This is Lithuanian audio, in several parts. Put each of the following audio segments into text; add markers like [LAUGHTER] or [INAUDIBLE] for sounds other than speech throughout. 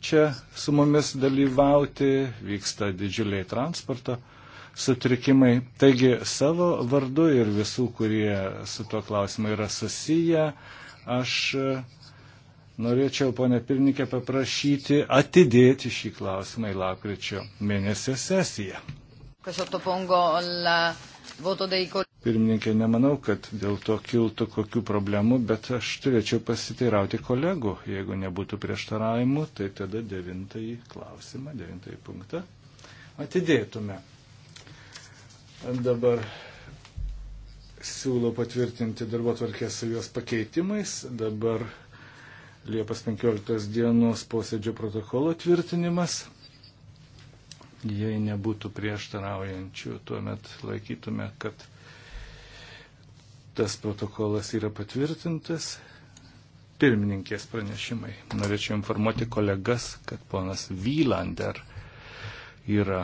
čia su mumis dalyvauti, vyksta didžiuliai transporto sutrikimai. Taigi savo vardu ir visų, kurie su tuo klausimu yra susiję, aš e, norėčiau, ponė pirmininkė, paprašyti atidėti šį klausimą į lakryčio mėnesio sesiją pirmininkė, nemanau, kad dėl to kiltų kokių problemų, bet aš turėčiau pasiteirauti kolegų. Jeigu nebūtų prieštaravimų, tai tada devintąjį klausimą, devintąjį punktą atidėtume. Dabar siūlau patvirtinti darbo tvarkės su jos pakeitimais. Dabar Liepas 15 dienos posėdžio protokolo tvirtinimas jei nebūtų prieštaraujančių, tuomet laikytume, kad Tas protokolas yra patvirtintas. Pirmininkės pranešimai. Norėčiau informuoti kolegas, kad ponas Vylander yra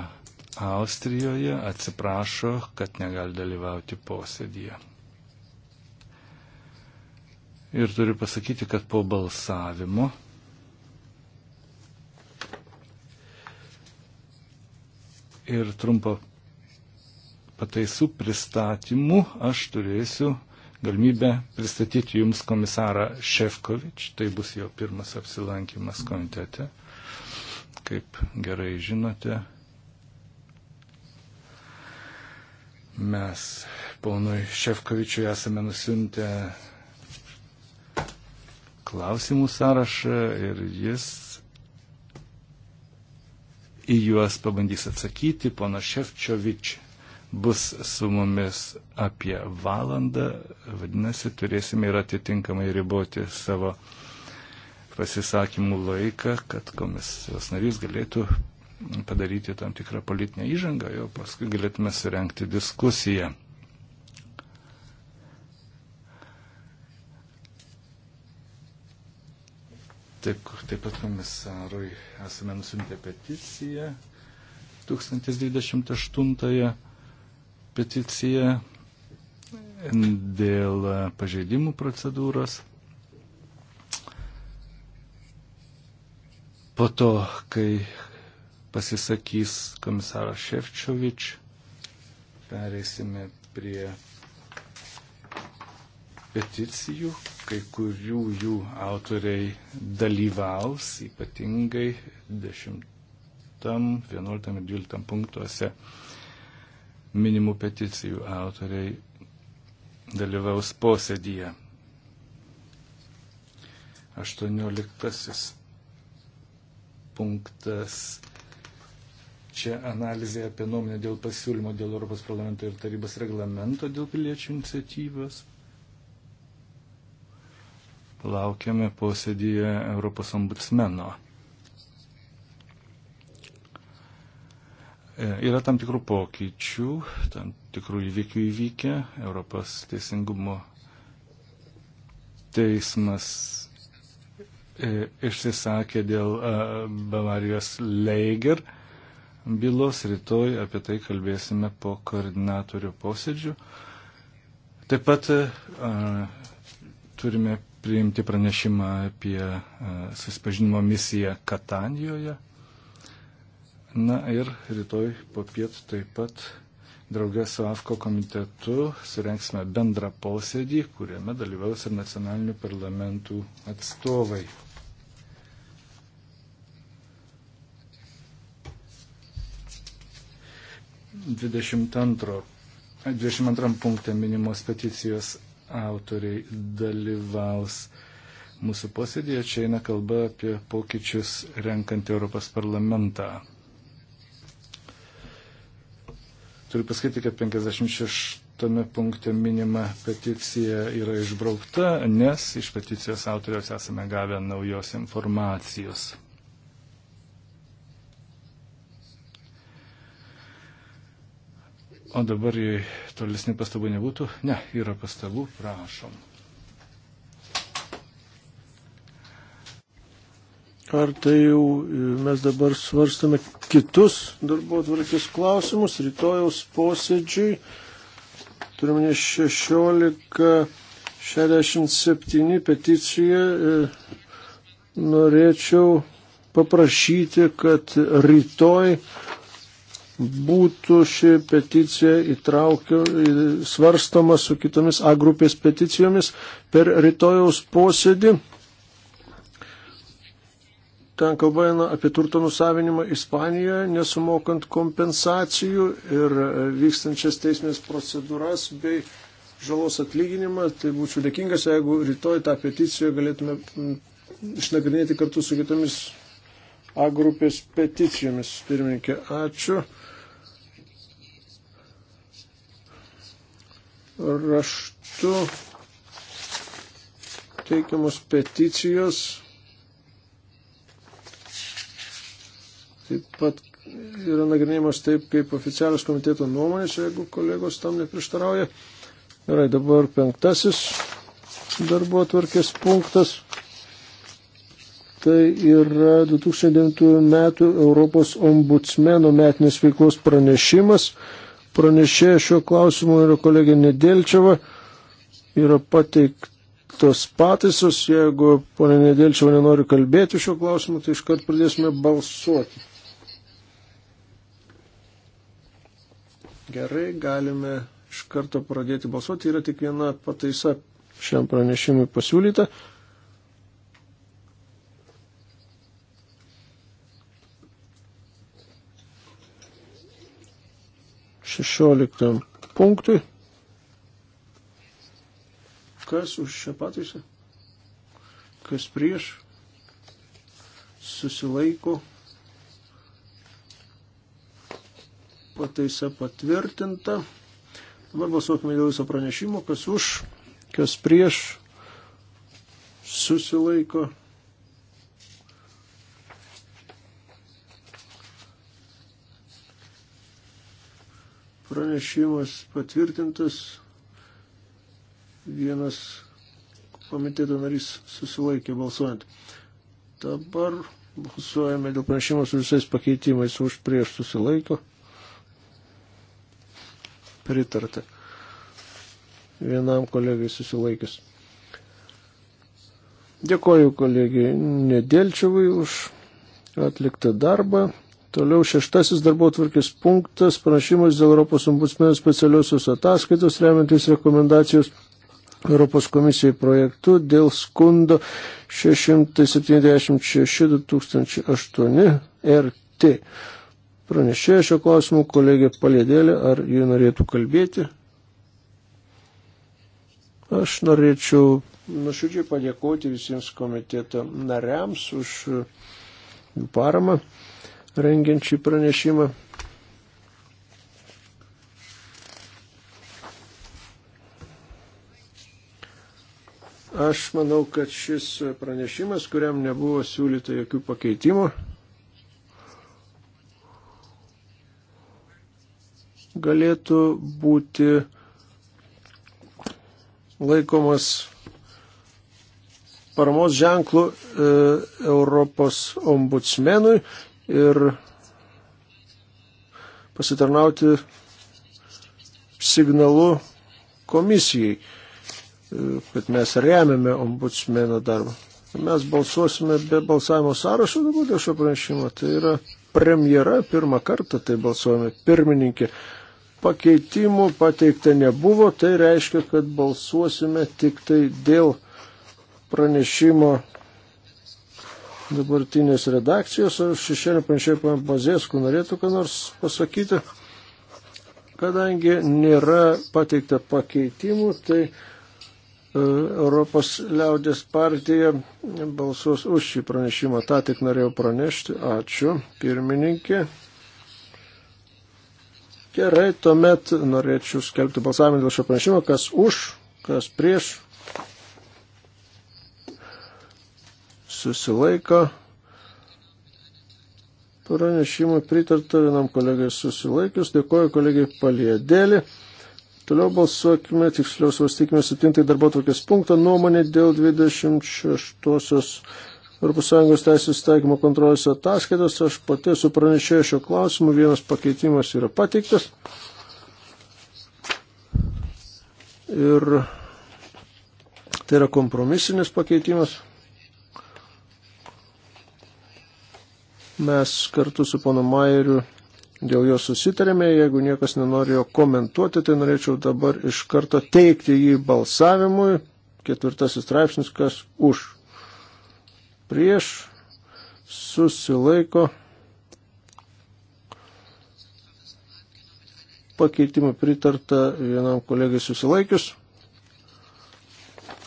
Austrijoje, atsiprašo, kad negali dalyvauti posėdėje. Ir turiu pasakyti, kad po balsavimo ir trumpo pataisų pristatymų aš turėsiu galimybę pristatyti Jums komisarą Šefkovič. Tai bus jo pirmas apsilankimas komitete. Kaip gerai žinote, mes ponui Šefkovičiui esame nusiuntę klausimų sąrašą ir jis į juos pabandys atsakyti. Pana Šefčiovič bus su mumis apie valandą, vadinasi, turėsime ir atitinkamai riboti savo pasisakymų laiką, kad komisijos narys galėtų padaryti tam tikrą politinę įžangą, jau paskui galėtume surenkti diskusiją. Taip, taip pat komisarui esame nusintę peticiją 1028. -ąją peticiją dėl e, pažeidimų procedūros. Po to, kai pasisakys komisaras Ševčiovič, pereisime prie peticijų, kai kurių jų autoriai dalyvaus, ypatingai 10, 11 ir 12 punktuose minimų peticijų autoriai dalyvaus posėdyje. 18 punktas. Čia analizė apie nuomonę dėl pasiūlymo dėl Europos parlamento ir tarybos reglamento dėl piliečių iniciatyvos. Laukiame posėdyje Europos ombudsmeno. E, yra tam tikrų pokyčių, tam tikrų įvykių įvykę. Europos teisingumo teismas e, išsisakė dėl e, Bavarijos Leiger bylos. Rytoj apie tai kalbėsime po koordinatorių posėdžių. Taip pat a, turime priimti pranešimą apie a, susipažinimo misiją Katanijoje. Na ir rytoj po piet taip pat draugė su AFKO komitetu surenksime bendrą posėdį, kuriame dalyvaus ir nacionalinių parlamentų atstovai. Dvidešimt 22 punkte minimos peticijos autoriai dalyvaus mūsų posėdėje. Čia eina kalba apie pokyčius renkant Europos parlamentą. Turiu pasakyti, kad 56 punkte minima peticija yra išbraukta, nes iš peticijos autoriaus esame gavę naujos informacijos. O dabar, jei tolesnių pastabų nebūtų, ne, yra pastabų, prašom. Ar tai jau e, mes dabar svarstame kitus darbo atvarkės klausimus, rytojaus posėdžiui, turime 1667 peticiją, e, norėčiau paprašyti, kad rytoj būtų ši peticija įtraukio, svarstoma su kitomis A grupės peticijomis per rytojaus posėdį. Ten kalba eina apie turto nusavinimą Ispanijoje, nesumokant kompensacijų ir e, vykstančias teisinės procedūras bei žalos atlyginimą. Tai būčiau dėkingas, jeigu rytoj tą peticiją galėtume išnagrinėti kartu su kitomis A grupės peticijomis. Pirmininkė, ačiū. Raštu teikiamos peticijos taip pat yra nagrinėjimas taip, kaip oficialios komiteto nuomonės, jeigu kolegos tam neprieštarauja. Gerai, dabar penktasis darbo atvarkės punktas. Tai yra 2009 metų Europos ombudsmeno metinės veiklos pranešimas. Pranešėja šio klausimu yra kolegė Nedelčiava. Yra pateiktos pataisos. Jeigu ponė Nedelčiava nenori kalbėti šio klausimu, tai iškart pradėsime balsuoti. Gerai, galime iš karto pradėti balsuoti. Yra tik viena pataisa šiam pranešimui pasiūlyta. Šešioliktam punktui. Kas už šią pataisą? Kas prieš? Susilaiko. pataisa patvirtinta. Dabar balsuokime dėl viso pranešimo, kas už, kas prieš, susilaiko. Pranešimas patvirtintas, vienas komiteto narys susilaikė balsuojant. Dabar balsuojame dėl pranešimo su visais pakeitimais už prieš susilaiko pritarta. Vienam kolegai susilaikęs. Dėkoju kolegijai Nedėlčiavui už atliktą darbą. Toliau šeštasis darbo tvarkės punktas, prašymas dėl Europos ombudsmenų specialiosios ataskaitos, remiantis rekomendacijos Europos komisijai projektu dėl skundo 676-2008 RT pranešėja šio klausimu, kolegė Palėdėlė, ar ji norėtų kalbėti? Aš norėčiau nuširdžiai padėkoti visiems komiteto nariams už jų paramą rengiant šį pranešimą. Aš manau, kad šis pranešimas, kuriam nebuvo siūlyta jokių pakeitimų, galėtų būti laikomas paramos ženklų e, Europos ombudsmenui ir pasitarnauti signalu komisijai, e, kad mes remiame ombudsmeno darbą. Mes balsuosime be balsavimo sąrašo dabar dėl šio pranešimo. Tai yra premjera, pirmą kartą tai balsuojame pirmininkė Pakeitimų pateikta nebuvo, tai reiškia, kad balsuosime tik tai dėl pranešimo dabartinės redakcijos. Aš šešėlį panašiai pana Bazėskų norėtų ką nors pasakyti. Kadangi nėra pateikta pakeitimų, tai e, Europos liaudės partija balsuos už šį pranešimą. Ta tik norėjau pranešti. Ačiū, pirmininkė. Gerai, tuomet norėčiau skelbti balsavimą dėl šio pranešimo, kas už, kas prieš. Susilaiko. Pranešimui pritarta vienam kolegai susilaikius. Dėkoju kolegai Paliedėlį. Toliau balsuokime, tiksliau svarstykime 7 darbo tokias punktą nuomonė dėl 26 ES teisės taikymo kontrolės ataskaitas. Aš pati esu pranešėjęs šio klausimu, vienas pakeitimas yra pateiktas. Ir tai yra kompromisinis pakeitimas. Mes kartu su pono Mairiu dėl jo susitarėme, jeigu niekas nenorėjo komentuoti, tai norėčiau dabar iš karto teikti jį balsavimui. Ketvirtasis straipsnis, kas už prieš, susilaiko. Pakeitimą pritarta vienam kolegai susilaikius.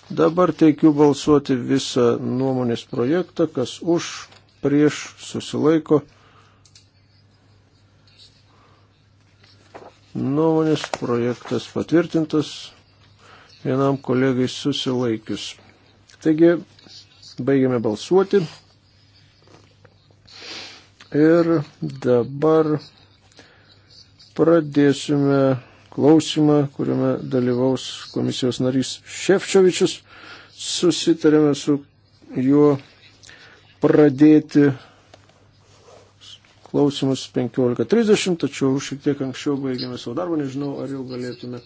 Dabar teikiu balsuoti visą nuomonės projektą, kas už, prieš, susilaiko. Nuomonės projektas patvirtintas vienam kolegai susilaikius. Taigi Baigiame balsuoti. Ir dabar pradėsime klausimą, kuriame dalyvaus komisijos narys Šefčiovičius. Susitarėme su juo pradėti klausimus 15.30, tačiau šiek tiek anksčiau baigėme savo darbą, nežinau, ar jau galėtume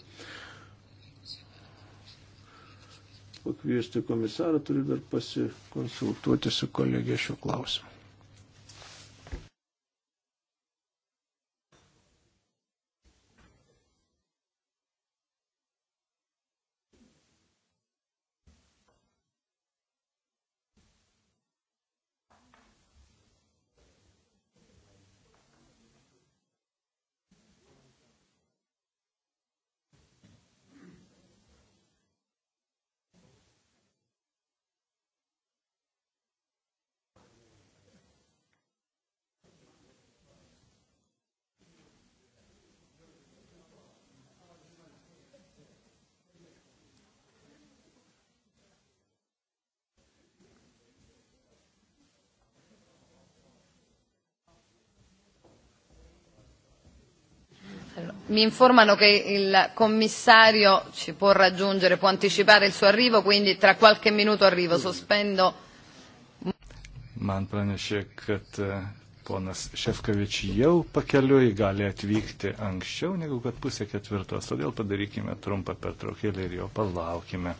pakviesti komisarą, turiu dar pasikonsultuoti su kolegė šiuo klausimu. mi informano che il commissario ci può raggiungere, può anticipare il suo arrivo, quindi tra qualche minuto arrivo. Sospendo. Man pranešė, kad e, ponas Šefkavič jau pakeliui gali atvykti anksčiau negu kad pusė ketvirtos, todėl padarykime trumpą pertraukėlį ir jo palaukime.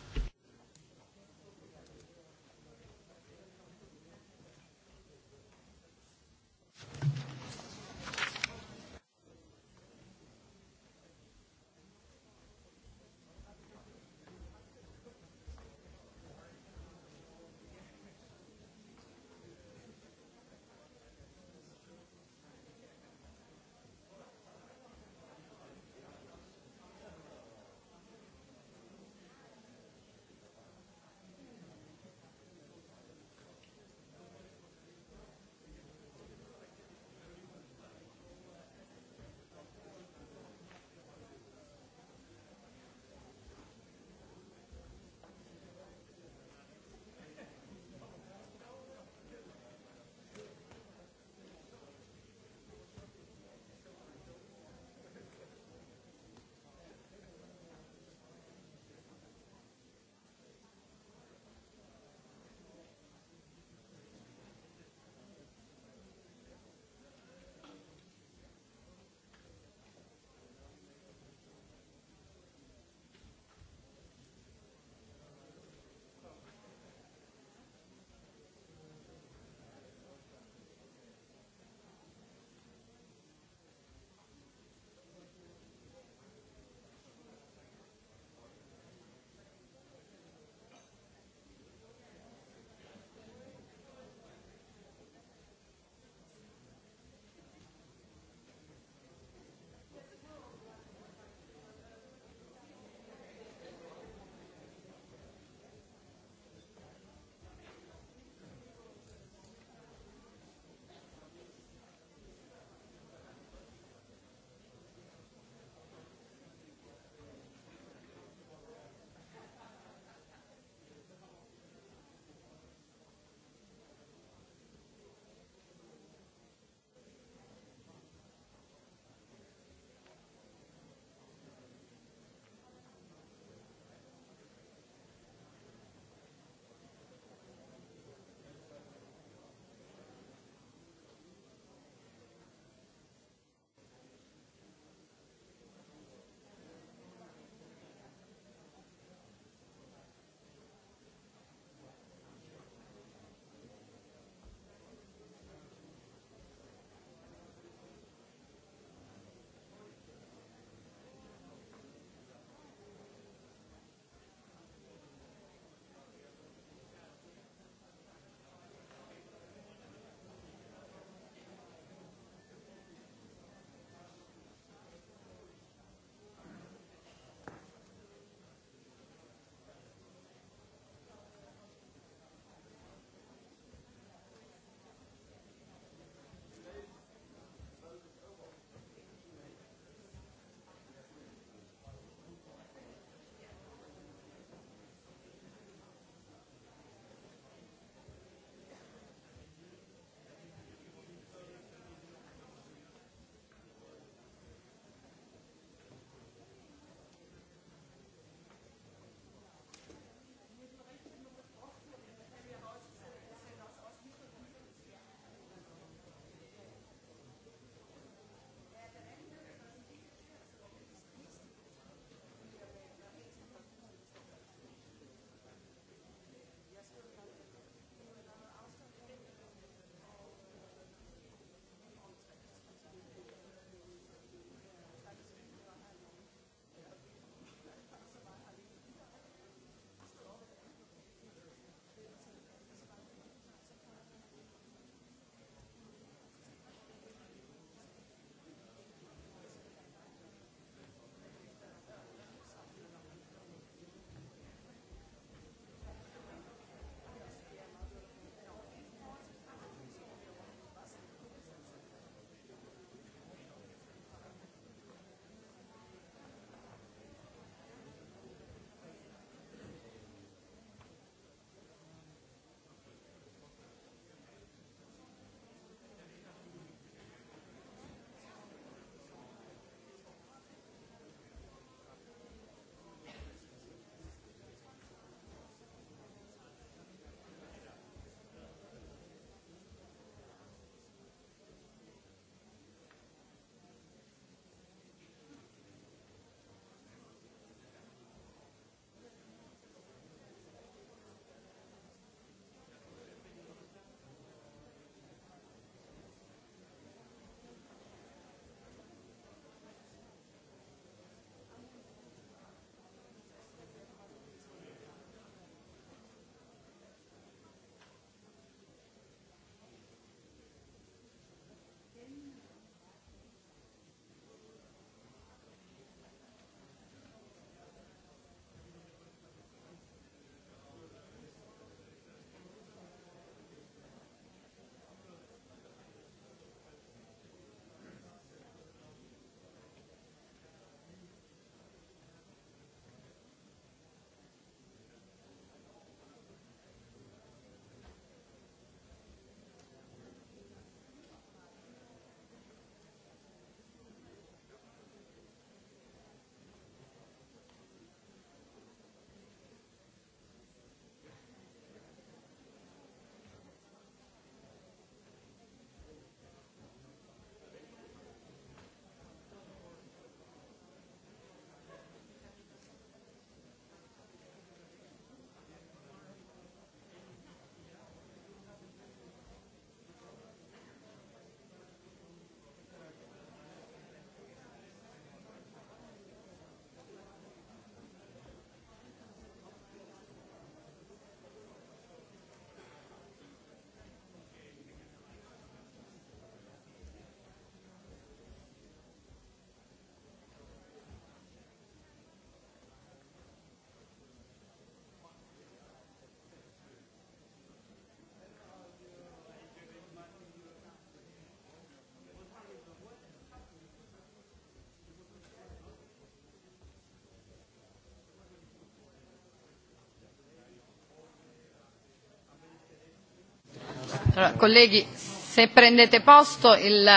Allora, colleghi, se prendete posto, il...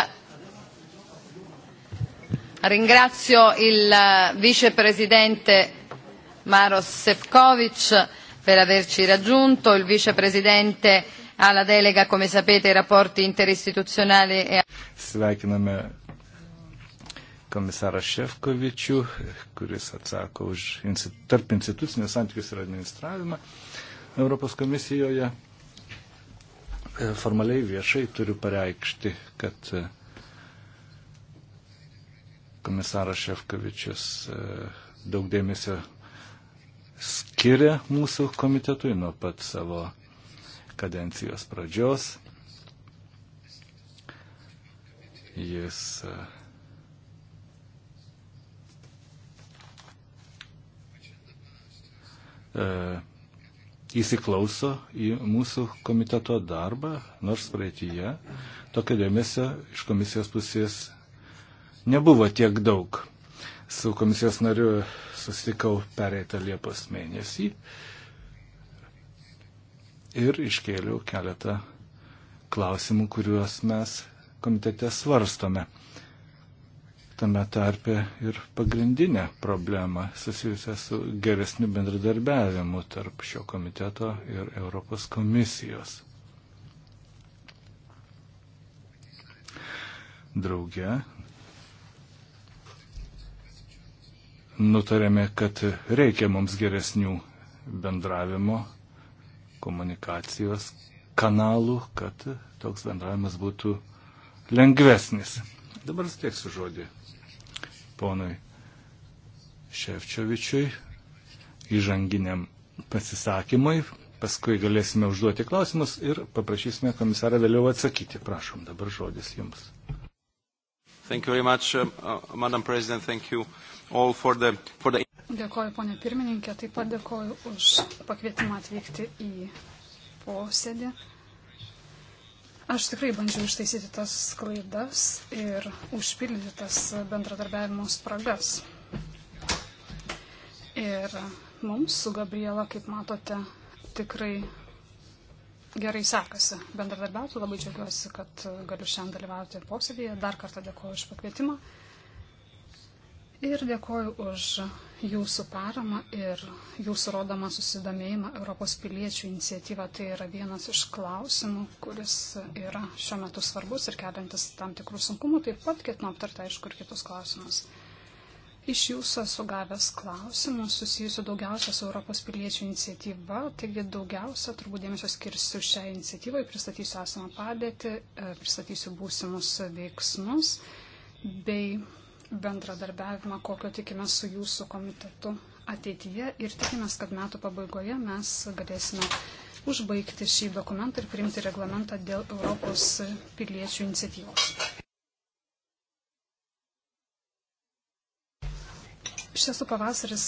ringrazio il eh, vicepresidente Maros Sefcovic per averci raggiunto, il vicepresidente alla delega, come sapete, ai rapporti interistituzionali e... Sveikiname komisarą Šefkovičių, kuris atsako už tarp institucinius santykius ir administravimą Europos komisijoje. E, formaliai viešai turiu pareikšti, kad e, komisaras Šefkavičius e, daug dėmesio skiria mūsų komitetui nuo pat savo kadencijos pradžios. Jis uh, įsiklauso į mūsų komiteto darbą, nors praeitįje tokio dėmesio iš komisijos pusės nebuvo tiek daug. Su komisijos nariu susitikau pereitą Liepos mėnesį ir iškėliau keletą klausimų, kuriuos mes komitete svarstome tame tarpe ir pagrindinę problemą susijusią su geresniu bendradarbiavimu tarp šio komiteto ir Europos komisijos. Drauge nutarėme, kad reikia mums geresnių bendravimo komunikacijos kanalų, kad toks bendravimas būtų lengvesnis. Dabar steiksiu žodį ponui Ševčiovičiui įžanginiam pasisakymui. Paskui galėsime užduoti klausimus ir paprašysime komisarą vėliau atsakyti. Prašom, dabar žodis jums. Much, uh, uh for the, for the... Dėkoju, ponė pirmininkė, taip pat dėkoju už pakvietimą atvykti į posėdį. Aš tikrai bandžiau ištaisyti tas klaidas ir užpildyti tas bendradarbiavimo spragas. Ir mums su Gabriela, kaip matote, tikrai gerai sekasi bendradarbiauti. Labai džiaugiuosi, kad galiu šiandien dalyvauti posėdėje. Dar kartą dėkoju už pakvietimą ir dėkoju už jūsų paramą ir jūsų rodomą susidomėjimą Europos piliečių iniciatyvą. Tai yra vienas iš klausimų, kuris yra šiuo metu svarbus ir keliantis tam tikrų sunkumų. Taip pat ketinu aptarti, aišku, ir kitus klausimus. Iš jūsų esu gavęs klausimų susijusių daugiausia su Europos piliečių iniciatyva, taigi daugiausia turbūt dėmesio skirsiu šiai iniciatyvai, pristatysiu esamą padėtį, e, pristatysiu būsimus veiksmus bei bendradarbiavimą, kokio tikime su jūsų komitetu ateityje ir tikimės, kad metų pabaigoje mes galėsime užbaigti šį dokumentą ir priimti reglamentą dėl Europos piliečių iniciatyvos. Šis pavasaris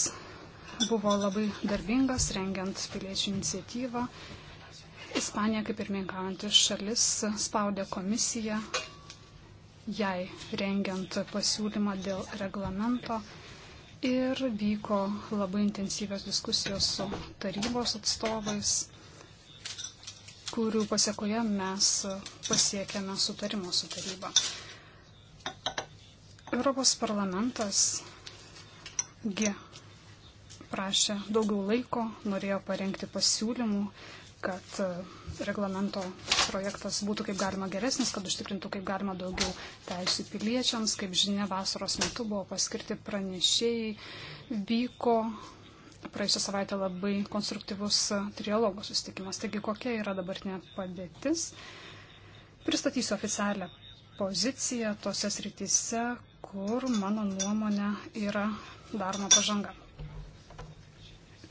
buvo labai darbingas, rengiant piliečių iniciatyvą. Ispanija, kaip ir minkaujantys šalis, spaudė komisiją jai rengiant pasiūlymą dėl reglamento ir vyko labai intensyvios diskusijos su tarybos atstovais, kurių pasiekoje mes pasiekėme sutarimo su taryba. Europos parlamentas G prašė daugiau laiko, norėjo parengti pasiūlymų kad e, reglamento projektas būtų kaip galima geresnis, kad užtikrintų kaip galima daugiau teisų piliečiams. Kaip žinia, vasaros metu buvo paskirti pranešėjai, vyko praėjusią savaitę labai konstruktyvus e, trialogo susitikimas. Taigi, kokia yra dabartinė padėtis? Pristatysiu oficialią poziciją tose srityse, kur, mano nuomonė, yra daroma pažanga.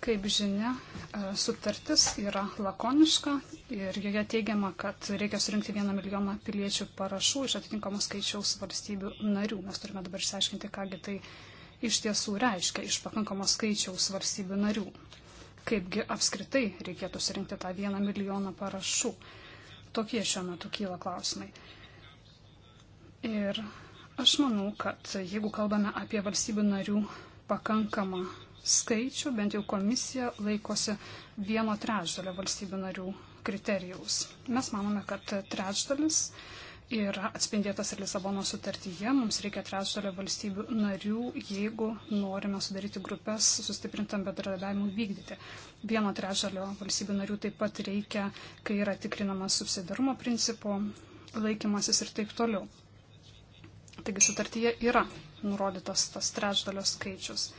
Kaip žinia, e, sutartis yra lakoniška ir joje teigiama, kad reikia surinkti vieną milijoną piliečių parašų iš atitinkamos skaičiaus valstybių narių. Mes turime dabar išsiaiškinti, kągi tai iš tiesų reiškia iš pakankamos skaičiaus valstybių narių. Kaipgi apskritai reikėtų surinkti tą vieną milijoną parašų. Tokie šiuo metu kyla klausimai. Ir aš manau, kad jeigu kalbame apie valstybių narių pakankamą skaičių, bent jau komisija laikosi vieno trečdalio valstybių narių kriterijaus. Mes manome, kad trečdalis yra atspindėtas ir Lisabono sutartyje. Mums reikia trečdalio valstybių narių, jeigu norime sudaryti grupės sustiprintam bendradarbiavimui vykdyti. Vieno trečdalio valstybių narių taip pat reikia, kai yra tikrinamas subsidarumo principo laikymasis ir taip toliau. Taigi sutartyje yra nurodytas tas trečdalio skaičius.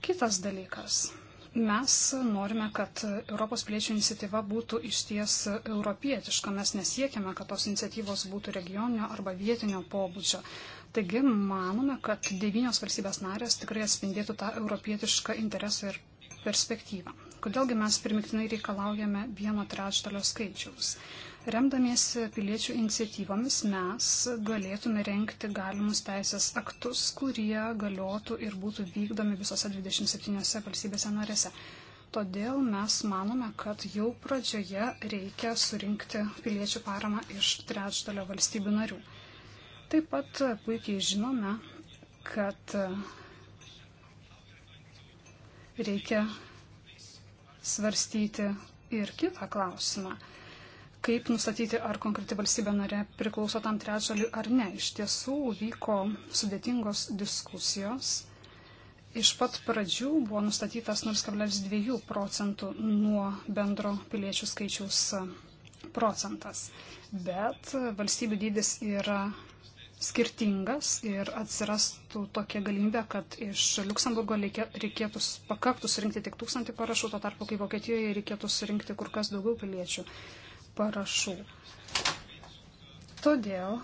Kitas dalykas. Mes norime, kad Europos piliečių iniciatyva būtų išties europietiška. Mes nesiekime, kad tos iniciatyvos būtų regioninio arba vietinio pobūdžio. Taigi manome, kad devynios valstybės narės tikrai atspindėtų tą europietišką interesą ir perspektyvą. Kodėlgi mes primiktinai reikalaujame vieno trečdalio skaičiaus? Remdamiesi piliečių iniciatyvomis mes galėtume renkti galimus teisės aktus, kurie galiotų ir būtų vykdomi visose 27 valstybėse narėse. Todėl mes manome, kad jau pradžioje reikia surinkti piliečių paramą iš trečdalio valstybių narių. Taip pat puikiai žinome, kad reikia svarstyti ir kitą klausimą kaip nustatyti, ar konkreti valstybė narė priklauso tam trečdaliui ar ne. Iš tiesų vyko sudėtingos diskusijos. Iš pat pradžių buvo nustatytas 0,2 procentų nuo bendro piliečių skaičiaus procentas. Bet valstybių dydis yra skirtingas ir atsirastų tokia galimybė, kad iš Luksemburgo reikėtų pakaktų surinkti tik tūkstantį parašų, tuo tarpu kai Vokietijoje reikėtų surinkti kur kas daugiau piliečių parašų. Todėl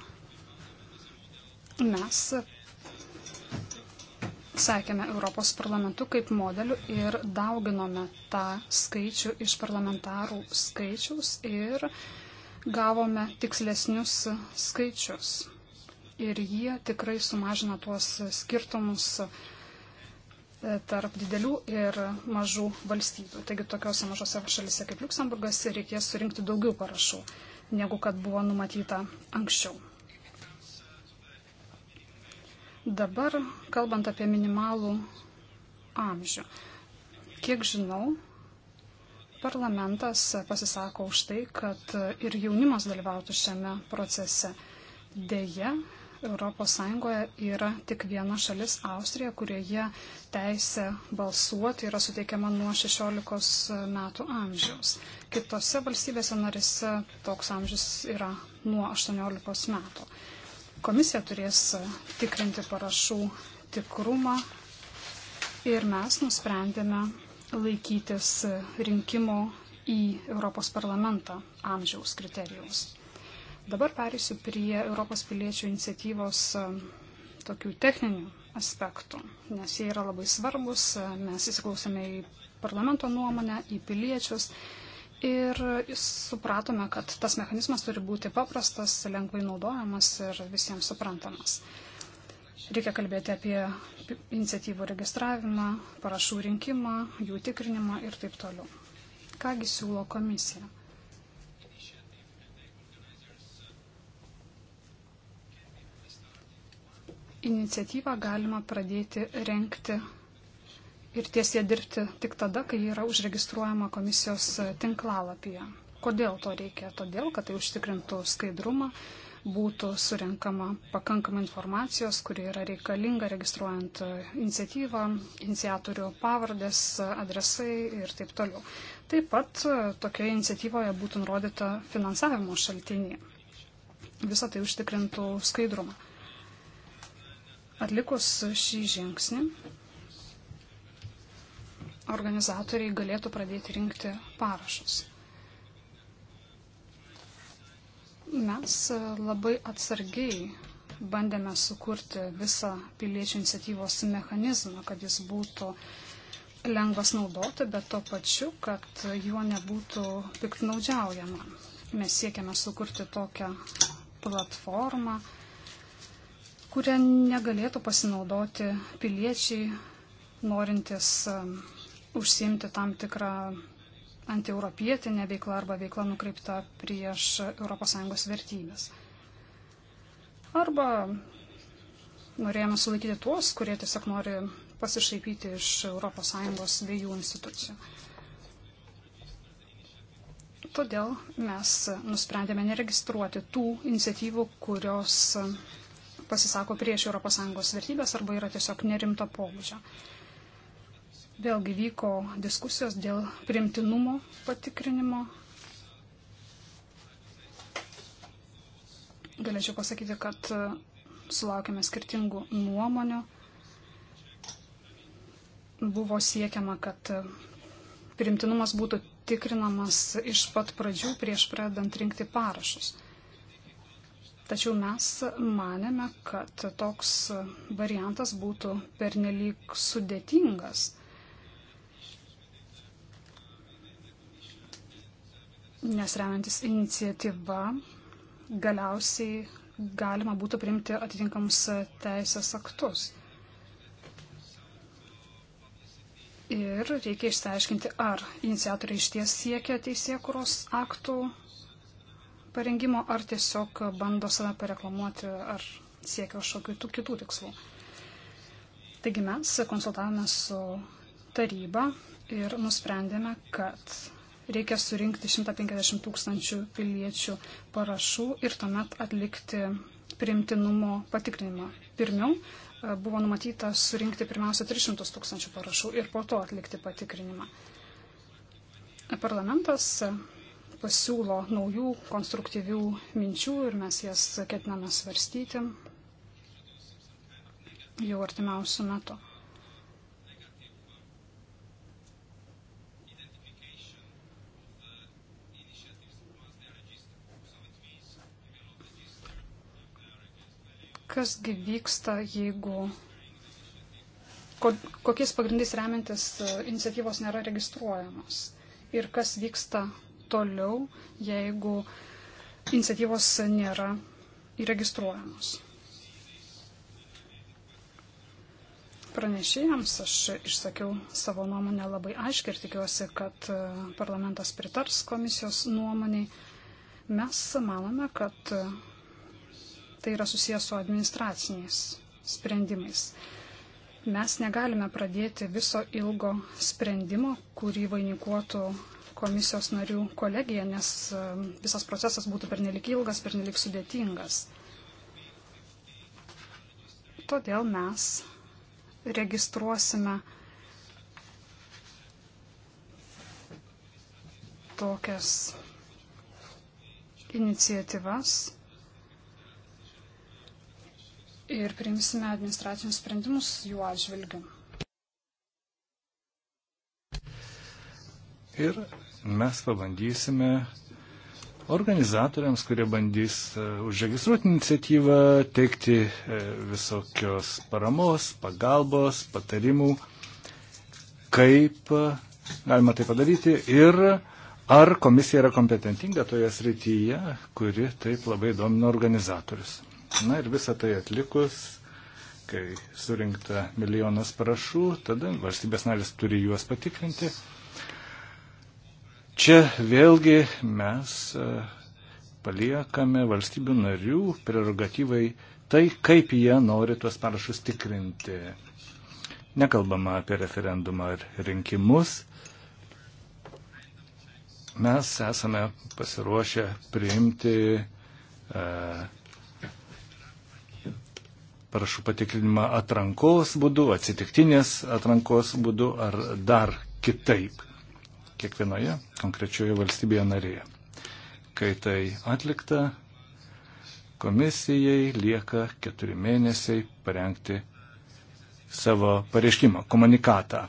mes sekėme Europos parlamentu kaip modeliu ir dauginome tą skaičių iš parlamentarų skaičiaus ir gavome tikslesnius skaičius. Ir jie tikrai sumažina tuos skirtumus tarp didelių ir mažų valstybių. Taigi tokiuose mažose šalise kaip Luksemburgas reikės surinkti daugiau parašų, negu kad buvo numatyta anksčiau. Dabar, kalbant apie minimalų amžių, kiek žinau, parlamentas pasisako už tai, kad ir jaunimas dalyvautų šiame procese. Deja, ES yra tik viena šalis - Austrija, kurioje teisė balsuoti yra suteikiama nuo 16 metų amžiaus. Kitose valstybėse narise toks amžius yra nuo 18 metų. Komisija turės tikrinti parašų tikrumą ir mes nusprendėme laikytis rinkimo į Europos parlamentą amžiaus kriterijaus. Dabar perėsiu prie Europos piliečių iniciatyvos e, tokių techninių aspektų, nes jie yra labai svarbus, e, mes įsiklausėme į parlamento nuomonę, į piliečius ir supratome, kad tas mechanizmas turi būti paprastas, lengvai naudojamas ir visiems suprantamas. Reikia kalbėti apie iniciatyvų registravimą, parašų rinkimą, jų tikrinimą ir taip toliau. Kągi siūlo komisija? iniciatyvą galima pradėti renkti ir ties ją dirbti tik tada, kai yra užregistruojama komisijos tinklalapyje. Kodėl to reikia? Todėl, kad tai užtikrintų skaidrumą, būtų surinkama pakankama informacijos, kuri yra reikalinga registruojant iniciatyvą, iniciatorių pavardės, adresai ir taip toliau. Taip pat e, tokioje iniciatyvoje būtų nurodyta finansavimo šaltinį. Visą tai užtikrintų skaidrumą. Atlikus šį žingsnį, organizatoriai galėtų pradėti rinkti parašus. Mes labai atsargiai bandėme sukurti visą piliečių iniciatyvos mechanizmą, kad jis būtų lengvas naudoti, bet to pačiu, kad juo nebūtų piktnaudžiaujama. Mes siekiame sukurti tokią platformą, kurią negalėtų pasinaudoti piliečiai, norintys um, užsiimti tam tikrą antieuropietinę veiklą arba veiklą nukreipta prieš ES vertybės. Arba norėjome sulaikyti tuos, kurie tiesiog nori pasišaipyti iš ES dviejų institucijų. Todėl mes nusprendėme neregistruoti tų iniciatyvų, kurios pasisako prieš ES vertybės arba yra tiesiog nerimto pobūdžio. Vėlgi vyko diskusijos dėl primtinumo patikrinimo. Galėčiau pasakyti, kad e, sulaukėme skirtingų nuomonių. Buvo siekiama, kad e, primtinumas būtų tikrinamas iš pat pradžių prieš pradant rinkti parašus. Tačiau mes manėme, kad toks variantas būtų pernelyg sudėtingas. Nes remiantis iniciatyva, galiausiai galima būtų priimti atitinkamus teisės aktus. ir reikia išsiaiškinti, ar iniciatoriai iš ties siekia teisėkuros aktų parengimo, ar tiesiog bando save pareklamuoti, ar siekia kažkokių kitų tikslų. Taigi mes konsultavome su taryba ir nusprendėme, kad reikia surinkti 150 tūkstančių piliečių parašų ir tuomet atlikti primtinumo patikrinimą. Pirmiau e, buvo numatyta surinkti pirmiausia 300 tūkstančių parašų ir po to atlikti patikrinimą. Parlamentas pasiūlo naujų konstruktyvių minčių ir mes jas ketiname svarstyti jau artimiausių metų. Kasgi vyksta, jeigu kokiais pagrindais remiantis e, iniciatyvos nėra registruojamos ir kas vyksta toliau, jeigu iniciatyvos nėra įregistruojamos. Pranešėjams aš išsakiau savo nuomonę labai aiškiai ir tikiuosi, kad e, parlamentas pritars komisijos nuomoniai. Mes manome, kad e, tai yra susijęs su administraciniais sprendimais mes negalime pradėti viso ilgo sprendimo, kurį vainikuotų komisijos narių kolegiją, nes um, visas procesas būtų pernelik ilgas, pernelik sudėtingas. Todėl mes registruosime tokias iniciatyvas ir priimsime administracinius sprendimus jų atžvilgiu. Ir mes pabandysime organizatoriams, kurie bandys e, užregistruoti iniciatyvą, teikti e, visokios paramos, pagalbos, patarimų, kaip e, galima tai padaryti ir ar komisija yra kompetentinga toje srityje, kuri taip labai domina organizatorius. Na ir visą tai atlikus, kai surinkta milijonas parašų, tada valstybės narės turi juos patikrinti Čia vėlgi mes e, paliekame valstybių narių prerogatyvai tai, kaip jie nori tuos parašus tikrinti. Nekalbama apie referendumą ar rinkimus. Mes esame pasiruošę priimti e, parašų patikrinimą atrankos būdu, atsitiktinės atrankos būdu ar dar kitaip kiekvienoje konkrečioje valstybėje narėje. Kai tai atlikta, komisijai lieka keturi mėnesiai parengti savo pareiškimą, komunikatą.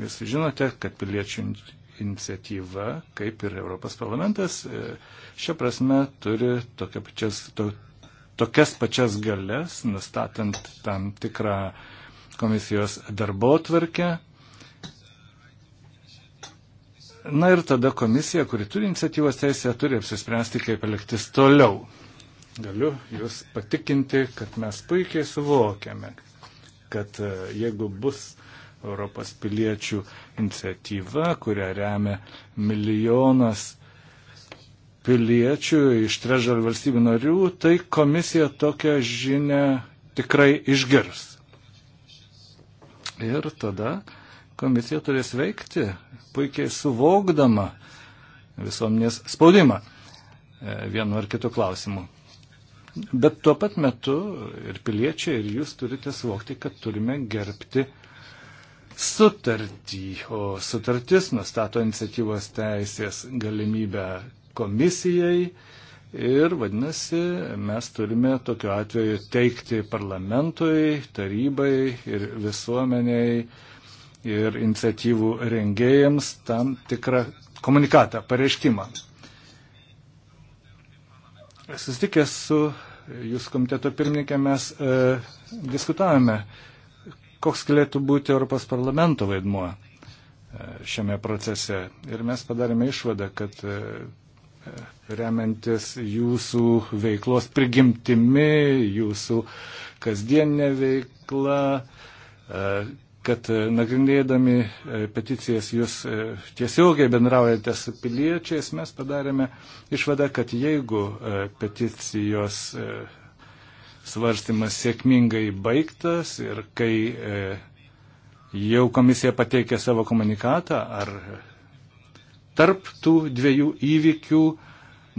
Jūs žinote, kad piliečių iniciatyva, kaip ir Europos parlamentas, e, šia prasme turi tokia pačias, to, tokias pačias galės, nustatant tam tikrą komisijos darbo tvarkę Na ir tada komisija, kuri turi iniciatyvos teisę, turi apsispręsti, kaip elgtis toliau. Galiu Jūs patikinti, kad mes puikiai suvokiame, kad e, jeigu bus Europos piliečių iniciatyva, kurią remia milijonas piliečių iš trežal valstybių narių, tai komisija tokią žinę tikrai išgirs. Ir tada uh, komisija turės veikti, puikiai suvokdama visuomenės spaudimą e, vienu ar kitu klausimu. Bet tuo pat metu ir piliečiai, ir jūs turite suvokti, kad turime gerbti sutartį, o sutartis nustato iniciatyvos teisės galimybę komisijai ir vadinasi, mes turime tokiu atveju teikti parlamentui, tarybai ir visuomeniai ir iniciatyvų rengėjams tam tikrą komunikatą, pareiškimą. Susitikęs su jūsų komiteto pirmininkė mes e, diskutavome, koks galėtų būti Europos parlamento vaidmuo e, šiame procese. Ir mes padarėme išvadą, kad e, e remiantis jūsų veiklos prigimtimi, jūsų kasdieninė veikla, e, kad e, nagrinėdami e, peticijas jūs e, tiesiogiai bendraujate su piliečiais, mes padarėme išvadą, kad jeigu peticijos svarstymas sėkmingai baigtas ir kai jau komisija pateikė savo komunikatą ar tarp tų dviejų įvykių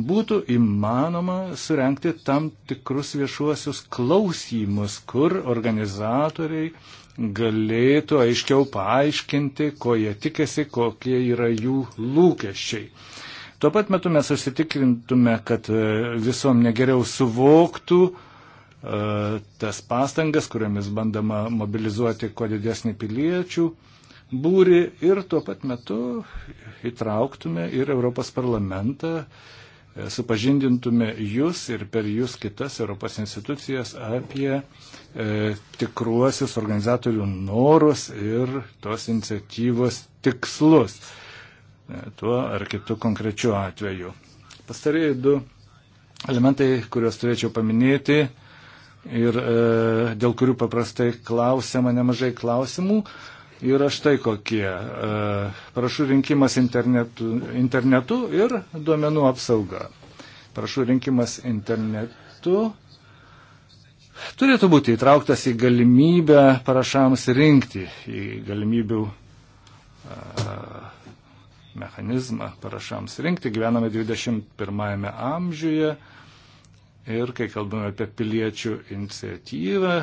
būtų įmanoma surenkti tam tikrus viešuosius klausimus, kur organizatoriai galėtų aiškiau paaiškinti, ko jie tikėsi, kokie yra jų lūkesčiai. Tuo pat metu mes užsitikrintume, kad e, visom negeriau suvoktų e, tas pastangas, kuriamis bandama mobilizuoti kuo didesnį piliečių būri ir tuo pat metu įtrauktume ir Europos parlamentą E, supažindintume jūs ir per jūs kitas Europos institucijas apie e, tikruosius organizatorių norus ir tos iniciatyvos tikslus e, tuo ar kitu konkrečiu atveju. Pastarėjai du elementai, kuriuos turėčiau paminėti ir e, dėl kurių paprastai klausia mane mažai klausimų. E, yra štai kokie. E, Prašų rinkimas internetu, internetu ir duomenų apsauga. Prašų rinkimas internetu turėtų būti įtrauktas į galimybę parašams rinkti, į galimybių e, mechanizmą parašams rinkti. Gyvename 21 amžiuje ir kai kalbame apie piliečių iniciatyvą,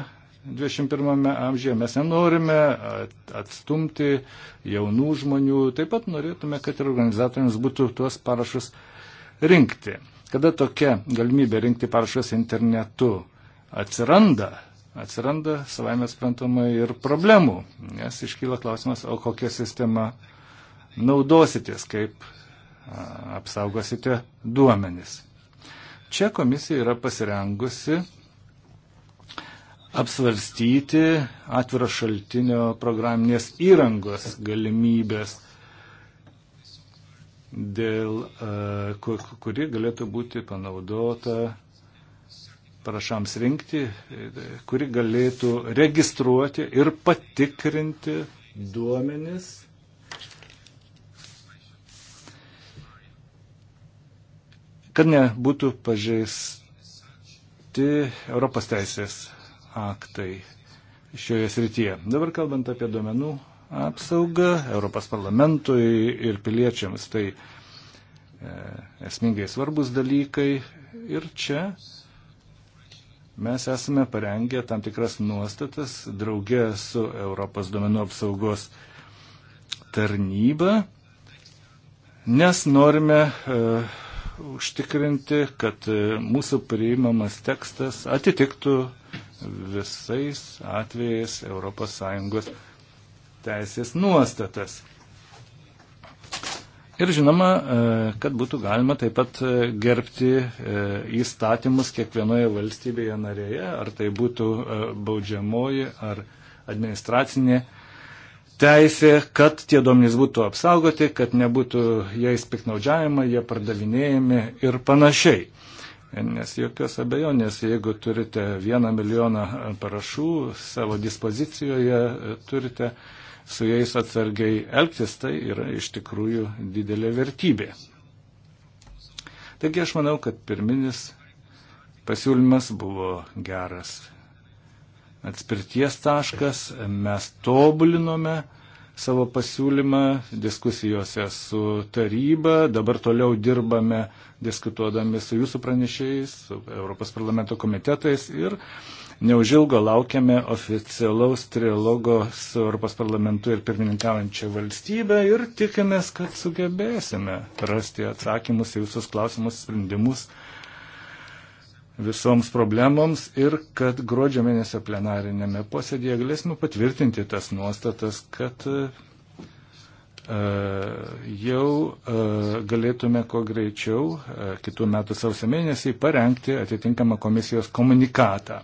21 amžiuje. Mes nenorime atstumti jaunų žmonių, taip pat norėtume, kad ir organizatoriams būtų tuos parašus rinkti. Kada tokia galimybė rinkti parašus internetu atsiranda, atsiranda savaime sprantama ir problemų, nes iškyla klausimas, o kokią sistemą naudositės, kaip apsaugosite duomenis. Čia komisija yra pasirengusi apsvarstyti atviro šaltinio programinės įrangos galimybės, dėl, e, kuri galėtų būti panaudota parašams rinkti, e, e, kuri galėtų registruoti ir patikrinti duomenis. kad nebūtų pažeisti Europos teisės aktai šioje srityje. Dabar kalbant apie duomenų apsaugą Europos parlamentui ir piliečiams, tai e, esmingai svarbus dalykai ir čia mes esame parengę tam tikras nuostatas draugė su Europos duomenų apsaugos tarnyba, nes norime uh, užtikrinti, kad e, mūsų priimamas tekstas atitiktų uh, visais atvejais ES teisės nuostatas. Ir žinoma, e, kad būtų galima taip pat e, gerbti e, įstatymus kiekvienoje valstybėje narėje, ar tai būtų baudžiamoji ar administracinė teisė, kad tie duomenys būtų apsaugoti, kad nebūtų jais piknaudžiavimai, jie pardavinėjami ir panašiai nes jokios abejonės, jeigu turite vieną milijoną parašų savo dispozicijoje, turite su jais atsargiai elgtis, tai yra iš tikrųjų didelė vertybė. Taigi aš manau, kad pirminis pasiūlymas buvo geras atspirties taškas, mes tobulinome savo pasiūlymą diskusijose su taryba. Dabar toliau dirbame diskutuodami su jūsų pranešėjais, su Europos parlamento komitetais ir neužilgo laukiame oficialaus trilogo su Europos parlamentu ir pirmininkaujančia valstybe ir tikimės, kad sugebėsime rasti atsakymus į visus klausimus, sprendimus visoms problemoms ir kad gruodžio mėnesio plenarinėme posėdėje galėsime nu, patvirtinti tas nuostatas, kad e, jau e, galėtume kuo greičiau e, kitų metų sausio mėnesį parengti atitinkamą komisijos komunikatą.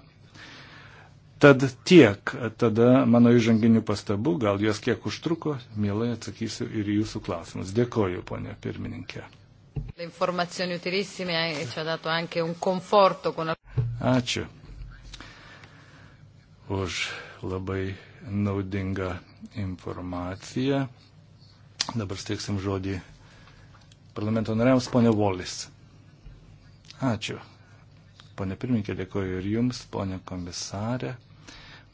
Tad tiek, tada mano įžanginių pastabų, gal jos kiek užtruko, mielai atsakysiu ir jūsų klausimus. Dėkoju, ponė pirmininkė. Eh, Ačiū už labai naudingą informaciją. Dabar steiksim žodį parlamento nariams, ponė Volis. Ačiū. Pone pirmininkė, dėkoju ir jums, ponė komisarė.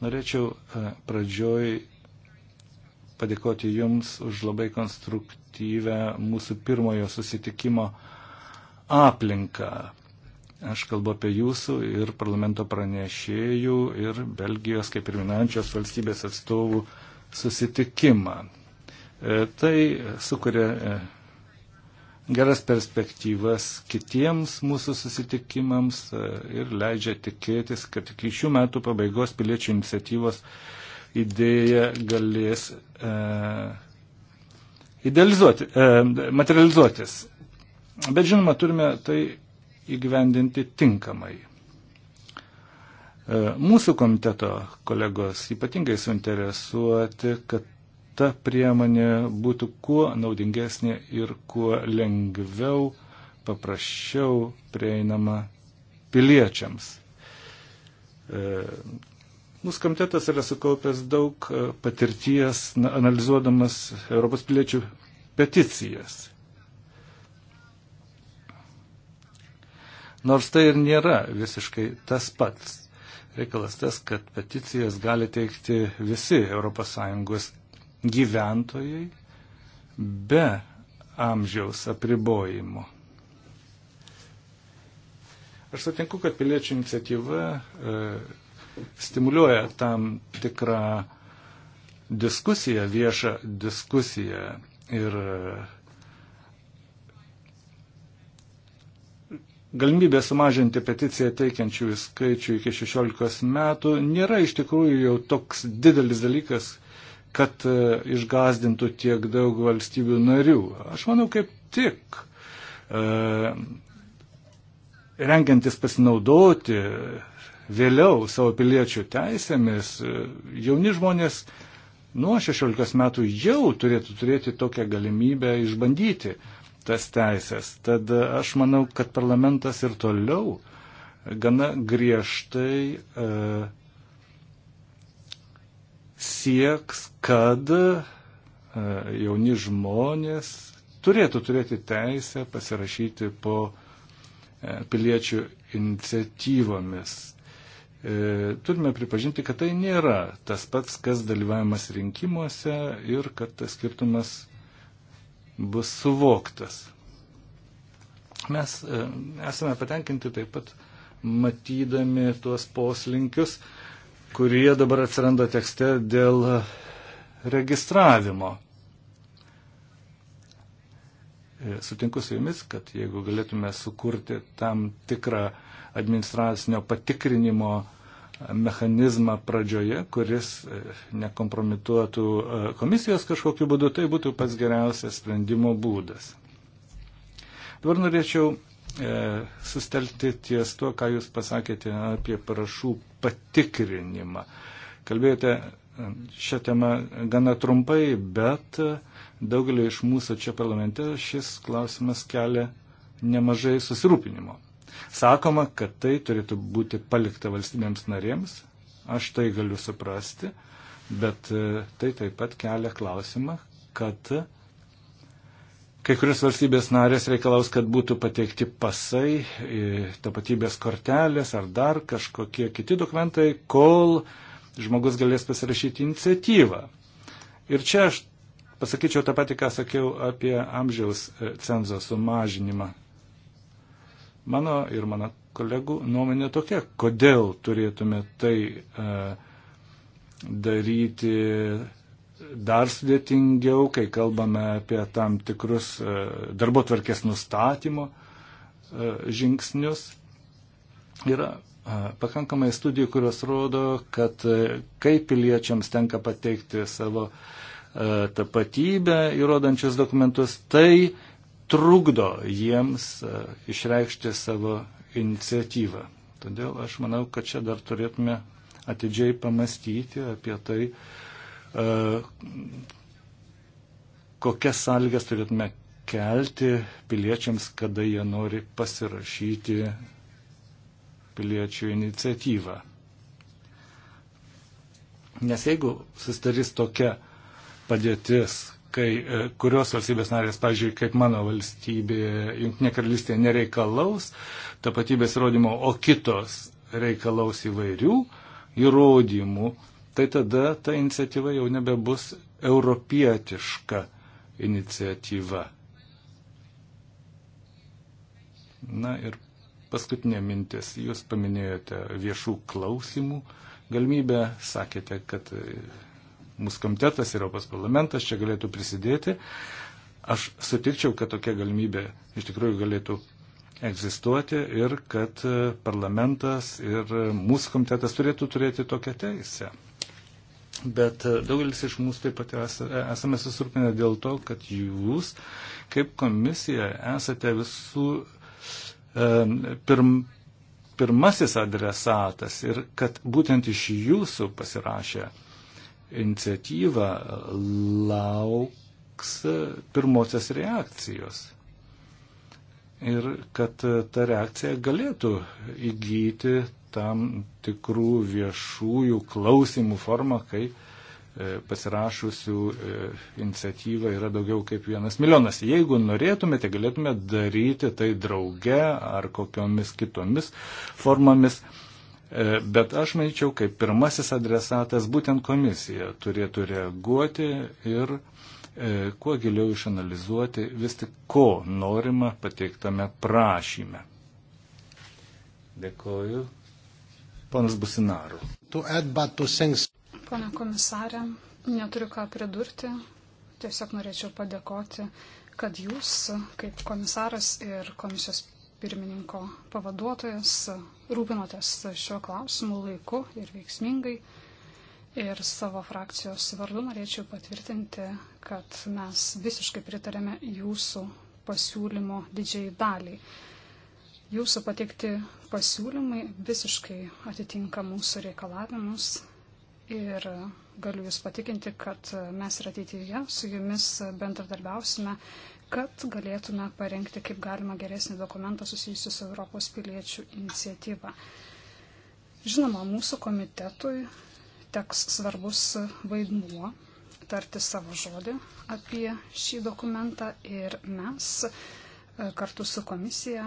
Norėčiau e, pradžioj padėkoti jums už labai konstruktyvų pozityvę mūsų pirmojo susitikimo aplinką. Aš kalbu apie jūsų ir parlamento pranešėjų ir Belgijos kaip ir minančios valstybės atstovų susitikimą. E, tai sukuria e, geras perspektyvas kitiems mūsų susitikimams e, ir leidžia tikėtis, kad iki šių metų pabaigos piliečių iniciatyvos idėja galės e, idealizuoti, e, materializuotis. Bet žinoma, turime tai įgyvendinti tinkamai. E, mūsų komiteto kolegos ypatingai suinteresuoti, kad ta priemonė būtų kuo naudingesnė ir kuo lengviau, paprasčiau prieinama piliečiams. E, Mūsų komitetas yra sukaupęs daug e, patirties na, analizuodamas Europos piliečių peticijas. Nors tai ir nėra visiškai tas pats. Reikalas tas, kad peticijas gali teikti visi ES gyventojai be amžiaus apribojimo. Aš sutinku, kad piliečių iniciatyva e, stimuliuoja tam tikrą diskusiją, viešą diskusiją. Ir galimybė sumažinti peticiją teikiančiųjų skaičių iki 16 metų nėra iš tikrųjų jau toks didelis dalykas, kad e, išgazdintų tiek daug valstybių narių. Aš manau, kaip tik e, rengiantis pasinaudoti vėliau savo piliečių teisėmis, e, jauni žmonės nuo 16 metų jau turėtų turėti tokią galimybę išbandyti tas teisės. Tad e, aš manau, kad parlamentas ir toliau gana griežtai e, sieks, kad e, jauni žmonės turėtų turėti teisę pasirašyti po e, piliečių iniciatyvomis. E, turime pripažinti, kad tai nėra tas pats, kas dalyvavimas rinkimuose ir kad tas skirtumas bus suvoktas. Mes e, esame patenkinti taip pat matydami tuos poslinkius, kurie dabar atsiranda tekste dėl registravimo. E, sutinku su jumis, kad jeigu galėtume sukurti tam tikrą uh, administracinio patikrinimo mechanizmą pradžioje, kuris e, nekompromituotų e, komisijos kažkokiu būdu, tai būtų pats geriausias sprendimo būdas. Dabar norėčiau e, sustelti ties tuo, ką Jūs pasakėte apie parašų patikrinimą. Kalbėjote e, šią temą gana trumpai, bet daugelio iš mūsų čia parlamente šis klausimas kelia nemažai susirūpinimo. Sakoma, kad tai turėtų būti palikta valstybėms narėms, aš tai galiu suprasti, bet e, tai taip pat kelia klausimą, kad kai kurios valstybės narės reikalaus, kad būtų pateikti pasai, e, tapatybės kortelės ar dar kažkokie kiti dokumentai, kol žmogus galės pasirašyti iniciatyvą. Ir čia aš pasakyčiau tą patį, ką sakiau apie amžiaus e, cenzo sumažinimą. Mano ir mano kolegų nuomonė tokia, kodėl turėtume tai e, daryti dar sudėtingiau, kai kalbame apie tam tikrus e, darbo tvarkės nustatymo e, žingsnius. Yra pakankamai studijų, kurios rodo, kad kaip piliečiams tenka pateikti savo tapatybę įrodančius dokumentus, tai trukdo jiems e, išreikšti savo iniciatyvą. Todėl aš manau, kad čia dar turėtume atidžiai pamastyti apie tai, e, kokias sąlygas turėtume kelti piliečiams, kada jie nori pasirašyti piliečių iniciatyvą. Nes jeigu susidarys tokia padėtis, kai e, kurios valstybės narės, pavyzdžiui, kaip mano valstybė, Junktinė karalystė nereikalaus tapatybės įrodymo, o kitos reikalaus įvairių įrodymų, tai tada ta iniciatyva jau nebebus europietiška iniciatyva. Na ir paskutinė mintis. Jūs paminėjote viešų klausimų galimybę, sakėte, kad mūsų komitetas, Europos parlamentas čia galėtų prisidėti. Aš sutikčiau, kad tokia galimybė iš tikrųjų galėtų egzistuoti ir kad parlamentas ir mūsų komitetas turėtų turėti tokią teisę. Bet daugelis iš mūsų taip pat esame susirūpinę dėl to, kad jūs kaip komisija esate visų e, pirm, pirmasis adresatas ir kad būtent iš jūsų pasirašė iniciatyvą lauks pirmosios reakcijos. Ir kad ta reakcija galėtų įgyti tam tikrų viešųjų klausimų formą, kai e, pasirašusių e, iniciatyva yra daugiau kaip vienas milijonas. Jeigu norėtumėte, galėtume daryti tai drauge ar kokiomis kitomis formomis. E, bet aš manyčiau, kaip pirmasis adresatas būtent komisija turėtų reaguoti ir e, kuo giliau išanalizuoti vis tik, ko norima pateiktame prašyme. Dėkoju. Ponas Businaru. Pone komisarė, neturiu ką pridurti. Tiesiog norėčiau padėkoti, kad jūs, kaip komisaras ir komisijos pirmininko pavaduotojas, rūpinotės šiuo klausimu laiku ir veiksmingai. Ir savo frakcijos vardu norėčiau patvirtinti, kad mes visiškai pritarėme jūsų pasiūlymo didžiai daliai. Jūsų pateikti pasiūlymai visiškai atitinka mūsų reikalavimus ir galiu Jūs patikinti, kad mes ir ateityje su Jumis bendradarbiausime kad galėtume parengti kaip galima geresnį dokumentą susijusiu su Europos piliečių iniciatyva. Žinoma, mūsų komitetui teks svarbus vaidmuo tarti savo žodį apie šį dokumentą ir mes e, kartu su komisija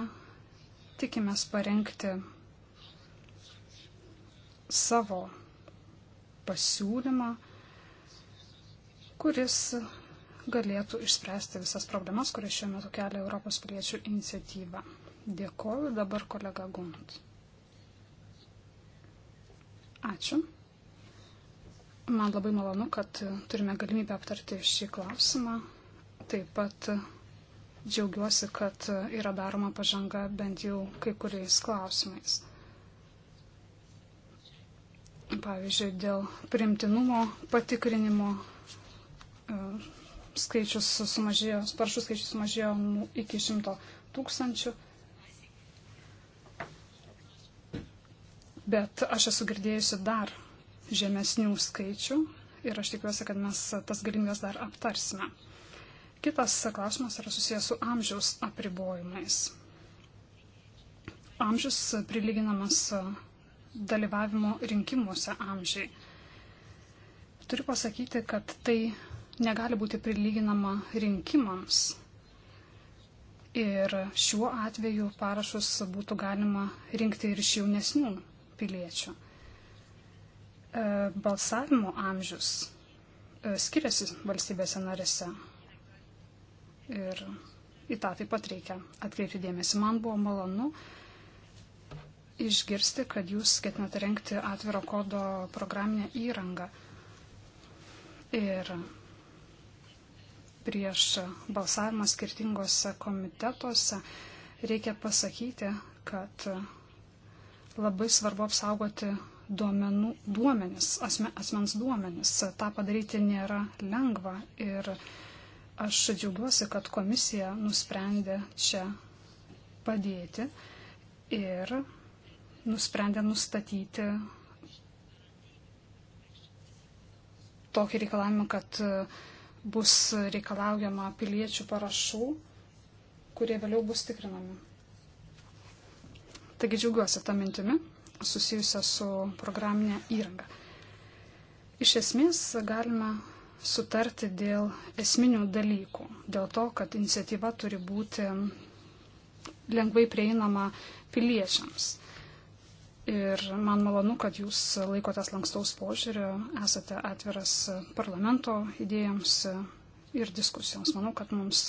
tikimės parengti savo pasiūlymą, kuris galėtų išspręsti visas problemas, kurias šiuo metu kelia Europos piliečių iniciatyva. Dėkoju dabar kolega Gunt. Ačiū. Man labai malonu, kad turime galimybę aptarti šį klausimą. Taip pat džiaugiuosi, kad yra daroma pažanga bent jau kai kuriais klausimais. Pavyzdžiui, dėl primtinumo patikrinimo skaičius sumažėjo, sparšų skaičius sumažėjo iki šimto tūkstančių. Bet aš esu girdėjusi dar žemesnių skaičių ir aš tikiuosi, kad mes tas galimybės dar aptarsime. Kitas klausimas yra susijęs su amžiaus apribojimais. Amžius prilyginamas dalyvavimo rinkimuose amžiai. Turiu pasakyti, kad tai negali būti prilyginama rinkimams. Ir šiuo atveju parašus būtų galima rinkti ir iš jaunesnių piliečių. E, balsavimo amžius e, skiriasi valstybėse narėse. Ir į tą taip pat reikia atkreipti dėmesį. Man buvo malonu išgirsti, kad jūs ketinate renkti atviro kodo programinę įrangą. Ir prieš balsavimą skirtingose komitetuose, reikia pasakyti, kad labai svarbu apsaugoti duomenų, duomenis, asme, asmens duomenis. Ta padaryti nėra lengva ir aš džiaugiuosi, kad komisija nusprendė čia padėti ir nusprendė nustatyti tokį reikalavimą, kad uh, bus reikalaujama piliečių parašų, kurie vėliau bus tikrinami. Taigi džiaugiuosi tą mintimį susijusią su programinė įranga. Iš esmės galime sutarti dėl esminių dalykų, dėl to, kad iniciatyva turi būti lengvai prieinama piliečiams. Ir man malonu, kad jūs laikotės lankstaus požiūrio, esate atviras parlamento idėjams ir diskusijoms. Manau, kad mums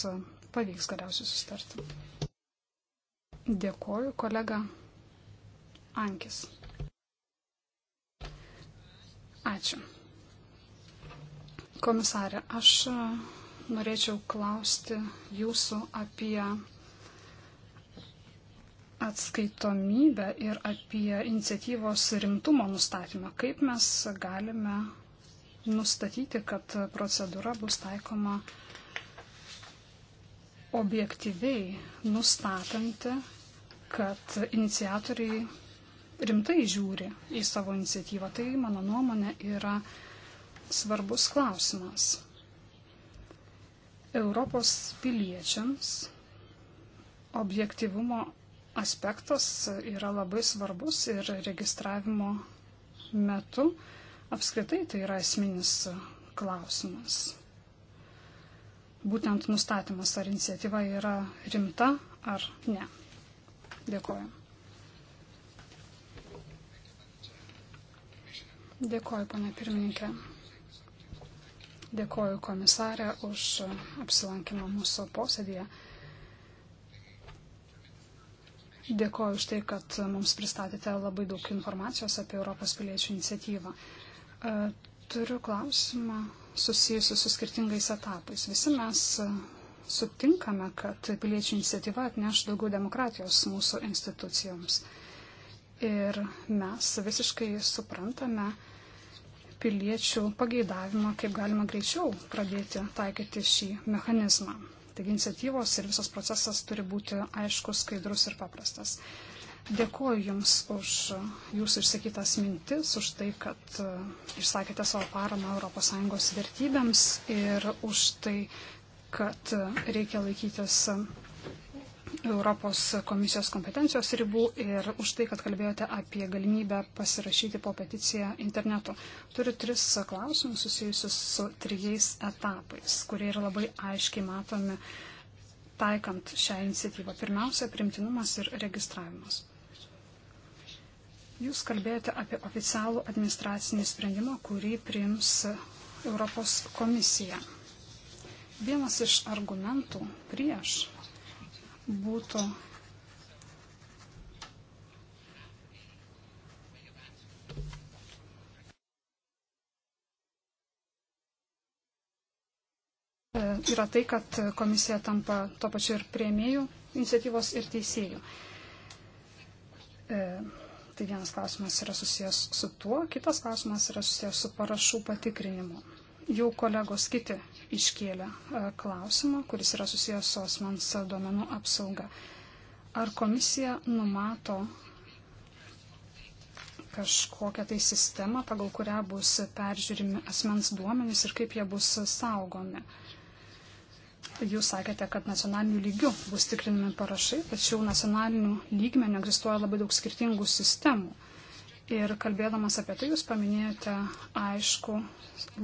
pavyks galiausiai sustarti. Dėkoju, kolega Ankis. Ačiū. Komisarė, aš norėčiau klausti jūsų apie atskaitomybę ir apie iniciatyvos rimtumo nustatymą. Kaip mes galime nustatyti, kad procedūra bus taikoma objektyviai, nustatanti, kad iniciatoriai rimtai žiūri į savo iniciatyvą. Tai, mano nuomonė, yra svarbus klausimas. Europos piliečiams objektivumo aspektas yra labai svarbus ir registravimo metu apskritai tai yra esminis klausimas. Būtent nustatymas, ar iniciatyva yra rimta ar ne. Dėkuoju. Dėkuoju, pana pirmininkė. Dėkuoju komisarė už apsilankimą mūsų posėdėje. Dėkoju už tai, kad mums pristatėte labai daug informacijos apie Europos piliečių iniciatyvą. E, turiu klausimą susijusiu su skirtingais etapais. Visi mes e, sutinkame, kad piliečių iniciatyva atneš daugiau demokratijos mūsų institucijoms. Ir mes visiškai suprantame piliečių pageidavimą, kaip galima greičiau pradėti taikyti šį mechanizmą. Taigi iniciatyvos ir visas procesas turi būti aiškus, skaidrus ir paprastas. Dėkuoju Jums už Jūsų išsakytas mintis, už tai, kad e, išsakėte savo paramą ES vertybėms ir už tai, kad e, reikia laikytis Europos komisijos kompetencijos ribų ir už tai, kad kalbėjote apie galimybę pasirašyti po peticiją internetu. Turiu tris klausimus susijusius su trijais etapais, kurie yra labai aiškiai matomi taikant šią iniciatyvą. Pirmiausia, primtinumas ir registravimas. Jūs kalbėjote apie oficialų administracinį sprendimą, kurį priims Europos komisija. Vienas iš argumentų prieš būtų yra tai, kad komisija tampa to pačiu ir prieimėjų iniciatyvos ir teisėjų. E, tai vienas klausimas yra susijęs su tuo, kitas klausimas yra susijęs su parašų patikrinimu. Jau kolegos kiti iškėlė e, klausimą, kuris yra susijęs su asmens duomenų apsauga. Ar komisija numato kažkokią tai sistemą, pagal kurią bus peržiūrimi asmens duomenys ir kaip jie bus saugomi? Jūs sakėte, kad nacionaliniu lygiu bus tikrinami parašai, tačiau nacionaliniu lygmeniu egzistuoja labai daug skirtingų sistemų. Ir kalbėdamas apie tai, jūs paminėjote aišku,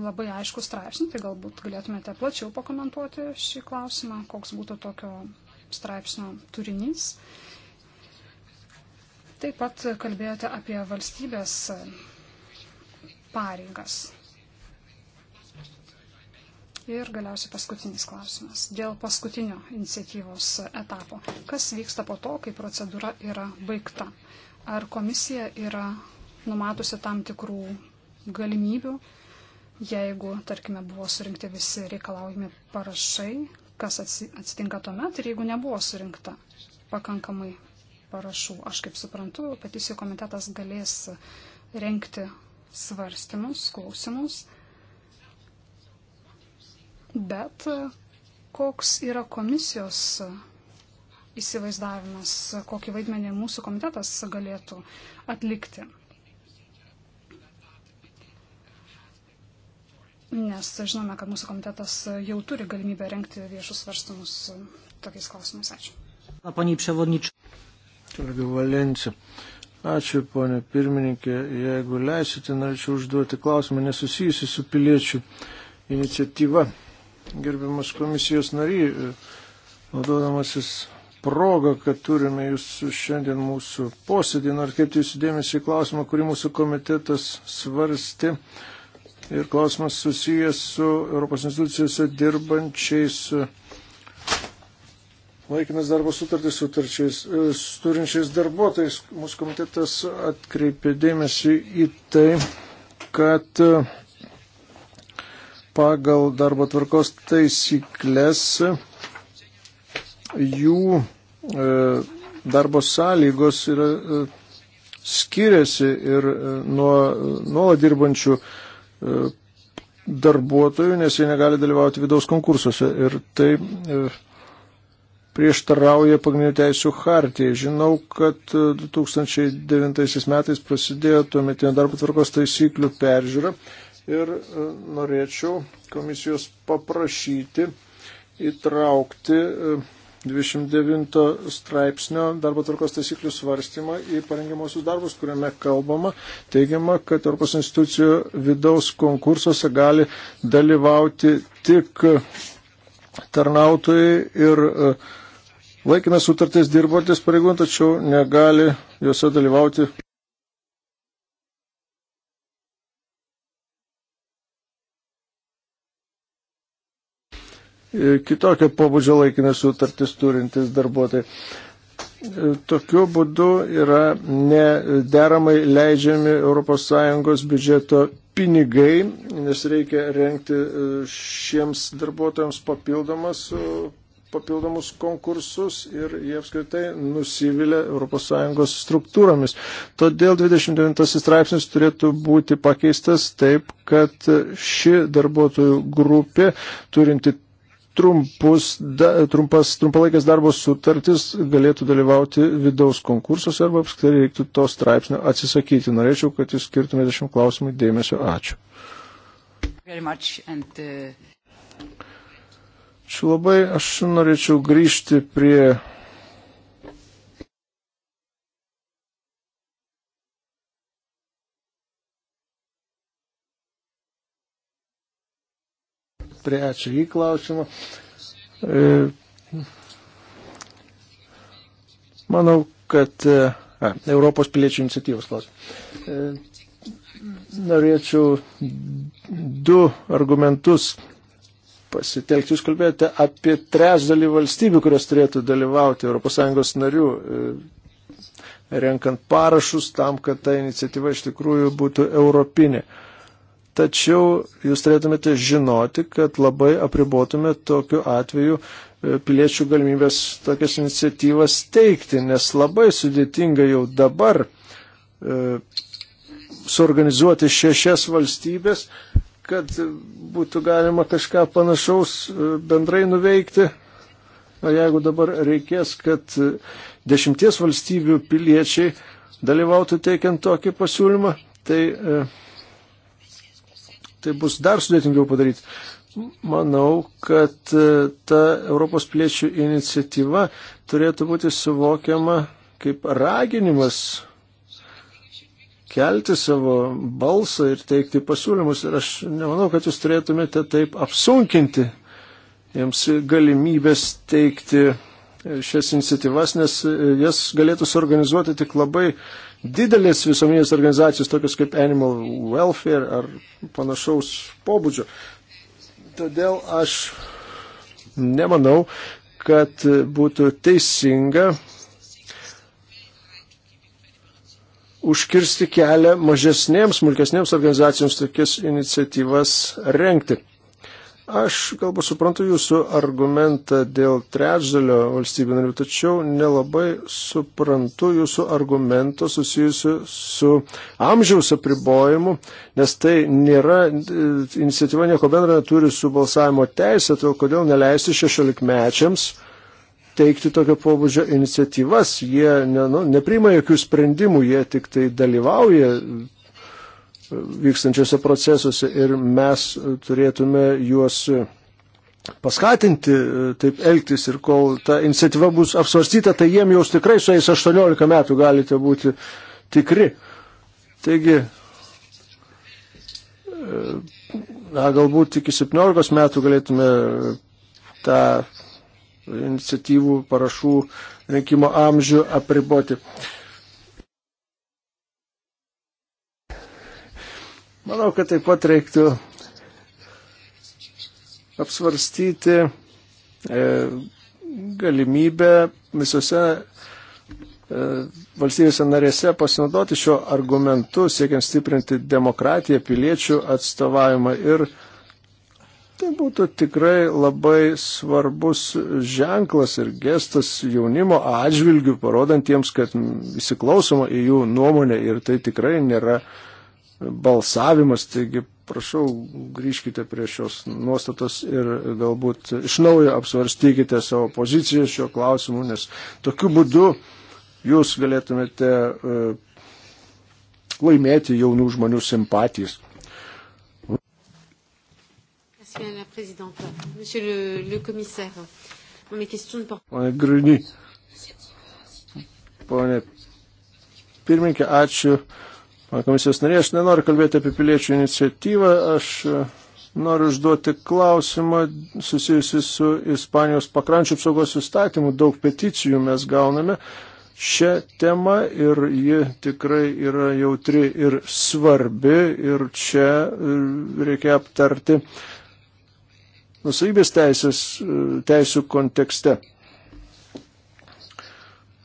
labai aišku straipsnį, tai galbūt galėtumėte plačiau pakomentuoti šį klausimą, koks būtų tokio straipsnio turinys. Taip pat kalbėjote apie valstybės pareigas. Ir galiausiai paskutinis klausimas. Dėl paskutinio iniciatyvos etapo. Kas vyksta po to, kai procedūra yra baigta? Ar komisija yra numatusi tam tikrų galimybių, jeigu, tarkime, buvo surinkti visi reikalaujami parašai, kas atsitinka tuomet ir jeigu nebuvo surinkta pakankamai parašų. Aš kaip suprantu, peticijų komitetas galės renkti svarstymus, klausimus. Bet koks yra komisijos įsivaizdavimas, kokį vaidmenį mūsų komitetas galėtų atlikti. Nes žinome, kad mūsų komitetas jau turi galimybę renkti viešus svarstumus tokiais klausimais. Ačiū. Pani Pševodnič. Toliau Valencija. Ačiū, ponė pirmininkė. Jeigu leisite, norėčiau užduoti klausimą nesusijusi su piliečių iniciatyva. Gerbiamas komisijos nariai, e, naudodamasis progą, kad turime jūs šiandien mūsų posėdį. Noriu kaip jūsų dėmesį į klausimą, kurį mūsų komitetas svarsti. Ir klausimas susijęs su Europos institucijose dirbančiais laikinas darbo sutartys sutarčiais, e, turinčiais darbuotojais. Mūsų komitetas atkreipė dėmesį į tai, kad e, pagal darbo tvarkos taisyklės jų e, darbo sąlygos yra, e, skiriasi ir e, nuo nuolat dirbančių darbuotojų, nes jie negali dalyvauti vidaus konkursuose. Ir tai prieštarauja pagrindinių teisų hartijai. Žinau, kad 2009 metais prasidėjo tuometinio darbo tvarkos taisyklių peržiūra ir norėčiau komisijos paprašyti įtraukti 29 straipsnio darbo tvarkos taisyklių svarstymą į parengiamosius darbus, kuriame kalbama, teigiama, kad Europos institucijų vidaus konkursuose gali dalyvauti tik tarnautojai ir e, laikinas sutartis dirbantis pareigūnai, tačiau negali juose dalyvauti E, kitokio pobūdžio laikinės sutartis turintys darbuotojai. E, tokiu būdu yra nederamai leidžiami ES biudžeto pinigai, nes reikia renkti e, šiems darbuotojams papildomas papildomus konkursus ir jie apskritai nusivylė ES struktūromis. Todėl 29 straipsnis turėtų būti pakeistas taip, kad ši darbuotojų grupė turinti trumpus, da, trumpas, trumpalaikės darbo sutartis galėtų dalyvauti vidaus konkursuose arba apskritai reiktų to straipsnio atsisakyti. Norėčiau, kad jūs skirtumėte šiam klausimui dėmesio. Ačiū. Uh, Ačiū labai. Aš norėčiau grįžti prie prie ačiū į klausimą. E, manau, kad e, a, Europos piliečių iniciatyvos klausimas. E, norėčiau du argumentus pasitelkti. Jūs kalbėjote apie trečdalį valstybių, kurios turėtų dalyvauti ES narių, renkant parašus tam, kad ta iniciatyva iš tikrųjų būtų europinė. Tačiau jūs turėtumėte žinoti, kad labai apribotume tokiu atveju e, piliečių galimybės tokias iniciatyvas teikti, nes labai sudėtinga jau dabar e, suorganizuoti šešias valstybės, kad būtų galima kažką panašaus e, bendrai nuveikti. O jeigu dabar reikės, kad e, dešimties valstybių piliečiai dalyvautų teikiant tokį pasiūlymą, tai e, tai bus dar sudėtingiau padaryti. Manau, kad e, ta Europos piliečių iniciatyva turėtų būti suvokiama kaip raginimas kelti savo balsą ir teikti pasiūlymus. Ir aš nemanau, kad jūs turėtumėte taip apsunkinti jiems galimybės teikti šias iniciatyvas, nes e, jas galėtų suorganizuoti tik labai didelės visuomenės organizacijos, tokios kaip Animal Welfare ar panašaus pobūdžio. Todėl aš nemanau, kad būtų teisinga užkirsti kelią mažesnėms, smulkesnėms organizacijoms tokias iniciatyvas renkti. Aš galbūt suprantu jūsų argumentą dėl trečdalio valstybių narių, tačiau nelabai suprantu jūsų argumento susijusiu su amžiaus apribojimu, nes tai nėra, iniciatyva nieko bendra neturi su balsavimo teisė, todėl kodėl neleisti šešiolikmečiams teikti tokio pobūdžio iniciatyvas. Jie ne, nu, neprima jokių sprendimų, jie tik tai dalyvauja vykstančiose procesuose ir mes turėtume juos paskatinti e, taip elgtis ir kol ta iniciatyva bus apsvarstyta, tai jiem jau tikrai su jais 18 metų galite būti tikri. Taigi, e, na, galbūt iki 17 metų galėtume tą iniciatyvų parašų rinkimo amžių apriboti. Manau, kad taip pat reiktų apsvarstyti e, galimybę visose e, valstybėse narėse pasinaudoti šio argumentu, siekiant stiprinti demokratiją, piliečių atstovavimą ir tai būtų tikrai labai svarbus ženklas ir gestas jaunimo atžvilgių, parodantiems, kad įsiklausoma į jų nuomonę ir tai tikrai nėra uh, balsavimas, taigi prašau grįžkite prie šios nuostatos ir galbūt iš naujo apsvarstykite savo poziciją šiuo klausimu, nes tokiu būdu jūs galėtumėte e, laimėti jaunų žmonių simpatijas. Pane Grini, pane pirmininkė, ačiū. Komisijos narė, aš nenoriu kalbėti apie piliečių iniciatyvą, aš e, noriu užduoti klausimą susijusi su Ispanijos pakrančių apsaugos įstatymu. Daug peticijų mes gauname šią temą ir ji tikrai yra jautri ir svarbi ir čia e, reikia aptarti nusavybės teisės, e, teisų kontekste.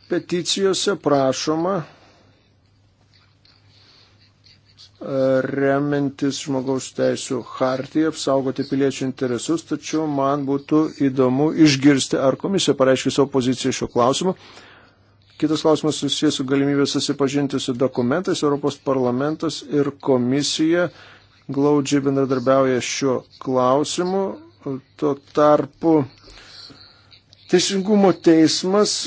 Peticijose prašoma remiantis žmogaus teisų hartiją, apsaugoti piliečių interesus, tačiau man būtų įdomu išgirsti, ar komisija pareiškia savo poziciją šiuo klausimu. Kitas klausimas susijęs su galimybė susipažinti su dokumentais. Europos parlamentas ir komisija glaudžiai bendradarbiauja šiuo klausimu. Tuo tarpu Teisingumo teismas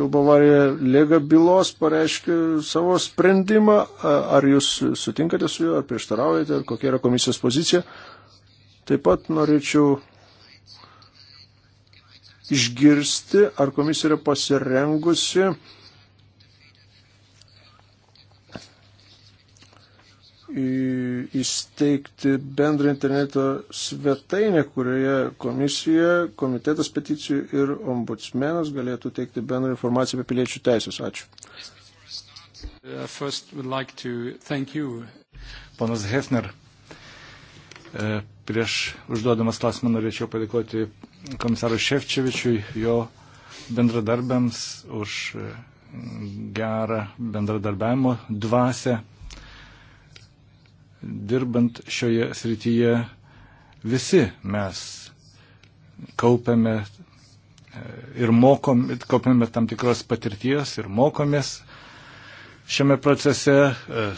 dėl Bavarija Lega bylos pareiškė savo sprendimą. Ar jūs sutinkate su juo, ar prieštaraujate, ar kokia yra komisijos pozicija? Taip pat norėčiau išgirsti, ar komisija yra pasirengusi įsteigti bendrą interneto svetainę, kurioje komisija, komitetas peticijų ir ombudsmenas galėtų teikti bendrą informaciją apie piliečių teisės. Ačiū. Uh, like Ponas Hefner, uh, prieš užduodamas klausimą norėčiau padėkoti komisarui Ševčevičiui, jo bendradarbiams už uh, gerą bendradarbiavimo dvasę dirbant šioje srityje visi mes kaupiame e, ir mokom, kaupiame tam tikros patirties ir mokomės šiame procese. E,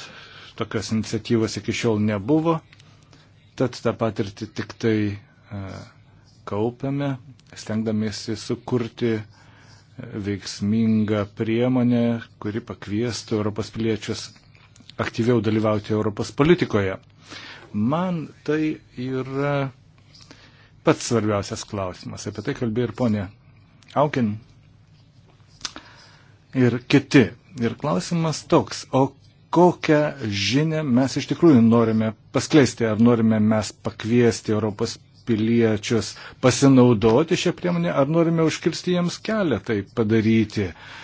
tokios iniciatyvos iki šiol nebuvo, tad tą patirtį tik tai e, kaupiame, stengdamėsi sukurti veiksmingą priemonę, kuri pakviestų Europos piliečius aktyviau dalyvauti Europos politikoje. Man tai yra pats svarbiausias klausimas. Apie tai kalbėjo ir ponė Aukin ir kiti. Ir klausimas toks, o kokią žinę mes iš tikrųjų norime paskleisti, ar norime mes pakviesti Europos piliečius pasinaudoti šią priemonę, ar norime užkirsti jiems kelią tai padaryti. Uh,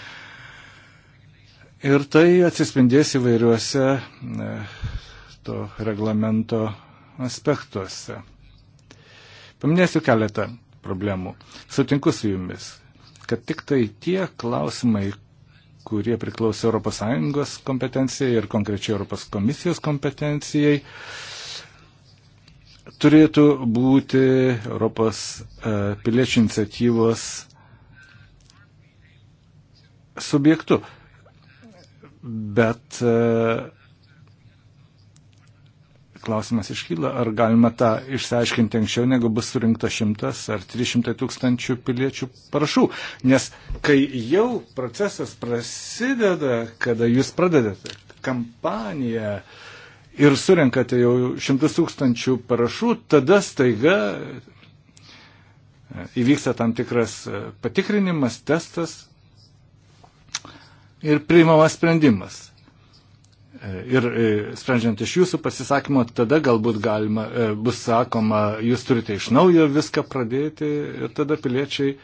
Ir tai atsispindės įvairiuose e, to reglamento aspektuose. Paminėsiu keletą problemų. Sutinku su jumis, kad tik tai tie klausimai, kurie priklauso ES kompetencijai ir konkrečiai ES komisijos kompetencijai, turėtų būti Europos e, piliečių iniciatyvos subjektu bet e, klausimas iškyla, ar galima tą išsiaiškinti anksčiau, negu bus surinkta šimtas ar trys šimtai tūkstančių piliečių parašų. Nes kai jau procesas prasideda, kada jūs pradedate kampaniją ir surinkate jau šimtus tūkstančių parašų, tada staiga e, įvyksta tam tikras e, patikrinimas, testas, ir priimamas sprendimas. E, ir e, sprendžiant iš jūsų pasisakymo, tada galbūt galima, e, bus sakoma, jūs turite iš naujo viską pradėti ir tada piliečiai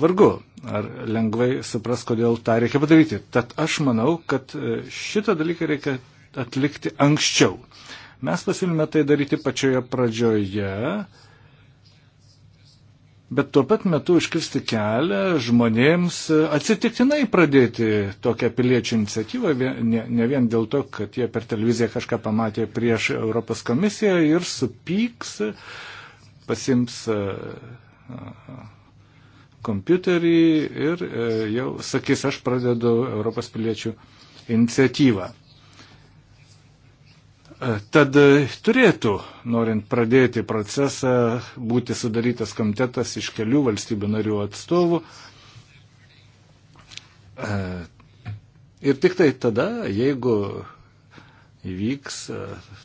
vargu ar lengvai supras, kodėl tą reikia padaryti. Tad aš manau, kad šitą dalyką reikia atlikti anksčiau. Mes pasiūlėme tai daryti pačioje pradžioje, bet tuo pat metu užkirsti kelią žmonėms e, atsitiktinai pradėti tokią piliečių iniciatyvą, ne, ne vien dėl to, kad jie per televiziją kažką pamatė prieš Europos komisiją ir supyks, pasims e, e, kompiuterį ir jau sakys, aš pradedu Europos piliečių iniciatyvą. E, tad e, turėtų, norint pradėti procesą, būti sudarytas komitetas iš kelių valstybių narių atstovų. E, ir tik tai tada, jeigu įvyks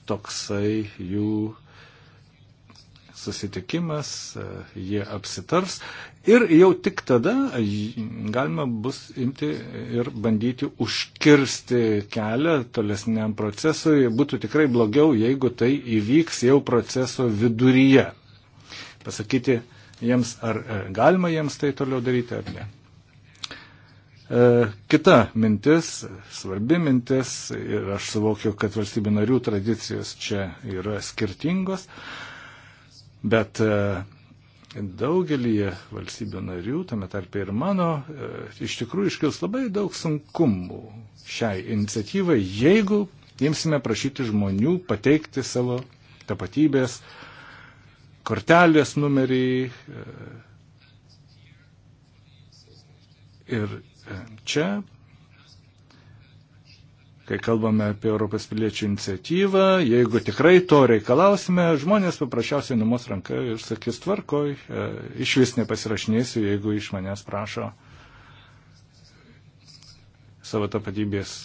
toksai jų susitikimas, e, jie apsitars ir jau tik tada galima bus imti ir bandyti užkirsti kelią tolesniam procesui. Būtų tikrai blogiau, jeigu tai įvyks jau proceso viduryje. Pasakyti jiems, ar e, galima jiems tai toliau daryti ar ne. E, kita mintis, svarbi mintis, ir aš suvokiu, kad valstybių narių tradicijos čia yra skirtingos, Bet e, daugelį valstybių narių, tame tarpe ir mano, e, iš tikrųjų iškils labai daug sunkumų šiai iniciatyvai, jeigu imsime prašyti žmonių pateikti savo tapatybės, kortelės numerį. E, ir čia kai kalbame apie Europos piliečių iniciatyvą, jeigu tikrai to reikalausime, žmonės paprasčiausiai numos ranką ir sakys tvarkoj, e, iš vis nepasirašinėsiu, jeigu iš manęs prašo savo tapatybės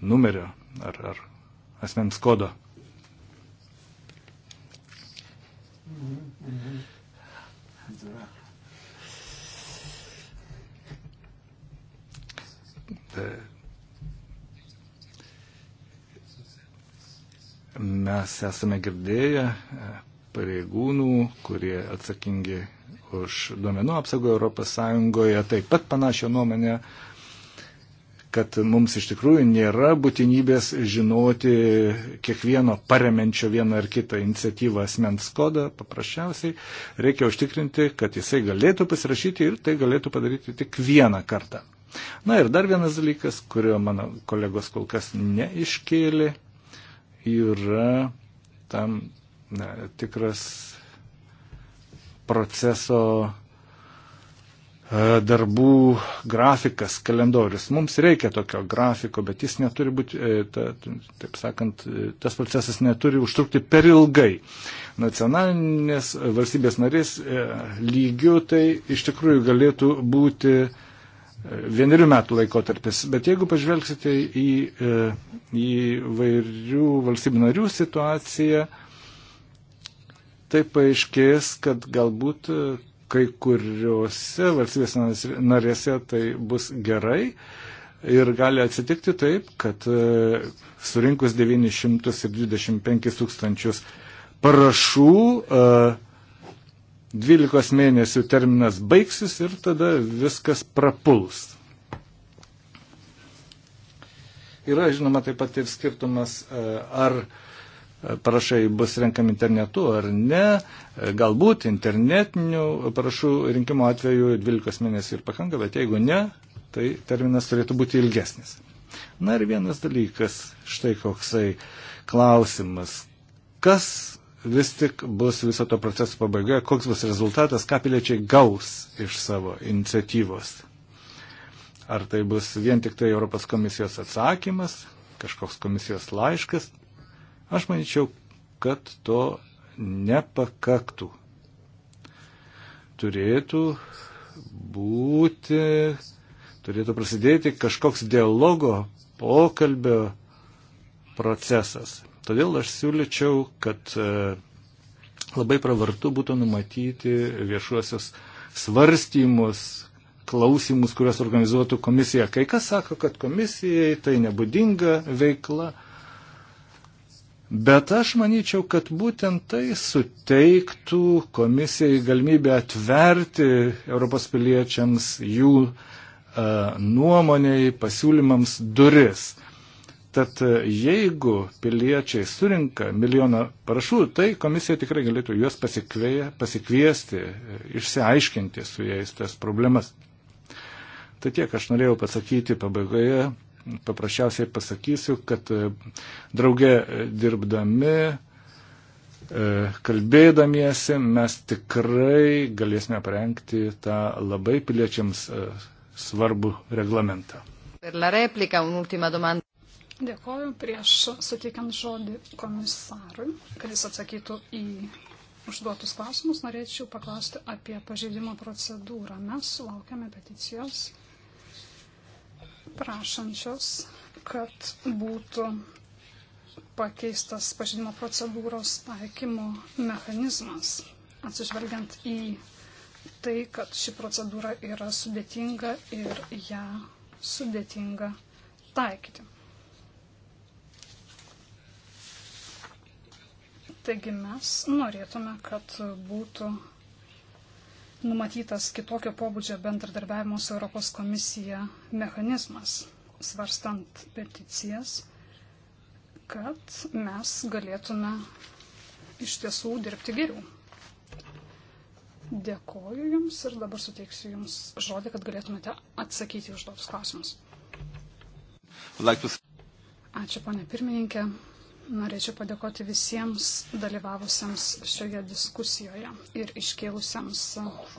numerio ar, ar asmens kodo. Tai Mes esame girdėję e, pareigūnų, kurie atsakingi už duomenų apsaugą Europos Sąjungoje, taip pat panašią nuomonę, kad mums iš tikrųjų nėra būtinybės žinoti kiekvieno paremenčio vieną ar kitą iniciatyvą asmens kodą, paprasčiausiai reikia užtikrinti, kad jisai galėtų pasirašyti ir tai galėtų padaryti tik vieną kartą. Na ir dar vienas dalykas, kurio mano kolegos kol kas neiškėlė, yra tam na, tikras proceso e, darbų grafikas, kalendorius. Mums reikia tokio grafiko, bet jis neturi būti, e, ta, taip sakant, e, tas procesas neturi užtrukti per ilgai. Nacionalinės valstybės narės lygių tai iš tikrųjų galėtų būti uh, vienerių metų laikotarpis. Bet jeigu pažvelgsite į, e, į vairių valstybių narių situaciją, tai paaiškės, kad galbūt e, kai kuriuose valstybės narėse tai bus gerai. Ir gali atsitikti taip, kad e, surinkus 925 tūkstančius parašų, 12 mėnesių terminas baigsis ir tada viskas prapuls. Yra, žinoma, taip pat ir skirtumas, e, ar e, parašai bus renkami internetu ar ne. E, galbūt internetinių parašų rinkimo atveju 12 mėnesių ir pakanka, bet jeigu ne, tai terminas turėtų būti ilgesnis. Na ir vienas dalykas, štai koksai klausimas. Kas vis tik bus viso to proceso pabaiga, koks bus rezultatas, ką piliečiai gaus iš savo iniciatyvos. Ar tai bus vien tik tai Europos komisijos atsakymas, kažkoks komisijos laiškas, aš manyčiau, kad to nepakaktų. Turėtų būti, turėtų prasidėti kažkoks dialogo, pokalbio procesas. Todėl aš siūlyčiau, kad e, labai pravartu būtų numatyti viešuosius svarstymus, klausimus, kuriuos organizuotų komisija. Kai kas sako, kad komisijai tai nebūdinga veikla, bet aš manyčiau, kad būtent tai suteiktų komisijai galimybę atverti Europos piliečiams jų uh, e, nuomoniai, pasiūlymams duris. Tad e, jeigu piliečiai surinka milijoną parašų, tai komisija tikrai galėtų juos pasikvėje, pasikviesti, e, išsiaiškinti su jais tas problemas. Tai tiek aš norėjau pasakyti pabaigoje. Paprasčiausiai pasakysiu, kad e, drauge dirbdami, kalbėdamiesi, mes tikrai galėsime parengti tą labai piliečiams svarbų reglamentą. Per la replica un'ultima domanda. Dėkoju prieš suteikiant žodį komisarui, kad jis atsakytų į užduotus klausimus. Norėčiau paklausti apie pažeidimo procedūrą. Mes laukiame peticijos prašančios, kad būtų pakeistas pažeidimo procedūros taikymo mechanizmas, atsižvelgiant į tai, kad ši procedūra yra sudėtinga ir ją sudėtinga taikyti. Taigi mes norėtume, kad būtų numatytas kitokio pobūdžio bendradarbiavimo su Europos komisija mechanizmas, svarstant peticijas, kad mes galėtume iš tiesų dirbti geriau. Dėkoju Jums ir dabar suteiksiu Jums žodį, kad galėtumėte atsakyti užduotus klausimus. Ačiū, ponė pirmininkė. Norėčiau padėkoti visiems dalyvavusiems šioje diskusijoje ir iškėlusiems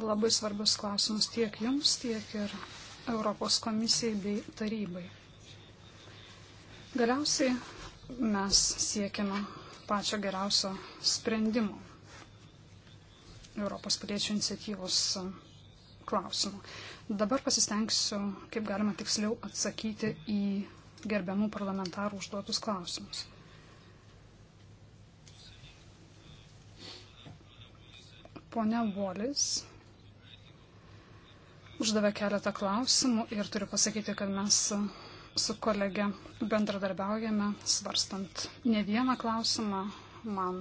labai svarbius klausimus tiek jums, tiek ir Europos komisijai bei tarybai. Galiausiai mes siekiame pačio geriausio sprendimo Europos piliečių iniciatyvos klausimų. Dabar pasistengsiu, kaip galima tiksliau atsakyti į gerbiamų parlamentarų užduotus klausimus. Pone Volis uždavė keletą klausimų ir turiu pasakyti, kad mes su kolege bendradarbiaujame, svarstant ne vieną klausimą. Man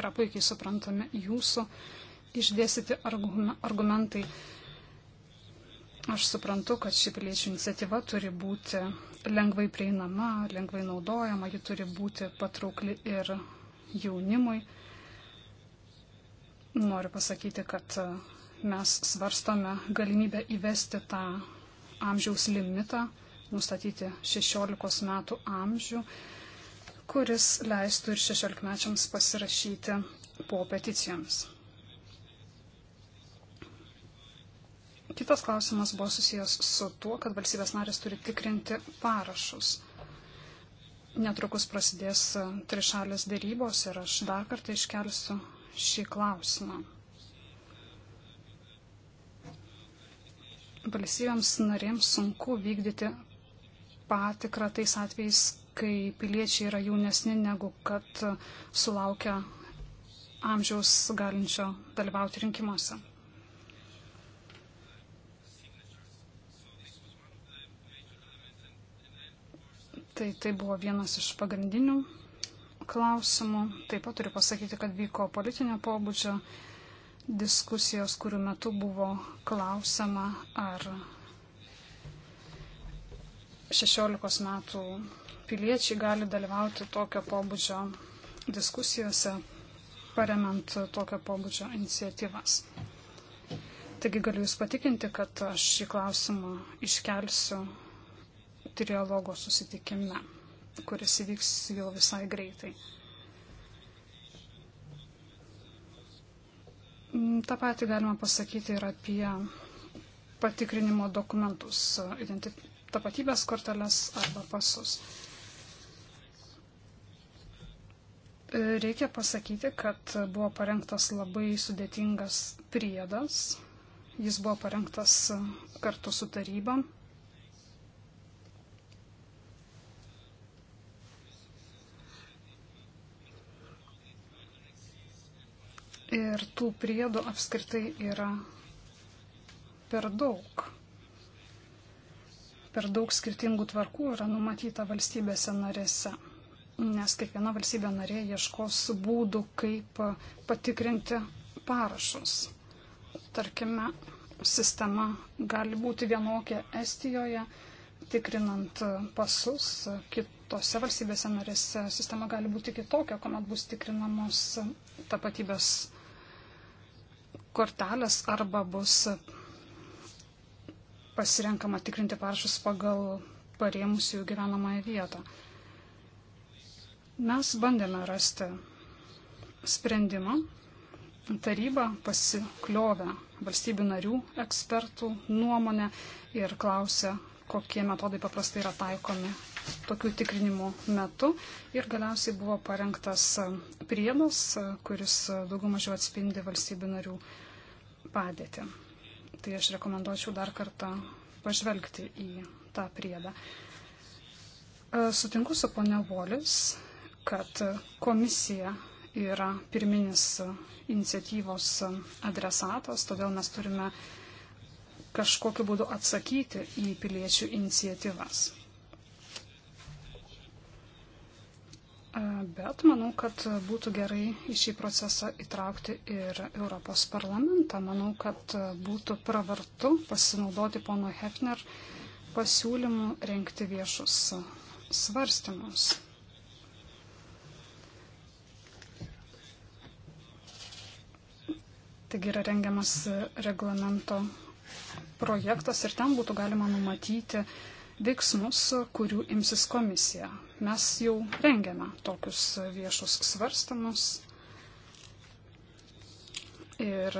yra puikiai suprantami jūsų išdėstyti argumentai. Aš suprantu, kad ši piliečių iniciatyva turi būti lengvai prieinama, lengvai naudojama, ji turi būti patraukli ir jaunimui. Noriu pasakyti, kad e, mes svarstome galimybę įvesti tą amžiaus limitą, nustatyti 16 metų amžių, kuris leistų ir 16-mečiams pasirašyti po peticijoms. Kitas klausimas buvo susijęs su tuo, kad valstybės narės turi tikrinti parašus. Netrukus prasidės e, trišalės dėrybos ir aš dar kartą iškelsiu šį klausimą. Valstybėms narėms sunku vykdyti patikrą tais atvejais, kai piliečiai yra jaunesni negu kad sulaukia amžiaus galinčio dalyvauti rinkimuose. Tai tai buvo vienas iš pagrindinių klausimų. Taip pat turiu pasakyti, kad vyko politinio pobūdžio diskusijos, kurių metu buvo klausama, ar 16 metų piliečiai gali dalyvauti tokio pobūdžio diskusijose, paremant tokio pobūdžio iniciatyvas. Taigi galiu Jūs patikinti, kad aš šį klausimą iškelsiu trialogo susitikime kuris įvyks jau visai greitai. Mm, Ta pati galima pasakyti ir apie patikrinimo dokumentus, tapatybės korteles arba pasus. Reikia pasakyti, kad buvo parengtas labai sudėtingas priedas. Jis buvo parengtas kartu su taryba Ir tų priedų apskritai yra per daug. Per daug skirtingų tvarkų yra numatyta valstybėse narėse, nes kiekviena valstybė narė ieškos būdų, kaip patikrinti parašus. Tarkime, sistema gali būti vienokia Estijoje, tikrinant pasus, kitose valstybėse narėse sistema gali būti kitokia, kuomet bus tikrinamos tapatybės kortelės arba bus pasirenkama tikrinti parašus pagal parėmusių gyvenamąją vietą. Mes bandėme rasti sprendimą. Taryba pasikliovė valstybių narių ekspertų nuomonę ir klausė, kokie metodai paprastai yra taikomi tokių tikrinimų metu. Ir galiausiai buvo parengtas priedas, kuris daugiau mažiau atspindi valstybių narių padėtį. Tai aš rekomenduočiau dar kartą pažvelgti į tą priedą. E, sutinku su ponia Volis, kad komisija yra pirminis iniciatyvos adresatas, todėl mes turime kažkokiu būdu atsakyti į piliečių iniciatyvas. Bet manau, kad būtų gerai į šį procesą įtraukti ir Europos parlamentą. Manau, kad būtų pravartu pasinaudoti pono Hefner pasiūlymų renkti viešus svarstymus. Taigi yra rengiamas reglamento projektas ir ten būtų galima numatyti uh, veiksmus, kurių imsis komisija. Mes jau rengiame tokius viešus svarstamus ir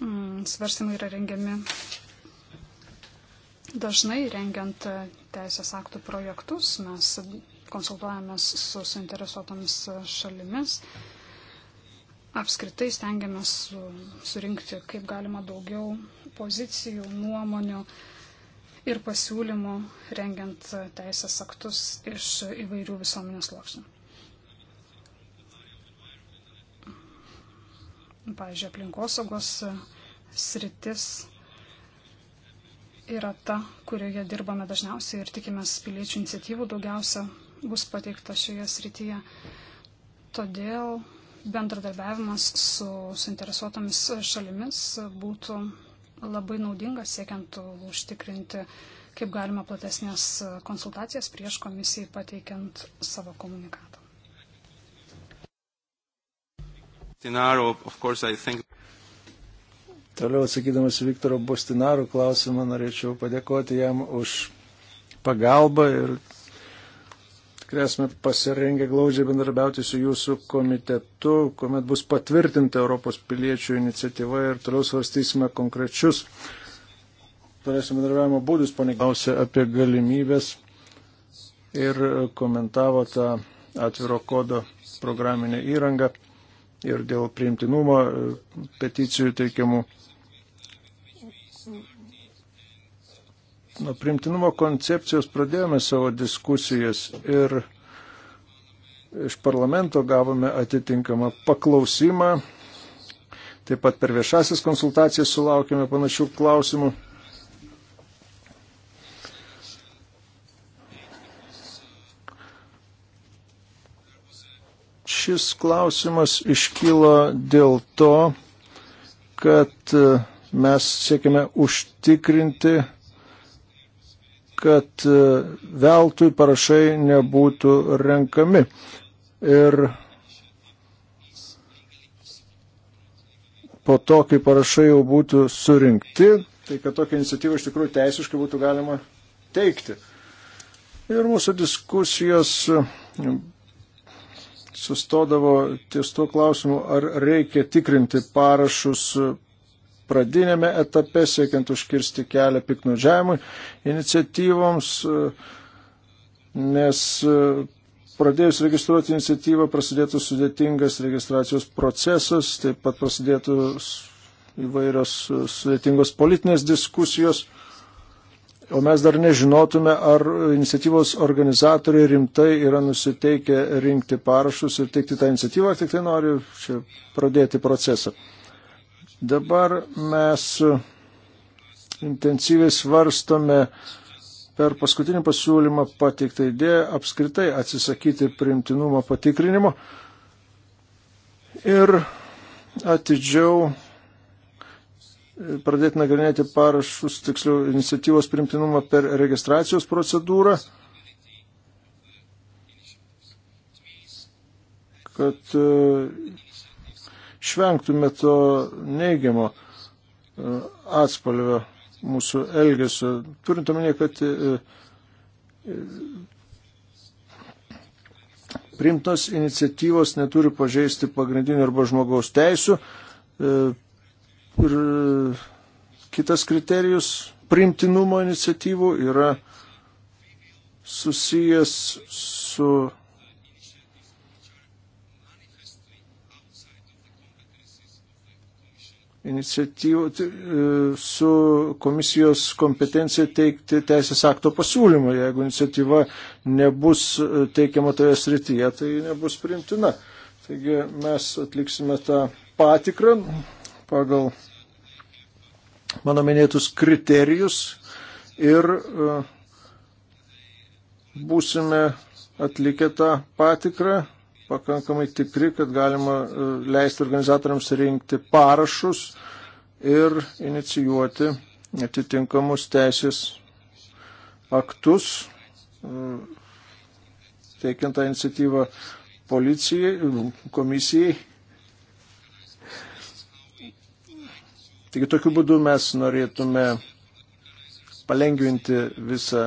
mm, svarstymai yra rengiami dažnai rengiant teisės aktų projektus. Mes konsultuojamės su suinteresuotomis šalimis. Su apskritai stengiamės su, surinkti kaip galima daugiau pozicijų, nuomonių ir pasiūlymų, rengiant teisės aktus iš įvairių visuomenės sluoksnių. Pavyzdžiui, aplinkosaugos sritis yra ta, kurioje dirbame dažniausiai ir tikimės piliečių iniciatyvų daugiausia bus pateikta šioje srityje. Todėl bendradarbiavimas su suinteresuotomis šalimis būtų labai naudingas siekiant užtikrinti kaip galima platesnės konsultacijas prieš komisijai pateikiant savo komunikatą. Toliau atsakydamas Viktoro Bostinaro klausimą, norėčiau padėkoti jam už pagalbą ir tikrai esame pasirengę glaudžiai bendrabiauti su jūsų komitetu, kuomet bus patvirtinta Europos piliečių iniciatyva ir toliau svarstysime konkrečius tolesnio bendradarbiavimo būdus, ponė klausė apie galimybės ir komentavo tą atviro kodo programinę įrangą ir dėl priimtinumo e, peticijų teikiamų nuo primtinumo koncepcijos pradėjome savo diskusijas ir iš parlamento gavome atitinkamą paklausimą. Taip pat per viešasis konsultacijas sulaukėme panašių klausimų. Šis klausimas iškylo dėl to, kad mes siekime užtikrinti kad e, veltui parašai nebūtų renkami. Ir po to, kai parašai jau būtų surinkti, tai kad tokią iniciatyvą iš tikrųjų teisiškai būtų galima teikti. Ir mūsų diskusijos e, sustodavo ties tuo klausimu, ar reikia tikrinti parašus pradinėme etape, siekiant užkirsti kelią piknaudžiavimui iniciatyvoms, nes pradėjus registruoti iniciatyvą prasidėtų sudėtingas registracijos procesas, taip pat prasidėtų įvairios sudėtingos politinės diskusijos, o mes dar nežinotume, ar iniciatyvos organizatoriai rimtai yra nusiteikę rinkti parašus ir teikti tą iniciatyvą, tik tai noriu čia pradėti procesą. Dabar mes intensyviai svarstome per paskutinį pasiūlymą pateiktą idėją apskritai atsisakyti priimtinumo patikrinimo ir atidžiau pradėti nagrinėti parašus, tiksliau, iniciatyvos primtinumą per registracijos procedūrą, kad išvengtume to neigiamo e, atspalvio mūsų elgesio. Turint omenyje, kad e, e, primtos iniciatyvos neturi pažeisti pagrindinių arba žmogaus teisų. Ir kitas kriterijus primtinumo iniciatyvų yra susijęs su iniciatyvų tai, e, su komisijos kompetencija teikti teisės akto pasiūlymą. Jeigu iniciatyva nebus e, teikiama toje srityje, tai nebus primtina. Taigi mes atliksime tą patikrą pagal mano minėtus kriterijus ir e, būsime atlikę tą patikrą pakankamai tikri, kad galima e, leisti organizatoriams rinkti parašus ir inicijuoti atitinkamus teisės aktus, e, teikiant tą iniciatyvą policijai, komisijai. Taigi tokiu būdu mes norėtume palengvinti visą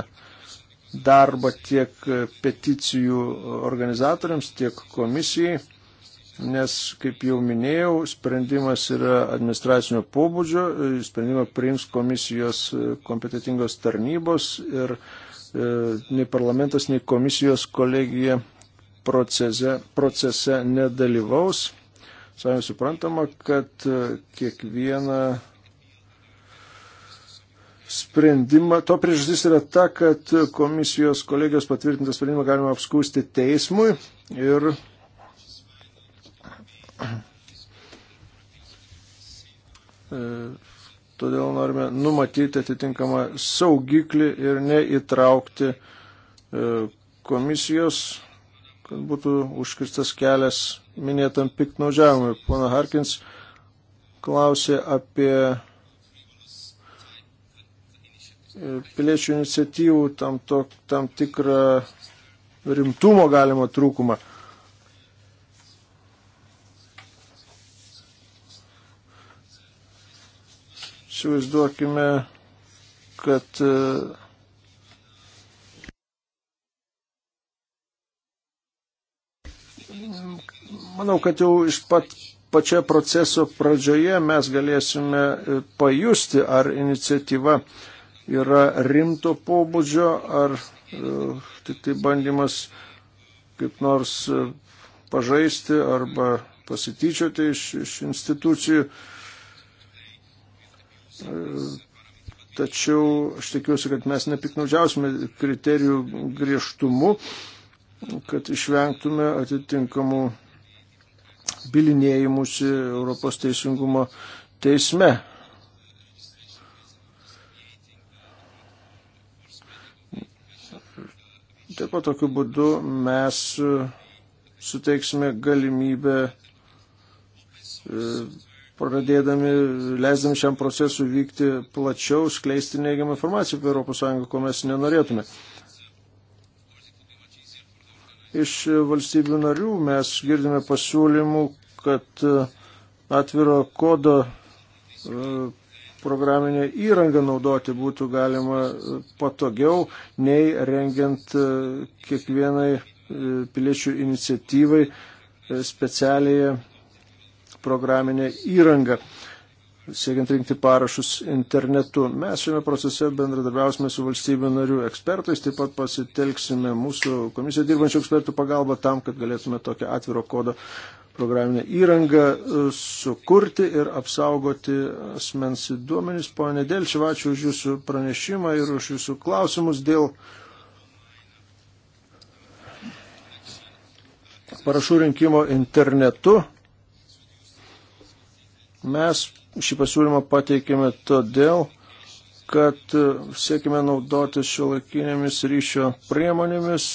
darbą tiek peticijų organizatoriams, tiek komisijai, nes, kaip jau minėjau, sprendimas yra administracinio pobūdžio, sprendimą priims komisijos kompetitingos tarnybos ir e, nei parlamentas, nei komisijos kolegija procese, procese nedalyvaus. Savai suprantama, kad e, kiekviena sprendimą. To priežastis yra ta, kad komisijos kolegijos patvirtintą sprendimą galima apskūsti teismui ir e, todėl norime numatyti atitinkamą saugiklį ir neįtraukti e, komisijos, kad būtų užkirstas kelias minėtam piknaudžiavimui. Pana Harkins klausė apie piliečių iniciatyvų tam, to, tam tikrą rimtumo galima trūkumą. Įsivaizduokime, kad e, manau, kad jau iš pat pačioje proceso pradžioje mes galėsime pajusti, ar iniciatyva uh, yra rimto pobūdžio, ar e, tik tai bandymas kaip nors e, pažaisti arba pasityčioti iš, iš institucijų. E, tačiau aš tikiuosi, kad mes nepiknaudžiausime kriterijų griežtumu, kad išvengtume atitinkamų bilinėjimusi Europos teisingumo teisme. Taip pat tokiu būdu mes e, suteiksime galimybę e, pradėdami, leisdami šiam procesui vykti plačiau, skleisti neigiamą informaciją apie ES, ko mes nenorėtume. Iš valstybių narių mes girdime pasiūlymų, kad e, atviro kodo programinę įrangą naudoti būtų galima e, patogiau, nei rengiant e, kiekvienai e, piliečių iniciatyvai specialiją programinę įrangą siekiant rinkti parašus internetu. Mes šiame procese bendradarbiausime su valstybių narių ekspertais, taip pat pasitelksime mūsų komisiją dirbančių ekspertų pagalbą tam, kad galėtume tokią atviro kodo programinę įrangą e, sukurti ir apsaugoti asmens duomenys. Pone Delčiava, ačiū už Jūsų pranešimą ir už Jūsų klausimus dėl parašų rinkimo internetu. Mes šį pasiūlymą pateikėme todėl, kad siekime naudotis šiuolaikinėmis ryšio priemonėmis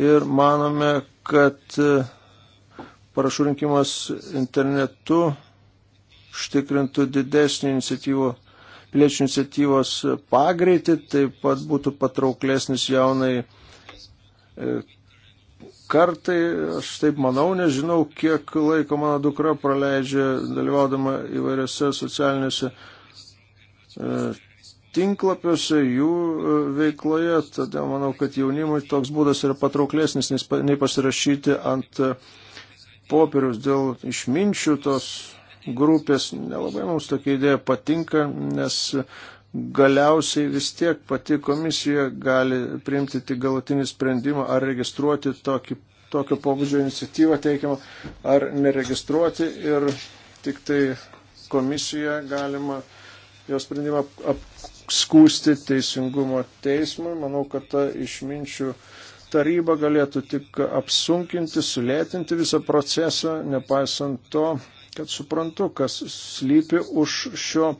ir manome, kad parašų rinkimas internetu užtikrintų didesnį iniciatyvų, piliečių iniciatyvos pagreitį, taip pat būtų patrauklesnis jaunai e, kartai, aš taip manau, nežinau, kiek laiko mano dukra praleidžia dalyvaudama įvairiose socialinėse e, tinklapiuose, jų e, veikloje, todėl manau, kad jaunimui toks būdas yra patrauklesnis nei pasirašyti ant uh, popierius dėl išminčių tos grupės. Nelabai mums tokia idėja patinka, nes galiausiai vis tiek pati komisija gali priimti tik galutinį sprendimą ar registruoti tokį, tokio pobūdžio iniciatyvą teikiamą ar neregistruoti ir tik tai komisiją galima jos sprendimą apskūsti teisingumo teismui. Manau, kad ta išminčių taryba galėtų tik apsunkinti, sulėtinti visą procesą, nepaisant to, kad suprantu, kas slypi už šio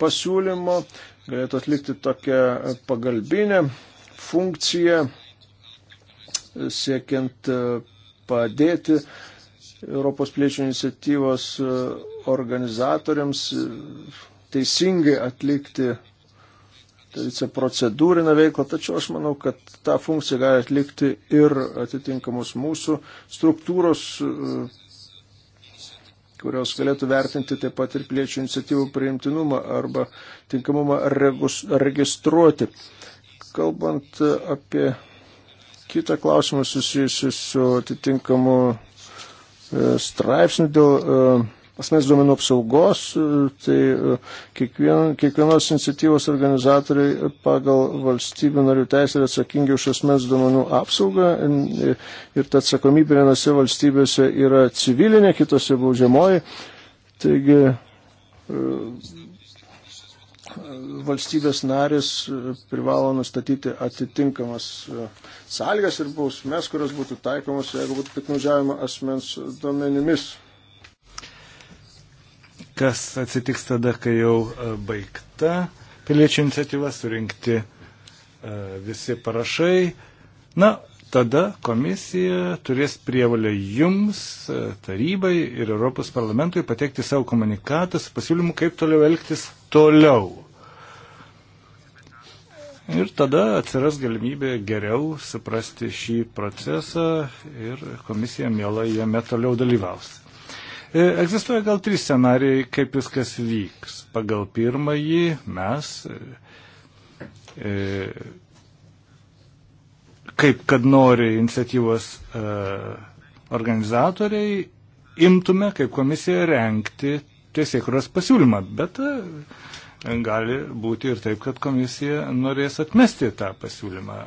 pasiūlymo, galėtų atlikti tokią pagalbinę funkciją, siekiant e, padėti Europos piliečių iniciatyvos e, organizatoriams e, teisingai atlikti procedūrinę veiklą, tačiau aš manau, kad tą funkciją gali atlikti ir atitinkamos mūsų struktūros, e, kurios galėtų vertinti taip pat ir piliečių iniciatyvų priimtinumą arba tinkamumą regus, registruoti. Kalbant apie kitą klausimą susijusiu su atitinkamu e, straipsniu dėl e, asmens duomenų apsaugos, tai e, kiekvien, kiekvienos iniciatyvos organizatoriai pagal valstybių narių teisę yra atsakingi už asmens duomenų apsaugą ir, e, ir ta atsakomybė vienose valstybėse yra civilinė, kitose baudžiamoji. Taigi e, valstybės narės privalo nustatyti atitinkamas sąlygas ir bausmes, kurios būtų taikomas, jeigu būtų piknaudžiavimo asmens duomenimis kas atsitiks tada, kai jau e, baigta piliečių iniciatyva surinkti e, visi parašai. Na, tada komisija turės prievalę jums, e, tarybai ir Europos parlamentui pateikti savo komunikatą su pasiūlymu, kaip toliau elgtis toliau. Ir tada atsiras galimybė geriau suprasti šį procesą ir komisija mielai jame toliau dalyvaus. E, egzistuoja gal trys scenarijai, kaip viskas vyks. Pagal pirmąjį mes, e, e, kaip kad nori iniciatyvos organizatoriai, imtume kaip komisija renkti tiesiekros pasiūlymą, bet gali būti ir taip, kad komisija norės atmesti tą pasiūlymą.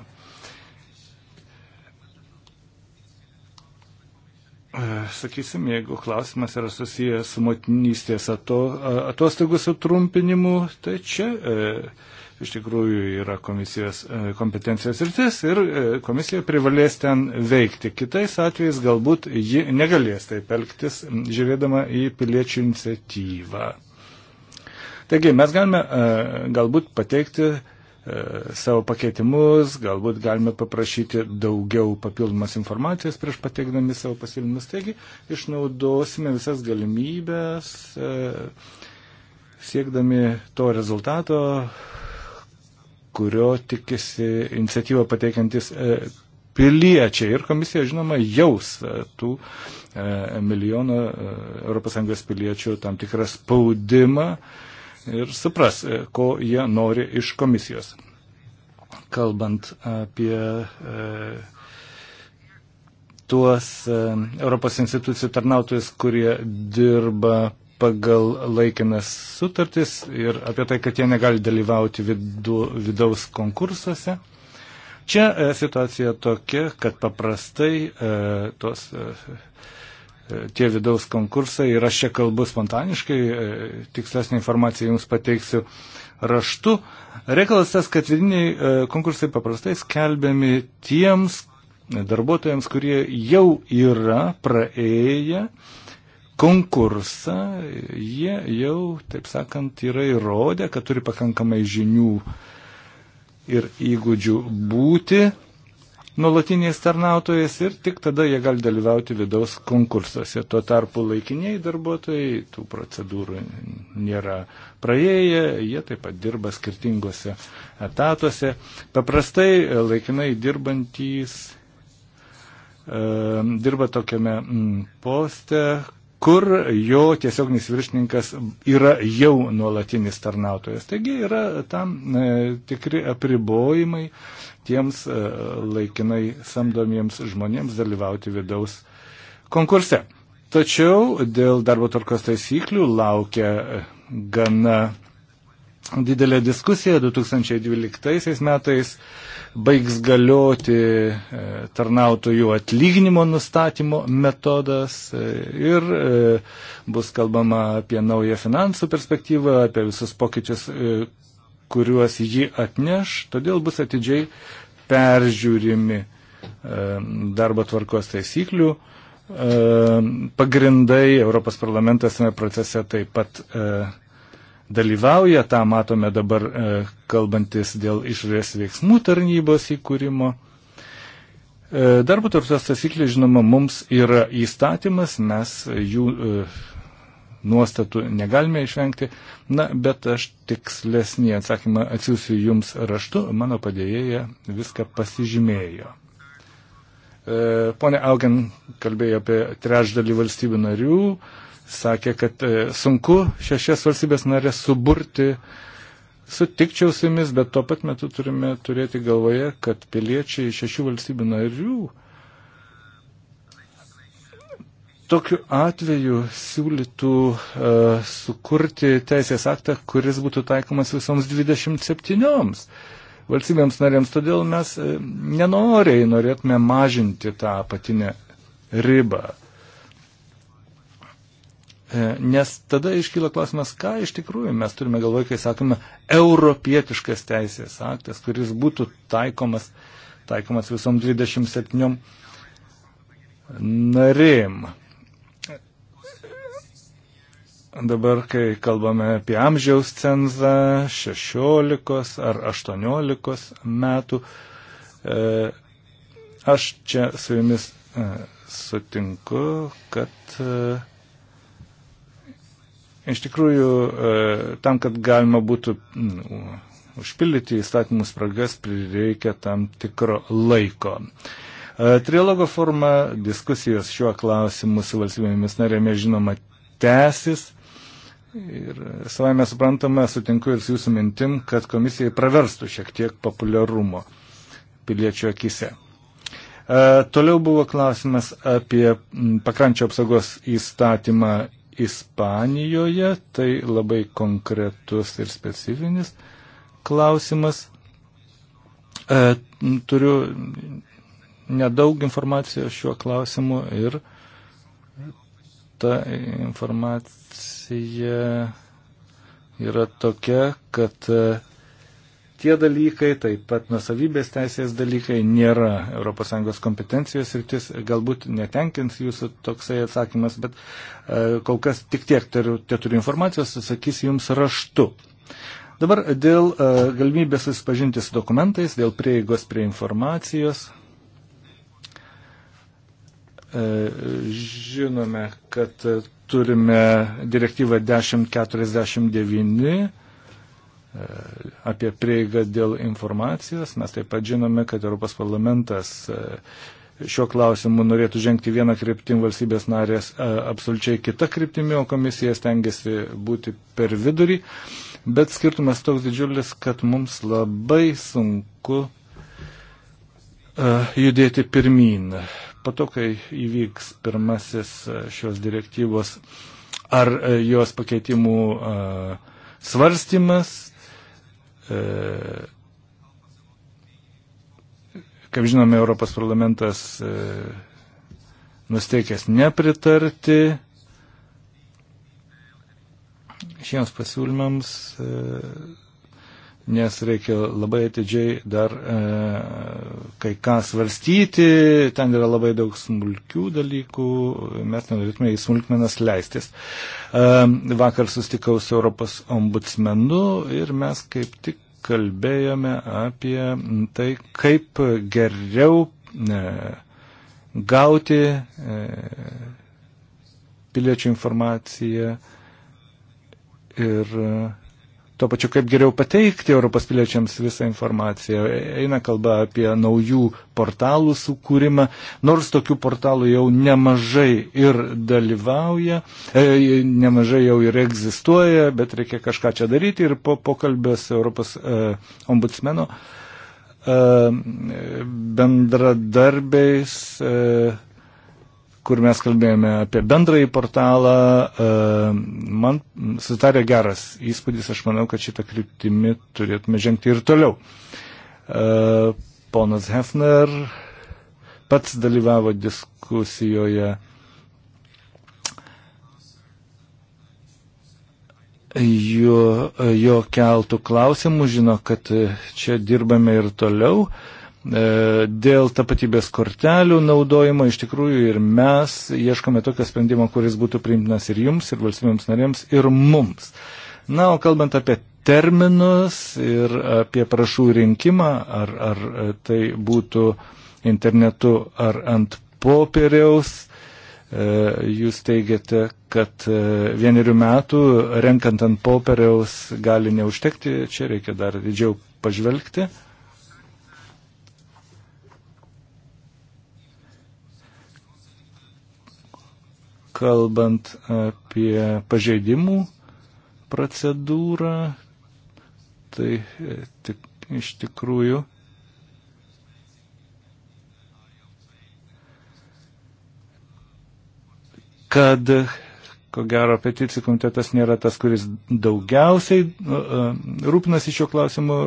E, sakysim, jeigu klausimas yra susijęs su motinystės atostogų sutrumpinimu, tai čia e, iš tikrųjų yra komisijos e, kompetencijos rytis ir e, komisija privalės ten veikti. Kitais atvejais galbūt ji negalės taip elgtis, žiūrėdama į piliečių iniciatyvą. Taigi mes galime e, galbūt pateikti E, savo pakeitimus, galbūt galime paprašyti daugiau papildomos informacijos prieš pateikdami savo pasiūlymus. Taigi išnaudosime visas galimybės e, siekdami to rezultato, kurio tikisi iniciatyvą pateikiantis e, piliečiai. Ir komisija, žinoma, jaus tų milijonų ES piliečių tam tikrą spaudimą ir supras, e, ko jie nori iš komisijos. Kalbant apie e, tuos e, Europos institucijų tarnautojus, kurie dirba pagal laikinas sutartis ir apie tai, kad jie negali dalyvauti vidu, vidaus konkursuose. Čia situacija tokia, kad paprastai e, tos e, tie vidaus konkursai ir aš čia kalbu spontaniškai, e, tikslesnį informaciją jums pateiksiu raštu. Reikalas tas, kad vidiniai e, konkursai paprastai skelbiami tiems darbuotojams, kurie jau yra praėję konkursą, jie jau, taip sakant, yra įrodę, kad turi pakankamai žinių ir įgūdžių būti nuolatiniais tarnautojais ir tik tada jie gali dalyvauti vidaus konkursuose. Tuo tarpu laikiniai darbuotojai tų procedūrų nėra praėję, jie taip pat dirba skirtingose etatuose. Paprastai e, laikinai dirbantys e, dirba tokiame mm, poste, kur jo tiesioginis viršininkas yra jau nuolatinis tarnautojas. Taigi yra tam e, tikri apribojimai, tiems e, laikinai samdomiems žmonėms dalyvauti vidaus konkurse. Tačiau dėl darbo tvarkos taisyklių laukia e, gana didelė diskusija. 2012 metais baigs galioti e, tarnautojų atlyginimo nustatymo metodas ir bus kalbama apie naują finansų perspektyvą, apie visus pokyčius, kuriuos ji atneš, todėl bus atidžiai peržiūrimi e, darbo tvarkos taisyklių. E, pagrindai Europos parlamentas tame procese taip pat e, dalyvauja, tą matome dabar kalbantis dėl išorės veiksmų tarnybos įkūrimo. Darbo tvarkos taisyklė, žinoma, mums yra įstatymas, mes jų nuostatų negalime išvengti. Na, bet aš tikslesnį atsakymą atsiųsiu jums raštu, mano padėjėja viską pasižymėjo. E, pone Augen kalbėjo apie trečdalį valstybių narių, sakė, kad e, sunku šešias valstybės narės suburti. Sutikčiau su jumis, bet tuo pat metu turime turėti galvoje, kad piliečiai šešių valstybių narių uh, Tokiu atveju siūlytų e, sukurti teisės aktą, kuris būtų taikomas visoms 27 valstybėms narėms. Todėl mes e, nenoriai norėtume mažinti tą apatinę ribą. E, nes tada iškyla klausimas, ką iš tikrųjų mes turime galvoje, kai sakome, europietiškas teisės aktas, kuris būtų taikomas, taikomas visom 27 narėm dabar, kai kalbame apie amžiaus cenzą 16 ar 18 metų, e, aš čia su jumis e, sutinku, kad e, iš tikrųjų tam, kad galima būtų nu, užpildyti įstatymų spragas, prireikia tam tikro laiko. Trilogo forma diskusijos šiuo klausimu su valstybėmis narėmis žinoma tęsis. Ir e, savai mes suprantame, sutinku ir su jūsų mintim, kad komisijai praverstų šiek tiek populiarumo piliečių akise. E, toliau buvo klausimas apie pakrančio apsaugos įstatymą Ispanijoje. Tai labai konkretus ir specifinis klausimas. E, turiu nedaug informacijos šiuo klausimu ir ta informacija situacija yra tokia, kad e, tie dalykai, taip pat nusavybės teisės dalykai nėra ES kompetencijos ir ties galbūt netenkins jūsų toksai atsakymas, bet e, kol kas tik tiek turiu, tie turiu informacijos, sakys jums raštu. Dabar dėl e, galimybės susipažinti su dokumentais, dėl prieigos prie informacijos. E, žinome, kad turime direktyvą 1049 e, apie prieigą dėl informacijos. Mes taip pat žinome, kad Europos parlamentas e, šiuo klausimu norėtų žengti vieną kryptim valstybės narės e, absoliučiai kita kryptimi, o komisija stengiasi būti per vidurį. Bet skirtumas toks didžiulis, kad mums labai sunku E, judėti pirmin. Po to, kai įvyks pirmasis e, šios direktyvos ar e, jos pakeitimų svarstymas, kaip žinome, Europos parlamentas nusteikęs nepritarti šiems pasiūlymams nes reikia labai atidžiai dar e, kai ką svarstyti, ten yra labai daug smulkių dalykų, mes nenorėtume į smulkmenas leistis. E, vakar sustikau su Europos ombudsmenu ir mes kaip tik kalbėjome apie tai, kaip geriau e, gauti e, piliečių informaciją ir e, Tuo pačiu, kaip geriau pateikti Europos piliečiams visą informaciją. Eina kalba apie naujų portalų sukūrimą, nors tokių portalų jau nemažai ir dalyvauja, e, nemažai jau ir egzistuoja, bet reikia kažką čia daryti ir po pokalbės Europos e, ombudsmeno e, bendradarbiais. E, kur mes kalbėjome apie bendrąjį portalą, e, man sutarė geras įspūdis, aš manau, kad šitą kryptimį turėtume žengti ir toliau. E, ponas Hefner pats dalyvavo diskusijoje. Jo, jo keltų klausimų žino, kad čia dirbame ir toliau. Uh, E, dėl tapatybės kortelių naudojimo iš tikrųjų ir mes ieškome tokio sprendimo, kuris būtų priimtinas ir jums, ir valstybėms narėms, ir mums. Na, o kalbant apie terminus ir apie prašų rinkimą, ar, ar tai būtų internetu ar ant popieriaus, e, jūs teigiate, kad e, vienerių metų renkant ant popieriaus gali neužtekti, čia reikia dar didžiau pažvelgti. kalbant apie pažeidimų procedūrą, tai e, tik, iš tikrųjų kad ko gero peticijų komitetas nėra tas, kuris daugiausiai e, e, rūpinasi šiuo klausimu,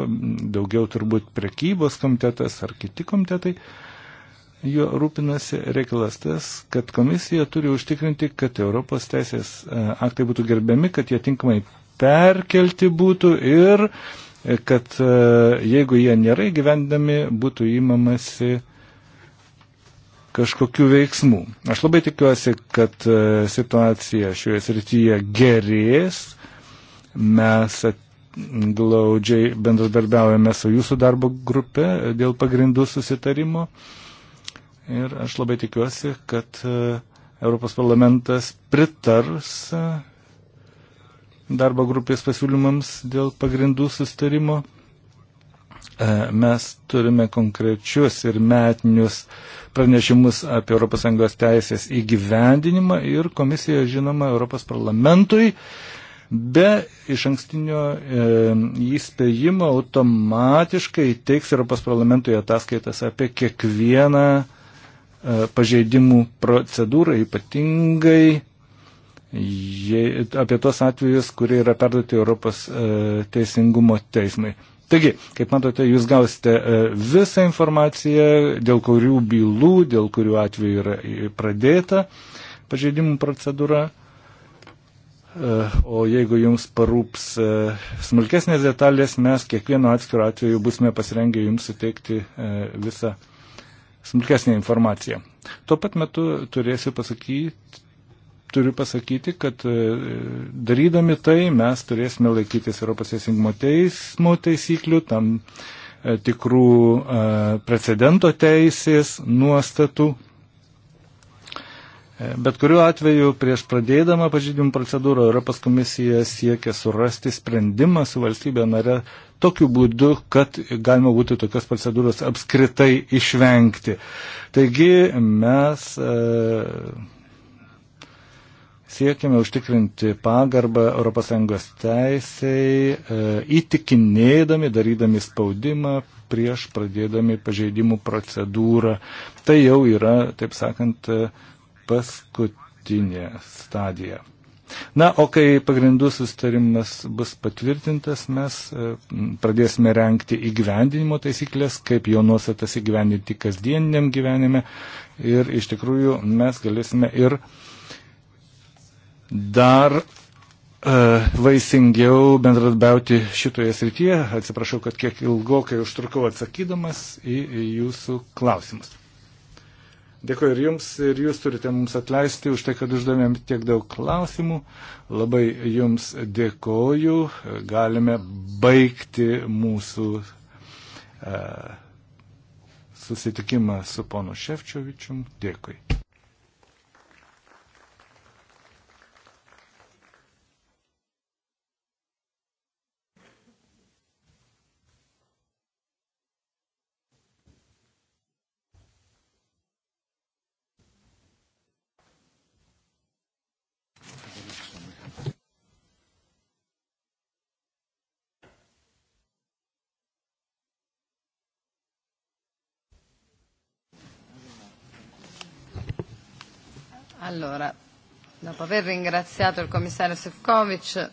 daugiau turbūt prekybos komitetas ar kiti komitetai. Uh, juo rūpinasi reikalas tas, kad komisija turi užtikrinti, kad Europos teisės e, aktai būtų gerbiami, kad jie tinkamai perkelti būtų ir e, kad e, jeigu jie nėra įgyvendami, būtų įmamasi kažkokių veiksmų. Aš labai tikiuosi, kad situacija šioje srityje gerės. Mes glaudžiai bendradarbiaujame su jūsų darbo grupe dėl pagrindų susitarimo. Uh, ir aš labai tikiuosi, kad e, Europos parlamentas pritars e, darbo grupės pasiūlymams dėl pagrindų sustarimo. E, mes turime konkrečius ir metinius pranešimus apie ES teisės įgyvendinimą ir komisija žinoma Europos parlamentui be iš ankstinio e, įspėjimo automatiškai teiks Europos parlamentui ataskaitas apie kiekvieną E, pažeidimų procedūrą, ypatingai jie, apie tos atvejus, kurie yra perduoti Europos e, teisingumo teismai. Taigi, kaip matote, jūs gausite e, visą informaciją, dėl kurių bylų, dėl kurių atvejų yra pradėta pažeidimų procedūra. E, o jeigu jums parūps e, smulkesnės detalės, mes kiekvieno atskiro atveju busime pasirengę jums suteikti e, visą informaciją smulkesnė informacija. Tuo pat metu turėsiu pasakyti, turiu pasakyti, kad e, darydami tai mes turėsime laikytis Europos teisingumo teismo taisyklių, tam e, tikrų e, precedento teisės nuostatų. Bet kuriuo atveju, prieš pradėdama pažydimų procedūrą, Europos komisija siekia surasti sprendimą su valstybė nare tokiu būdu, kad galima būtų tokios procedūros apskritai išvengti. Taigi mes e, siekiame užtikrinti pagarbą ES teisėjai, e, įtikinėdami, darydami spaudimą prieš pradėdami pažeidimų procedūrą. Tai jau yra, taip sakant, e, paskutinė stadija. Na, o kai pagrindų sustarimas bus patvirtintas, mes e, pradėsime renkti įgyvendinimo taisyklės, kaip jo nuostatas įgyvendinti kasdieniniam gyvenime ir iš tikrųjų mes galėsime ir dar e, vaisingiau bendradarbiauti šitoje srityje. Atsiprašau, kad kiek ilgokai užtrukau atsakydamas į jūsų klausimus. Dėkuoju ir jums, ir jūs turite mums atleisti už tai, kad uždavėm tiek daug klausimų. Labai jums dėkoju. Galime baigti mūsų e, susitikimą su ponu Ševčiovičium. Dėkui. Allora, dopo aver ringraziato il commissario Sefcovic,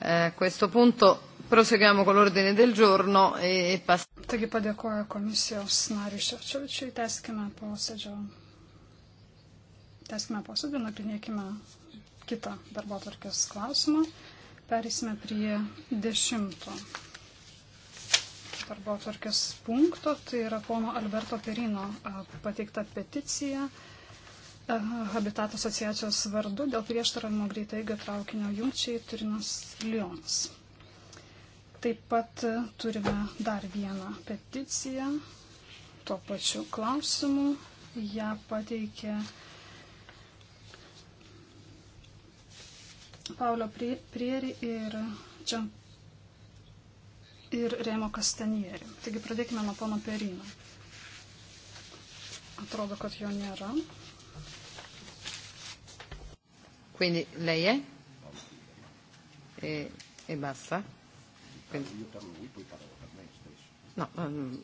eh, a questo punto proseguiamo con l'ordine del giorno e, e passiamo. Taigi padėkoju komisijos nariu Šerčiovičiui, teskime posėdžio. Teskime posėdį, nagrinėkime kitą darbo tvarkės klausimą. Perėsime prie dešimto darbo tvarkės punkto, tai yra pono Alberto Perino pateikta peticija Habitato asociacijos vardu dėl prieštaravimo greitaigio traukinio jungčiai Turinas Lionas. Taip pat turime dar vieną peticiją tuo pačiu klausimu. Ja pateikė Paulio Prieri ir, čia, ir Remo Kastanieri. Taigi pradėkime nuo pono Perino. Atrodo, kad jo nėra. Quindi lei è? E, e basta? Quindi... Io parlo lui, poi parlo per me stesso. No, um,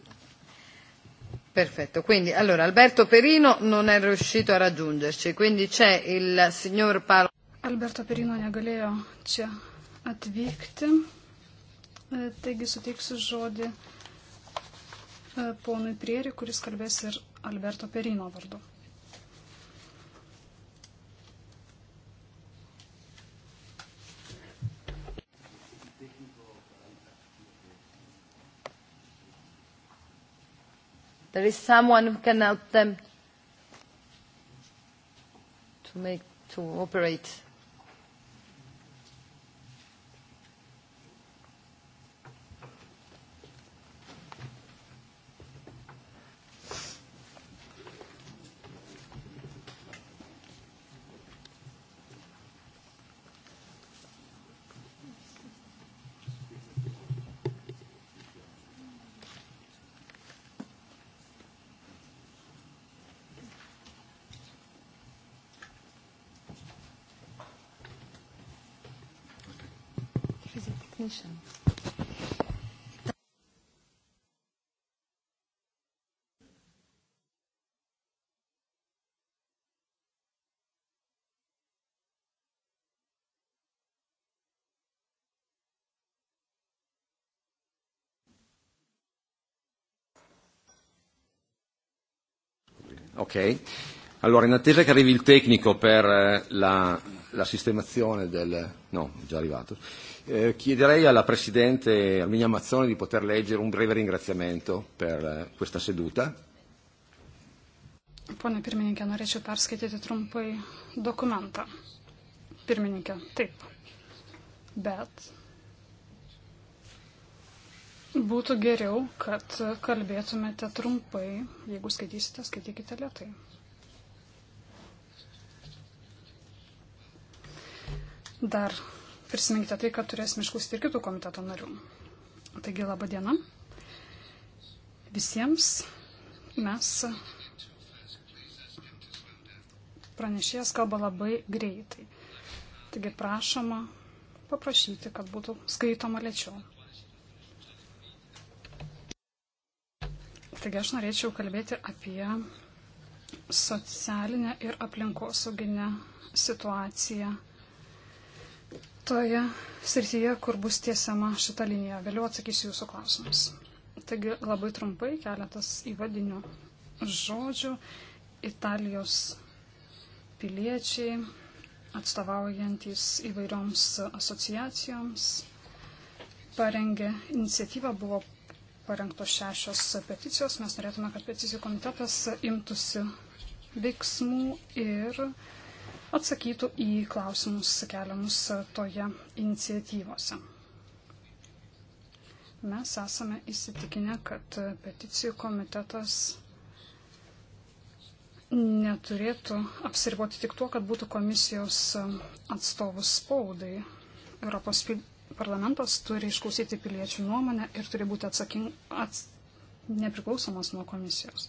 Perfetto, quindi allora Alberto Perino non è riuscito a raggiungerci, quindi c'è il signor Paolo. Alberto Perino negalėjo čia atvykti, e taigi suteiksiu žodį e, ponui Prieri, kuris kalbės ir Alberto Perino vardu. There is someone who can help them to make to operate attention. Okay. Allora, in attesa che arrivi il tecnico per eh, la, la sistemazione del... no, è già arrivato. Eh, chiederei alla Presidente Arminia Mazzoni di poter leggere un breve ringraziamento per eh, questa seduta. Pone pirmininkė, norėčiau perskaityti trumpai dokumentą. Pirmininkė, taip. Bet būtų geriau, kad kalbėtumėte trumpai. Jeigu skaitysite, skaitykite lietai. Dar prisiminkite tai, kad turėsime išklausyti ir kitų komiteto narių. Taigi, laba diena. Visiems mes pranešėjas kalba labai greitai. Taigi prašoma paprašyti, kad būtų skaitoma lėčiau. Taigi aš norėčiau kalbėti apie socialinę ir aplinkosauginę situaciją toje srityje, kur bus tiesiama šita linija. Vėliau atsakysiu jūsų klausimus. Taigi labai trumpai keletas įvadinių žodžių. Italijos piliečiai, atstovaujantis įvairioms asociacijoms, parengė iniciatyvą, buvo parengtos šešios peticijos. Mes norėtume, kad peticijų komitetas imtųsi veiksmų ir uh, atsakytų į klausimus keliamus toje iniciatyvose. Mes esame įsitikinę, kad peticijų komitetas neturėtų apsiriboti tik tuo, kad būtų komisijos atstovus spaudai. Europos parlamentas turi išklausyti piliečių nuomonę ir turi būti atsaking, ats, nepriklausomas nuo komisijos.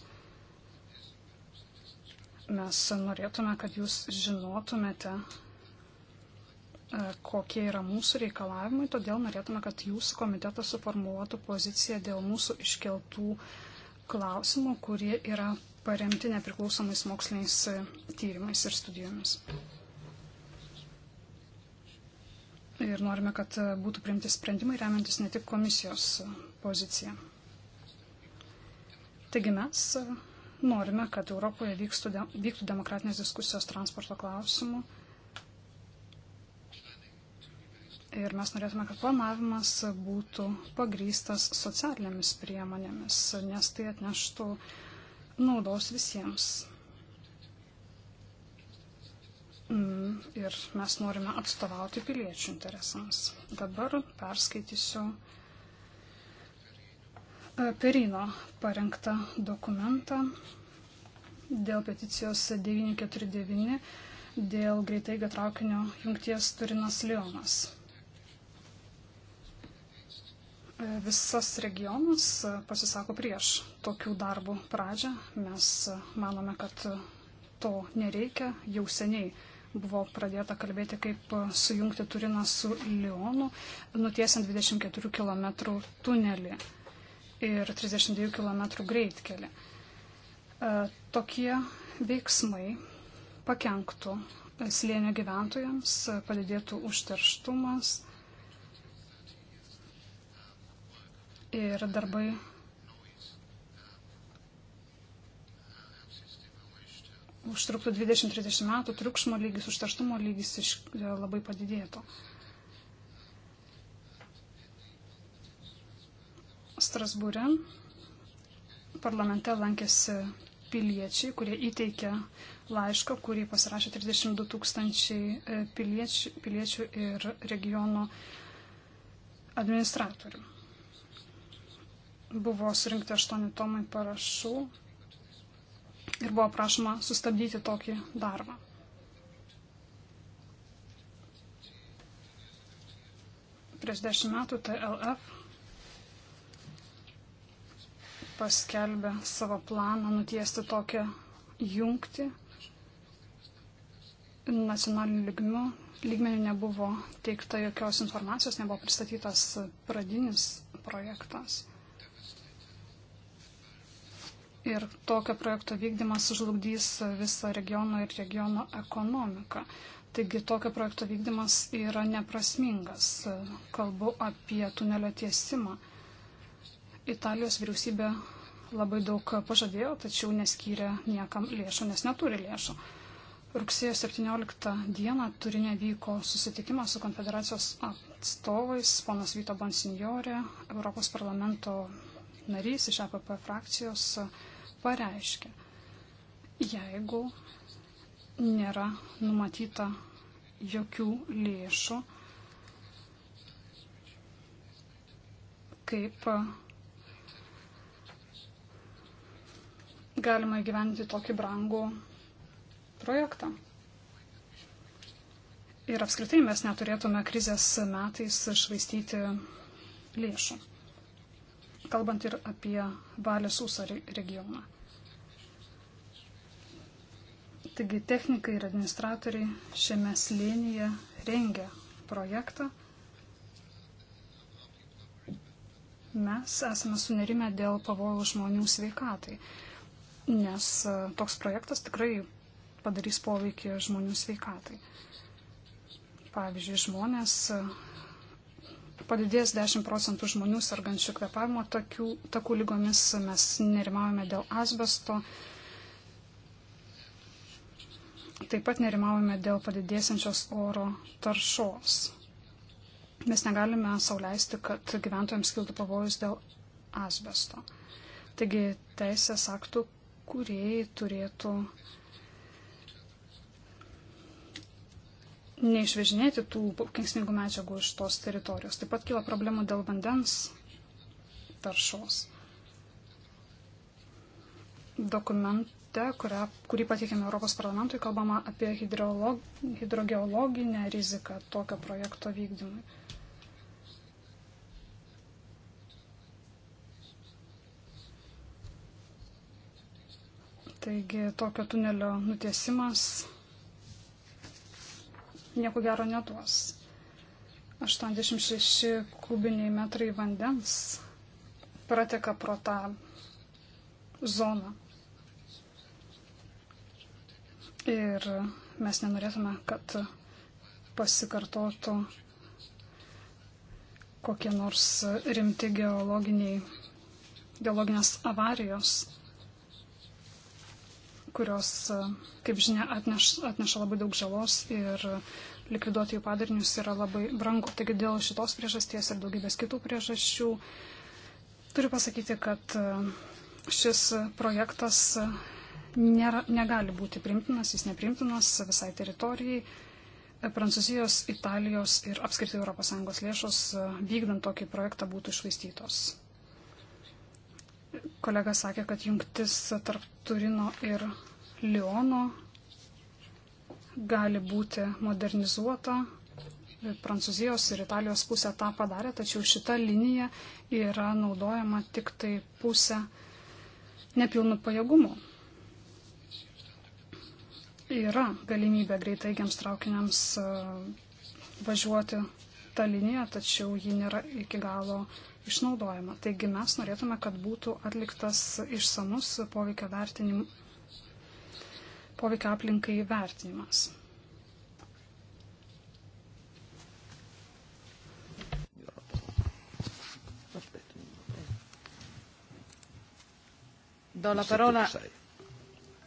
Mes norėtume, kad jūs žinotumėte, e, kokie yra mūsų reikalavimai, todėl norėtume, kad jūsų komitetas suformuotų poziciją dėl mūsų iškeltų klausimų, kurie yra paremti nepriklausomais moksliniais e, tyrimais ir studijomis. Ir norime, kad e, būtų priimti sprendimai remiantis ne tik komisijos poziciją. Taigi mes Norime, kad Europoje vykstų, vyktų demokratinės diskusijos transporto klausimų. Ir mes norėtume, kad planavimas būtų pagrystas socialinėmis priemonėmis, nes tai atneštų naudos visiems. Mm, ir mes norime atstovauti piliečių interesams. Dabar perskaitysiu E, Perino parengtą dokumentą dėl peticijos 949 dėl greitai gatraukinio jungties Turinas Lionas. E, visas regionas e, pasisako prieš tokių darbų pradžią. Mes manome, kad to nereikia. Jau seniai buvo pradėta kalbėti, kaip sujungti Turiną su Lionu, nutiesiant 24 km tunelį ir 32 km greitkelį. Tokie veiksmai pakenktų slėnio gyventojams, padidėtų užterštumas ir darbai užtruktų 20-30 metų, triukšmo lygis, užterštumo lygis iš, e, labai padidėtų. Uh, Strasbūre parlamente lankėsi piliečiai, kurie įteikė laišką, kurį pasirašė 32 tūkstančiai e, piliečių, piliečių ir regiono administratorių. Buvo surinkti 8 tomai parašų ir buvo prašoma sustabdyti tokį darbą. Prieš dešimt metų TLF paskelbė savo planą nutiesti tokią jungti. Nacionaliniu lygmiu, lygmeniu nebuvo teikta jokios informacijos, nebuvo pristatytas pradinis projektas. Ir tokio projekto vykdymas žlugdys visą regiono ir regiono ekonomiką. Taigi tokio projekto vykdymas yra neprasmingas. Kalbu apie tunelio tiesimą. Italijos vyriausybė labai daug pažadėjo, tačiau neskyrė niekam lėšų, nes neturi lėšų. Rugsėjo 17 dieną turinė vyko susitikimas su konfederacijos atstovais, ponas Vyto Bonsignorė, Europos parlamento narys iš APP frakcijos, pareiškė, jeigu nėra numatyta jokių lėšų, kaip galima įgyventi tokį brangų projektą. Ir apskritai mes neturėtume krizės metais švaistyti lėšų, kalbant ir apie Valės Usa regioną. Taigi technikai ir administratoriai šiame slėnyje rengia projektą. Mes esame sunerime dėl pavojų žmonių sveikatai nes e, toks projektas tikrai padarys poveikį žmonių sveikatai. Pavyzdžiui, žmonės e, padidės 10 procentų žmonių sergančių kvepavimo takių, takų lygomis, mes nerimavome dėl asbesto, taip pat nerimavome dėl padidėsiančios oro taršos. Mes negalime sauliaisti, kad gyventojams kiltų pavojus dėl asbesto. Taigi teisės aktų kuriejai turėtų neišvežinėti tų kenksmingų medžiagų iš tos teritorijos. Taip pat kyla problemų dėl vandens taršos. Dokumente, kurią, kurį pateikėme Europos parlamentui, kalbama apie hidrogeologinę riziką tokio projekto vykdymui. Taigi tokio tunelio nutiesimas nieko gero neduos. 86 kubiniai metrai vandens prateka pro tą zoną. Ir mes nenorėtume, kad pasikartotų kokie nors rimti geologiniai, geologinės avarijos kurios, e, kaip žinia, atneš, atneša labai daug žalos ir likviduoti jų padarinius yra labai brangu. Taigi dėl šitos priežasties ir daugybės kitų priežasčių turiu pasakyti, kad e, šis projektas nėra, negali būti primtinas, jis neprimtinas visai teritorijai. E, Prancūzijos, Italijos ir apskritai ES lėšos vykdant tokį projektą būtų išvaistytos. Kolega sakė, kad jungtis tarp Turino ir Liono gali būti modernizuota. Prancūzijos ir Italijos pusė tą padarė, tačiau šita linija yra naudojama tik tai pusę nepilnų pajėgumų. Yra galimybė greitaigiams traukiniams e, važiuoti tą liniją, tačiau ji nėra iki galo išnaudojama. Taigi mes norėtume, kad būtų atliktas išsamus poveikio, vertinim, poveikio aplinkai vertinimas. Do la parola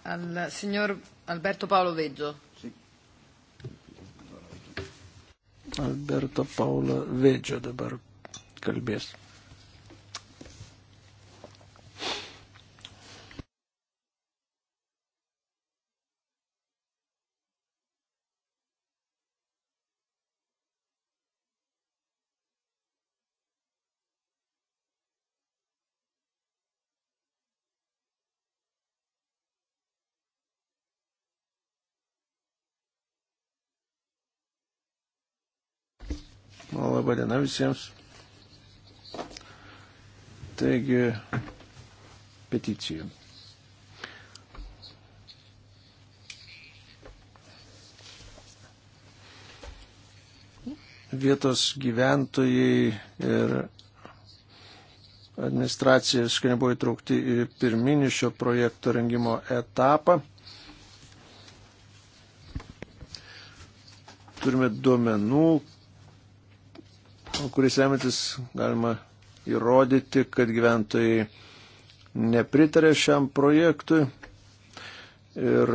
al signor Alberto Paolo Veggio. Alberto Paolo Veggio dabar kalbės. Labadiena visiems. Taigi, peticijų. Vietos gyventojai ir administracija visiškai nebuvo įtraukti į pirminį šio projekto rengimo etapą. Turime duomenų, kuriais remiantis galima įrodyti, kad gyventojai nepritarė šiam projektui ir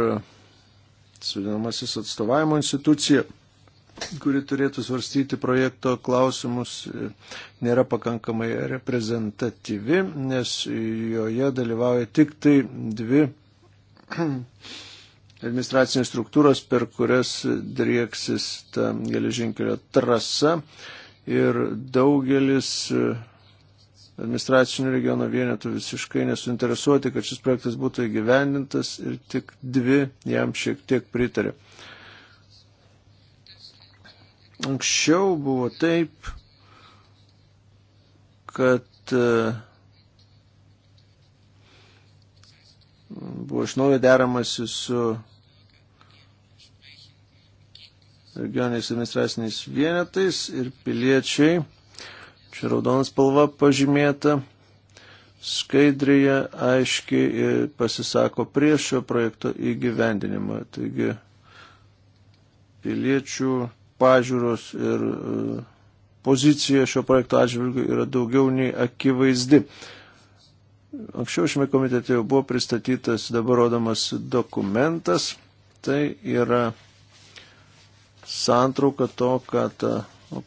sudinamasis atstovavimo institucija, kuri turėtų svarstyti projekto klausimus, nėra pakankamai reprezentatyvi, nes joje dalyvauja tik tai dvi [CLEARS THROAT] administracinės struktūros, per kurias drieksis ta geležinkelio trasa ir daugelis e, administracinių regiono vienetų visiškai nesuinteresuoti, kad šis projektas būtų įgyvendintas ir tik dvi jam šiek tiek pritarė. Anksčiau buvo taip, kad e, buvo iš naujo deramasi su regioniais administraciniais vienetais ir piliečiai. Čia raudonas spalva pažymėta. Skaidrėje aiškiai pasisako prieš šio projekto įgyvendinimą. Taigi piliečių pažiūros ir e, pozicija šio projekto atžvilgiu yra daugiau nei akivaizdi. Anksčiau šiame komitete jau buvo pristatytas dabar rodomas dokumentas. Tai yra santrauka to, ką ta e,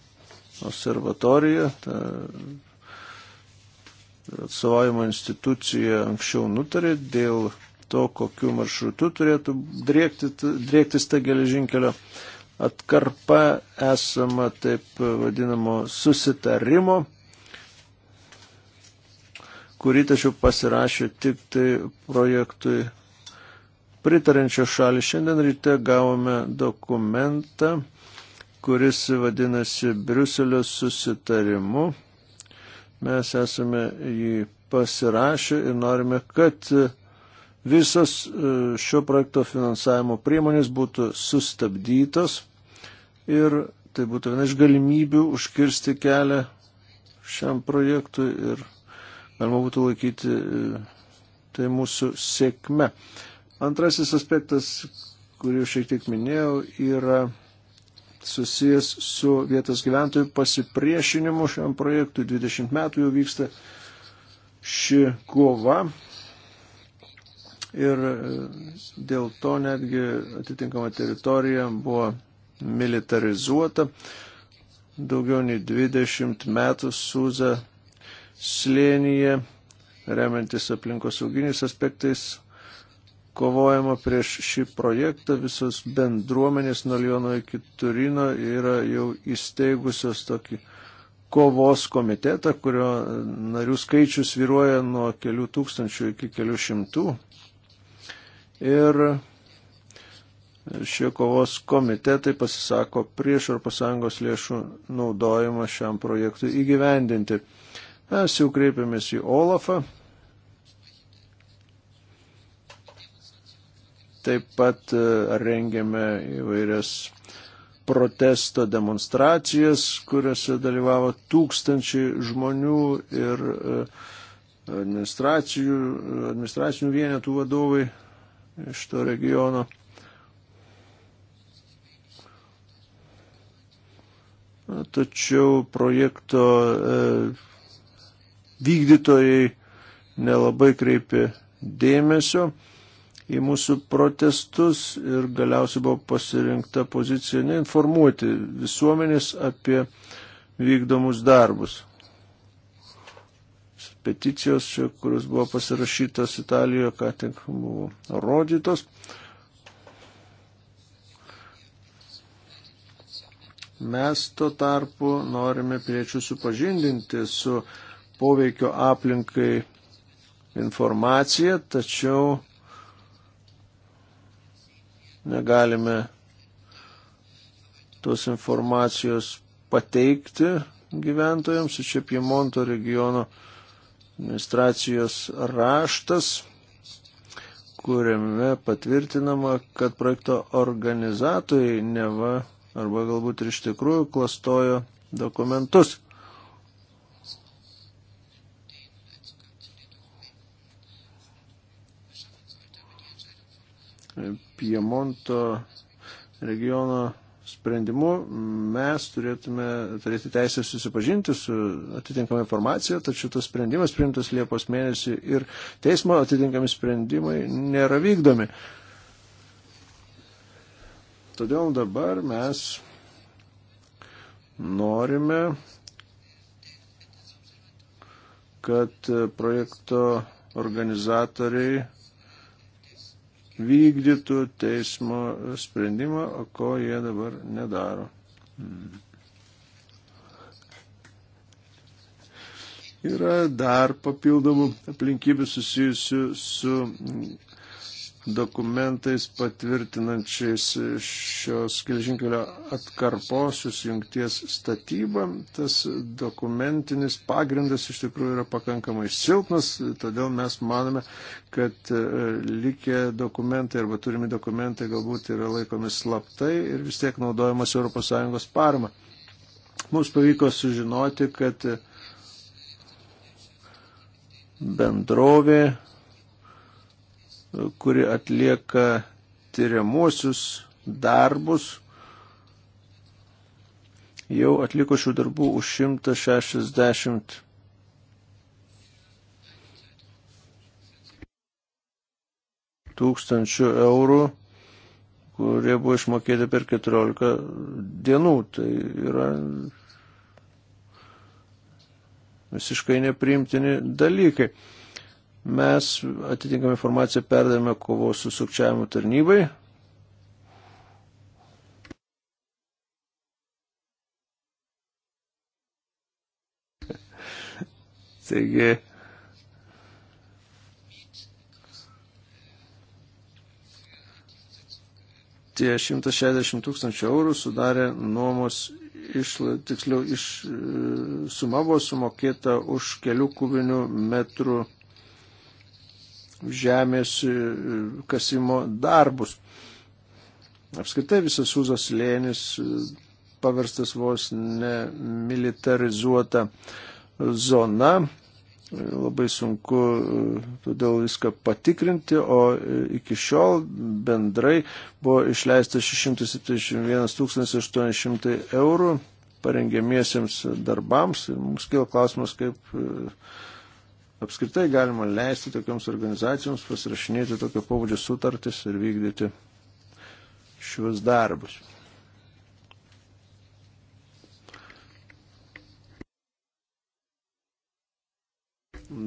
observatorija, ta atstovaujama institucija anksčiau nutarė dėl to, kokiu maršrutu turėtų drėkti, drėktis ta geležinkelio atkarpa, esama taip vadinamo susitarimo, kurį tačiau pasirašė tik tai projektui pritarančios šalis. Šiandien ryte gavome dokumentą, kuris vadinasi Briuselio susitarimu. Mes esame jį pasirašę ir norime, kad visas e, šio projekto finansavimo priemonės būtų sustabdytos ir tai būtų viena iš galimybių užkirsti kelią šiam projektui ir galima būtų laikyti e, tai mūsų sėkme. Antrasis aspektas, kurį šiek tiek minėjau, yra susijęs su vietos gyventojų pasipriešinimu šiam projektui. 20 metų jau vyksta ši kova. Ir e, dėl to netgi atitinkama teritorija buvo militarizuota. Daugiau nei 20 metų Sūza slėnyje, remiantis aplinkosauginiais aspektais, kovojama prieš šį projektą, visos bendruomenės nuo Liono iki Turino yra jau įsteigusios tokį kovos komitetą, kurio narių skaičius vyruoja nuo kelių tūkstančių iki kelių šimtų. Ir šie kovos komitetai pasisako prieš ES lėšų naudojimą šiam projektui įgyvendinti. Mes jau kreipėmės į Olafą, Taip pat e, rengėme įvairias protesto demonstracijas, kuriuose dalyvavo tūkstančiai žmonių ir e, administracinių vienetų vadovai iš to regiono. Tačiau projekto e, vykdytojai nelabai kreipė dėmesio į mūsų protestus ir galiausiai buvo pasirinkta pozicija neinformuoti visuomenės apie vykdomus darbus. Peticijos, čia, kuris buvo pasirašytas Italijoje, ką tik buvo rodytos. Mes tuo tarpu norime piliečių supažindinti su poveikio aplinkai informacija, tačiau negalime tos informacijos pateikti gyventojams. Čia Piemonto regiono administracijos raštas, kuriame patvirtinama, kad projekto organizatoriai neva arba galbūt ir iš tikrųjų klastojo dokumentus. Piemonto regiono sprendimu mes turėtume turėti teisę susipažinti su atitinkama informacija, tačiau tas sprendimas priimtas Liepos mėnesį ir teismo atitinkami sprendimai nėra vykdomi. Todėl dabar mes norime, kad projekto organizatoriai vykdytų teismo sprendimą, o ko jie dabar nedaro. Yra dar papildomų aplinkybių susijusių su dokumentais patvirtinančiais šios geležinkelio atkarpos susijungties statybą. Tas dokumentinis pagrindas iš tikrųjų yra pakankamai silpnas, todėl mes manome, kad e, likę dokumentai arba turimi dokumentai galbūt yra laikomi slaptai ir vis tiek naudojamas ES parama. Mums pavyko sužinoti, kad e, bendrovė kuri atlieka tyriamuosius darbus, jau atliko šių darbų už 160 tūkstančių eurų, kurie buvo išmokėti per 14 dienų. Tai yra visiškai nepriimtini dalykai. Mes atitinkamą informaciją perdavėme kovos su sukčiavimu tarnybai, Taigi, tie 160 tūkstančių eurų sudarė nuomos išla, tiksliau, iš, e, suma buvo sumokėta už kelių kubinių metrų žemės e, kasimo darbus. Apskritai visas Suzas lėnis e, paverstas vos nemilitarizuota zona. Labai sunku e, todėl viską patikrinti, o iki šiol bendrai buvo išleista 671 800 eurų parengiamiesiems darbams. Ir mums kilo klausimas, kaip apskritai galima leisti tokioms organizacijoms pasirašinėti tokio pobūdžio sutartis ir vykdyti šiuos darbus.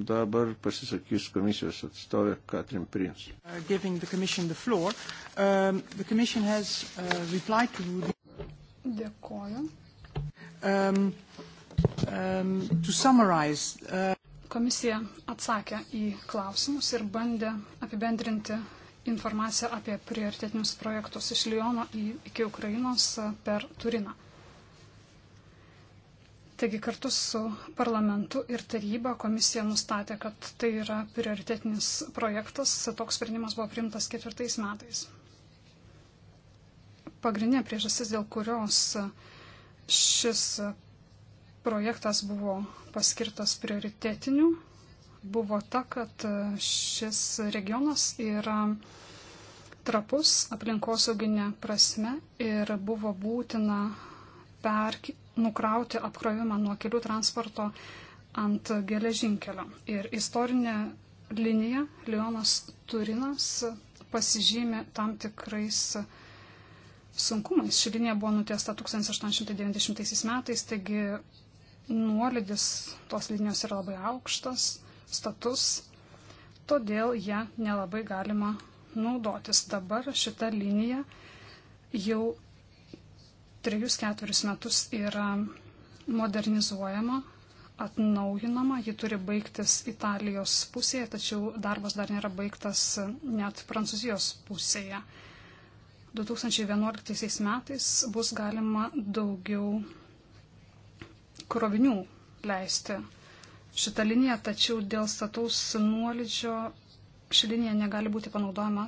Dabar pasisakys komisijos atstovė Katrin Prins. Uh, um, uh, Dėkoju. Um, um, to summarize, uh... Komisija atsakė į klausimus ir bandė apibendrinti informaciją apie prioritetinius projektus iš Lyono iki Ukrainos per Turiną. Taigi kartu su parlamentu ir taryba komisija nustatė, kad tai yra prioritetinis projektas. Toks sprendimas buvo priimtas ketvirtais metais. Pagrindinė priežastis, dėl kurios šis projektas buvo paskirtas prioritetiniu buvo ta, kad šis regionas yra trapus aplinkosauginė prasme ir buvo būtina per, nukrauti apkrovimą nuo kelių transporto ant geležinkelio. Ir istorinė linija Lionas Turinas pasižymė tam tikrais sunkumais. Ši linija buvo nutiesta 1890 metais, taigi nuolydis tos linijos yra labai aukštas, status, todėl ją nelabai galima naudotis. Dabar šita linija jau trejus ketverius metus yra modernizuojama, atnaujinama, ji turi baigtis Italijos pusėje, tačiau darbas dar nėra baigtas net Prancūzijos pusėje. 2011 metais bus galima daugiau krovinių leisti šitą liniją, tačiau dėl stataus nuolydžio ši linija negali būti panaudojama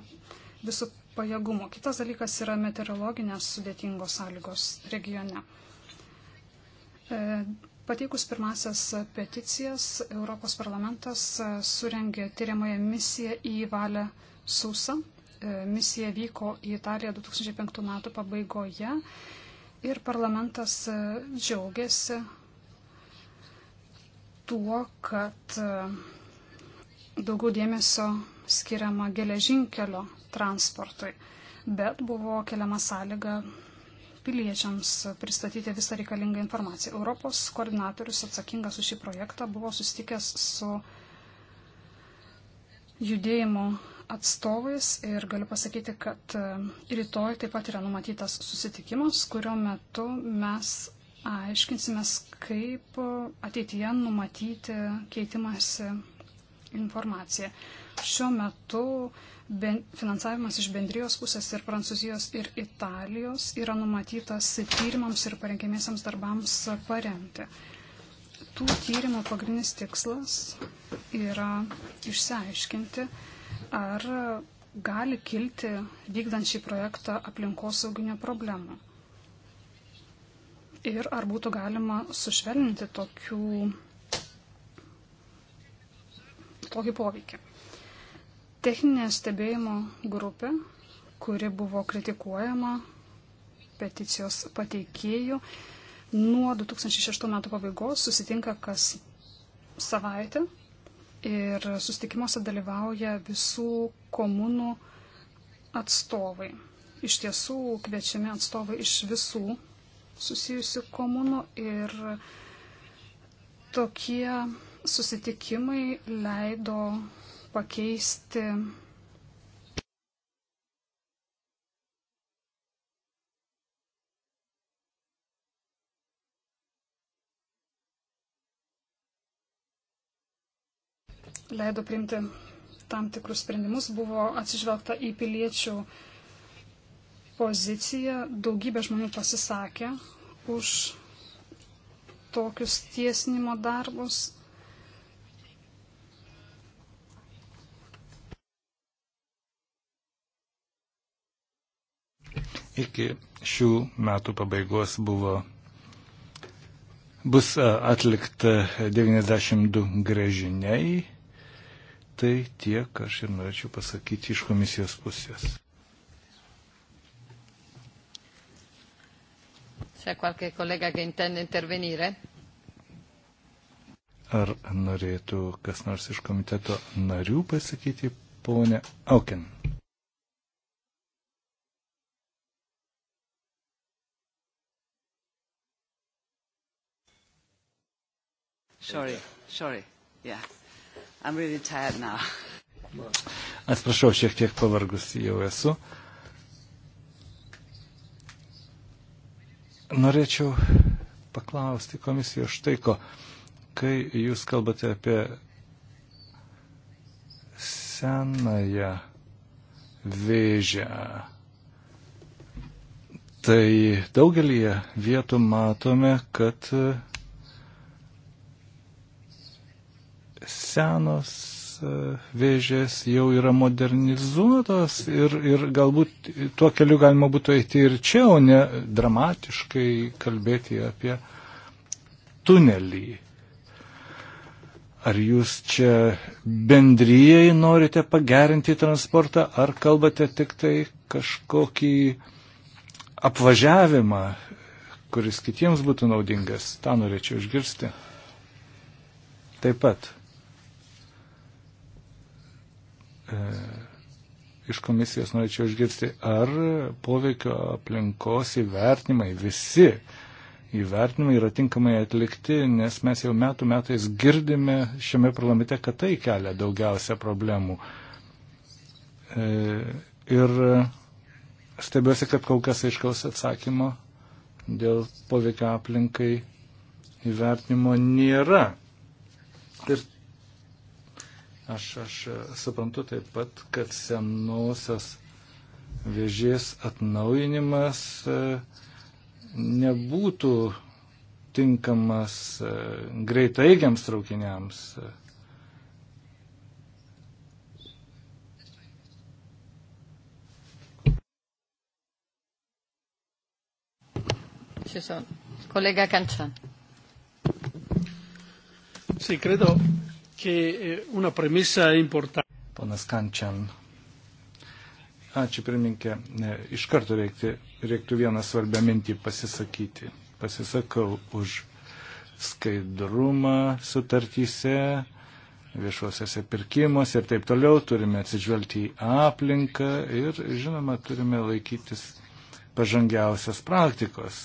visų pajėgumo. Kitas dalykas yra meteorologinės sudėtingos sąlygos regione. E, pateikus pirmasias peticijas, Europos parlamentas e, surengė tyriamąją misiją į Valę Susą. E, misija vyko į Italiją 2005 metų pabaigoje ir parlamentas džiaugiasi tuo, kad e, daugiau dėmesio skiriama geležinkelio transportui, bet buvo keliama sąlyga piliečiams pristatyti visą reikalingą informaciją. Europos koordinatorius atsakingas už šį projektą buvo susitikęs su judėjimo atstovais ir galiu pasakyti, kad e, rytoj taip pat yra numatytas susitikimas, kurio metu mes aiškinsimės, kaip ateityje numatyti keitimąsi informaciją. Šiuo metu ben, finansavimas iš bendrijos pusės ir Prancūzijos ir Italijos yra numatytas tyrimams ir parengiamiesiams darbams paremti. Tų tyrimų pagrindinis tikslas yra išsiaiškinti, ar gali kilti vykdant šį projektą aplinkosauginio problemą ir ar būtų galima sušvelninti tokių, tokį poveikį. Techninė stebėjimo grupė, kuri buvo kritikuojama peticijos pateikėjų, nuo 2006 metų pabaigos susitinka kas savaitę ir susitikimuose dalyvauja visų komunų atstovai. Iš tiesų kviečiami atstovai iš visų susijusių komunų ir tokie susitikimai leido pakeisti leido priimti tam tikrus sprendimus, buvo atsižvelgta į piliečių uh, poziciją. Daugybė žmonių pasisakė už tokius tiesnimo darbus. Iki šių metų pabaigos buvo, bus atlikta 92 grėžiniai. Tai tiek aš ir norėčiau pasakyti iš komisijos pusės. C'è qualche collega che intende intervenire? Ar norėtų kas nors iš komiteto narių pasakyti, ponė Aukin? Sorry, sorry, yeah. I'm really tired now. Atsiprašau, šiek tiek pavargus jau esu. Uh, Norėčiau paklausti komisijos štai ko, kai jūs kalbate apie senąją vėžę. Tai daugelį vietų matome, kad senos vėžės jau yra modernizuotos ir, ir galbūt tuo keliu galima būtų eiti ir čia, o ne dramatiškai kalbėti apie tunelį. Ar jūs čia bendryjei norite pagerinti transportą, ar kalbate tik tai kažkokį apvažiavimą, kuris kitiems būtų naudingas? Ta norėčiau išgirsti. Taip pat E, iš komisijos norėčiau išgirsti, ar poveikio aplinkos įvertinimai, visi įvertinimai yra tinkamai atlikti, nes mes jau metų metais girdime šiame parlamente, kad tai kelia daugiausia problemų. E, ir stebiuosi, kad kol kas aiškaus atsakymo dėl poveikio aplinkai įvertinimo nėra. Ir Aš, aš suprantu taip pat, kad senosios vėžės atnaujinimas e, nebūtų tinkamas e, greitaigiams traukiniams. Kolega Kančan. Sì, credo che eh, una premessa importante. Ponas Kančian. Ačiū, pirmininkė. Iš karto reikti, reiktų vieną svarbę mintį pasisakyti. Pasisakau už skaidrumą sutartyse, viešuosiuose pirkimuose ir taip toliau. Turime atsižvelgti į aplinką ir, žinoma, turime laikytis pažangiausias praktikos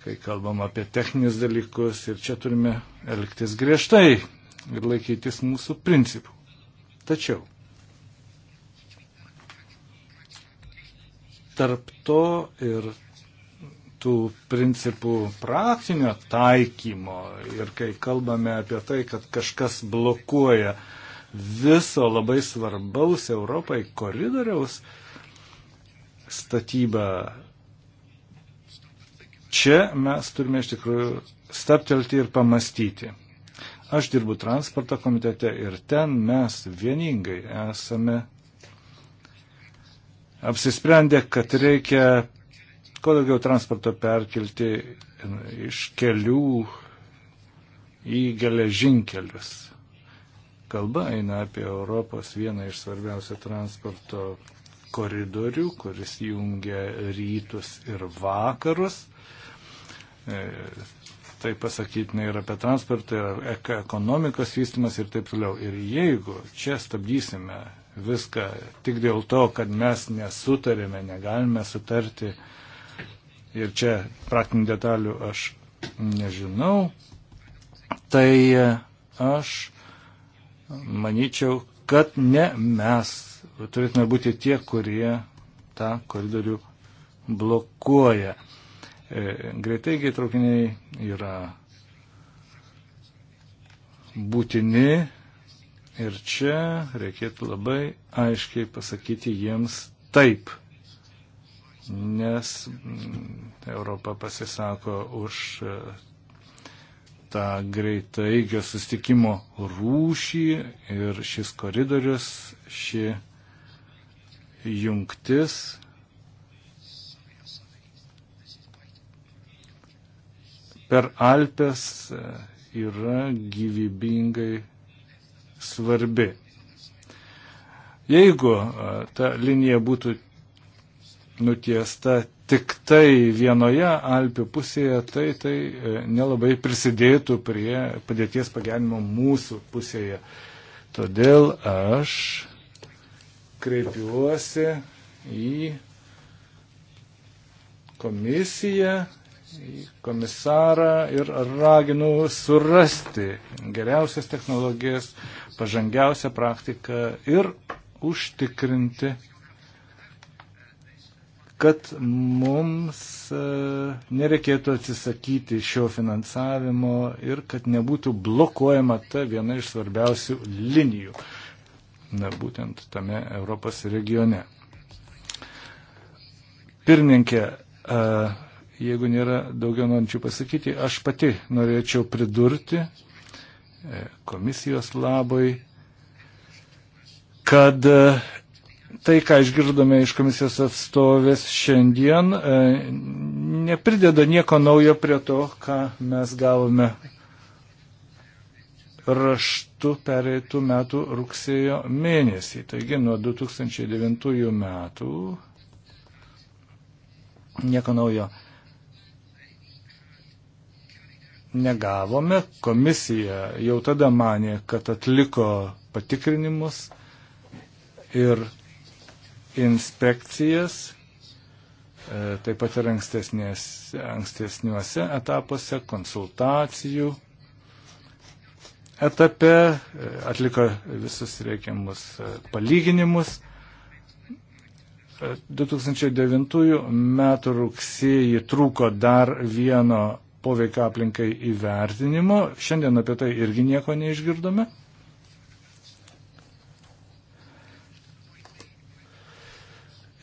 kai kalbam apie techninius dalykus ir čia turime elgtis griežtai ir laikytis mūsų principų. Tačiau tarp to ir tų principų praktinio taikymo ir kai kalbame apie tai, kad kažkas blokuoja viso labai svarbaus Europai koridoriaus statybą, čia mes turime iš tikrųjų staptelti ir pamastyti. Aš dirbu transporto komitete ir ten mes vieningai esame apsisprendę, kad reikia kuo daugiau transporto perkelti iš kelių į geležinkelius. Kalba eina apie Europos vieną iš svarbiausių transporto koridorių, kuris jungia rytus ir vakarus. E, Tai pasakytina ir apie transportą, ir apie ekonomikos vystimas ir taip toliau. Ir jeigu čia stabdysime viską tik dėl to, kad mes nesutarėme, negalime sutarti, ir čia praktinių detalių aš nežinau, tai aš manyčiau, kad ne mes turėtume būti tie, kurie tą koridorių blokuoja. E, Greitaigiai traukiniai yra būtini ir čia reikėtų labai aiškiai pasakyti jiems taip, nes mm, Europa pasisako už e, tą greitaigio sustikimo rūšį ir šis koridorius, ši jungtis per Alpes e, yra gyvybingai svarbi. Jeigu e, ta linija būtų nutiesta tik tai vienoje Alpių pusėje, tai tai e, nelabai prisidėtų prie padėties pagerinimo mūsų pusėje. Todėl aš kreipiuosi į komisiją komisarą ir raginu surasti geriausias technologijas, pažangiausią praktiką ir užtikrinti, kad mums e, nereikėtų atsisakyti šio finansavimo ir kad nebūtų blokuojama ta viena iš svarbiausių linijų, na, būtent tame Europos regione. Pirmininkė, e, Jeigu nėra daugiau norinčių pasakyti, aš pati norėčiau pridurti e, komisijos labai, kad e, tai, ką išgirdome iš komisijos atstovės šiandien, e, neprideda nieko naujo prie to, ką mes gavome raštu pereitų metų rugsėjo mėnesį. Taigi nuo 2009 metų nieko naujo negavome. Komisija jau tada manė, kad atliko patikrinimus ir inspekcijas, e, taip pat ir ankstesniuose etapuose, konsultacijų etape, e, atliko visus reikiamus e, palyginimus. 2009 m. rugsėjį trūko dar vieno poveikia aplinkai įvertinimo. Šiandien apie tai irgi nieko neišgirdome.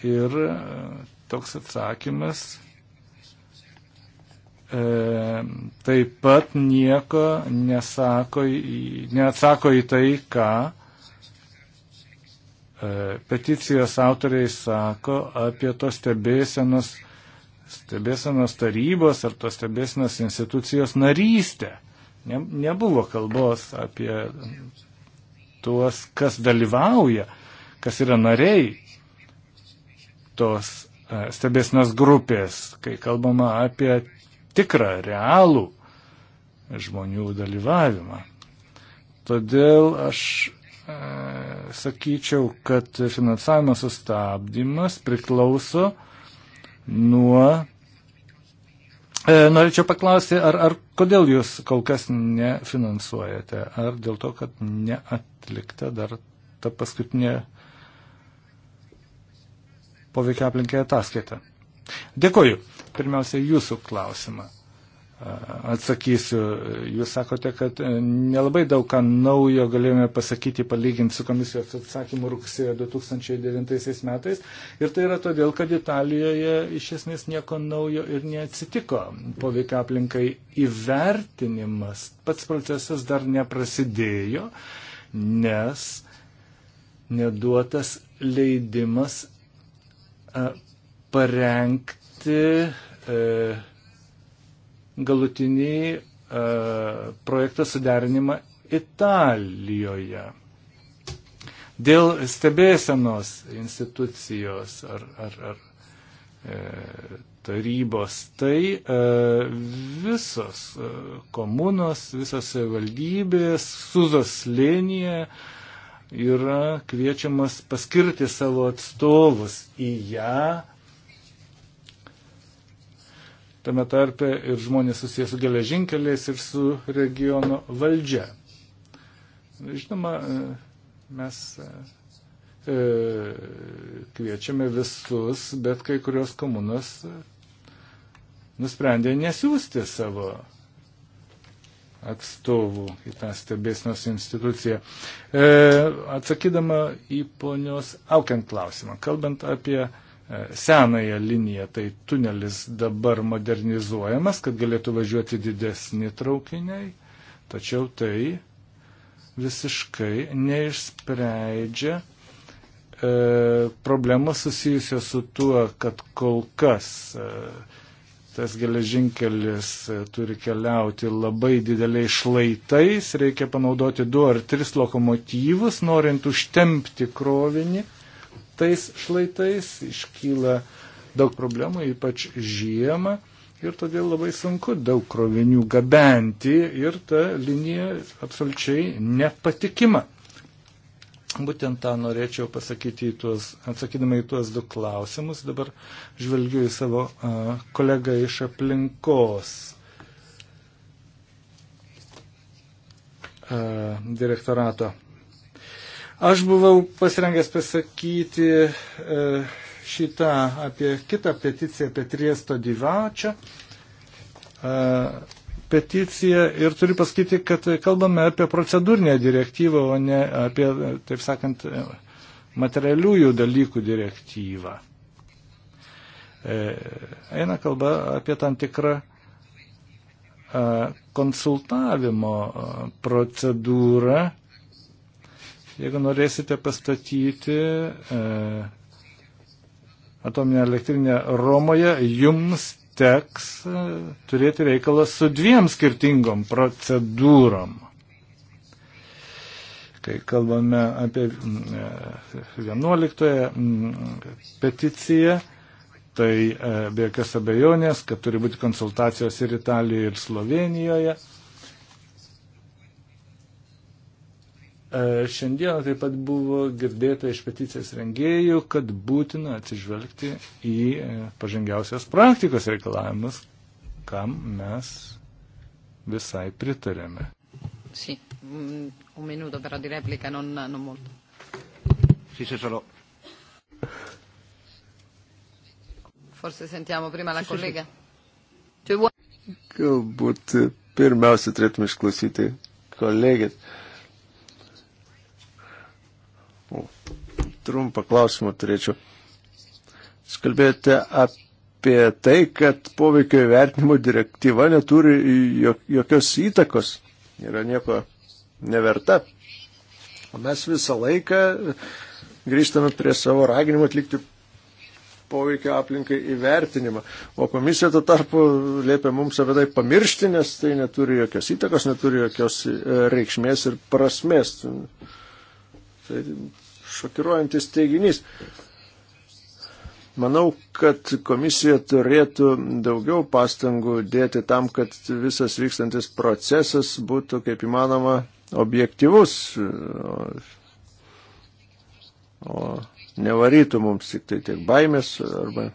Ir e, toks atsakymas e, taip pat nieko nesako, neatsako į tai, ką e, peticijos autoriai sako apie tos stebėsenos stebėsenos tarybos ar tos stebėsenos institucijos narystę. Ne, nebuvo kalbos apie tuos, kas dalyvauja, kas yra nariai tos e, stebėsenos grupės, kai kalbama apie tikrą, realų žmonių dalyvavimą. Todėl aš e, sakyčiau, kad finansavimo sustabdymas priklauso e, nuo. E, norėčiau paklausti, ar, ar kodėl jūs kol kas nefinansuojate? Ar dėl to, kad neatlikta dar ta paskutinė poveikia aplinkai ataskaita? Dėkoju. Pirmiausia, jūsų klausimą atsakysiu. Jūs sakote, kad e, nelabai daug ką naujo galėjome pasakyti palyginti su komisijos atsakymu rugsėjo 2009 metais. Ir tai yra todėl, kad Italijoje iš esmės nieko naujo ir neatsitiko. Poveikia aplinkai įvertinimas, pats procesas dar neprasidėjo, nes neduotas leidimas e, parengti e, galutinį e, projekto suderinimą Italijoje. Dėl stebėsenos institucijos ar, ar, ar e, tarybos, tai e, visos e, komunos, visos valdybės, Suzos linija yra kviečiamas paskirti savo atstovus į ją tame tarpe ir žmonės susijęs su geležinkeliais ir su regiono valdžia. Žinoma, mes e, kviečiame visus, bet kai kurios komunos nusprendė nesiųsti savo atstovų į tą stebėsnos instituciją. E, atsakydama į ponios Aukiant klausimą, kalbant apie e, senąją liniją, tai tunelis dabar modernizuojamas, kad galėtų važiuoti didesni traukiniai, tačiau tai visiškai neišspreidžia e, problemos susijusios su tuo, kad kol kas e, tas geležinkelis e, turi keliauti labai dideliais šlaitais, reikia panaudoti du ar tris lokomotyvus, norint užtempti krovinį tais šlaitais iškyla daug problemų, ypač žiemą. Ir todėl labai sunku daug krovinių gabenti ir ta linija absoliučiai nepatikima. Būtent tą norėčiau pasakyti, tuos, atsakydama į tuos du klausimus. Dabar žvelgiu į savo a, kolegą iš aplinkos a, direktorato Aš buvau pasirengęs pasakyti e, šitą apie kitą peticiją, apie Triesto divačią e, peticiją ir turiu pasakyti, kad kalbame apie procedūrinę direktyvą, o ne apie, taip sakant, e, materialiųjų dalykų direktyvą. Eina kalba apie tam tikrą konsultavimo procedūrą Jeigu norėsite pastatyti e, atominę elektrinę Romoje, jums teks e, turėti reikalą su dviem skirtingom procedūrom. Kai kalbame apie mm, e, 11 mm, peticiją, tai e, be jokios abejonės, kad turi būti konsultacijos ir Italijoje, ir Slovenijoje. E, E, šiandieną taip pat buvo girdėta iš peticijos rengėjų, kad būtina atsižvelgti į e, pažangiausios praktikos reikalavimus, kam mes visai pritarėme. Sì, un minuto però di replica, non, non molto. Sì, sì, solo. Forse sentiamo prima la collega. Galbūt pirmiausia turėtume išklausyti kolegės. Uh, trumpą klausimą turėčiau. Jūs kalbėjote apie tai, kad poveikio įvertinimo direktyva neturi jokios įtakos, yra nieko neverta. O mes visą laiką grįžtame prie savo raginimo atlikti poveikio aplinkai įvertinimą. O komisija tuo tarpu liepia mums apie tai pamiršti, nes tai neturi jokios įtakos, neturi jokios e, reikšmės ir prasmės. Tai šokiruojantis teiginys. Manau, kad komisija turėtų daugiau pastangų dėti tam, kad visas vykstantis procesas būtų kaip įmanoma objektivus, o nevarytų mums tik tai tiek baimės arba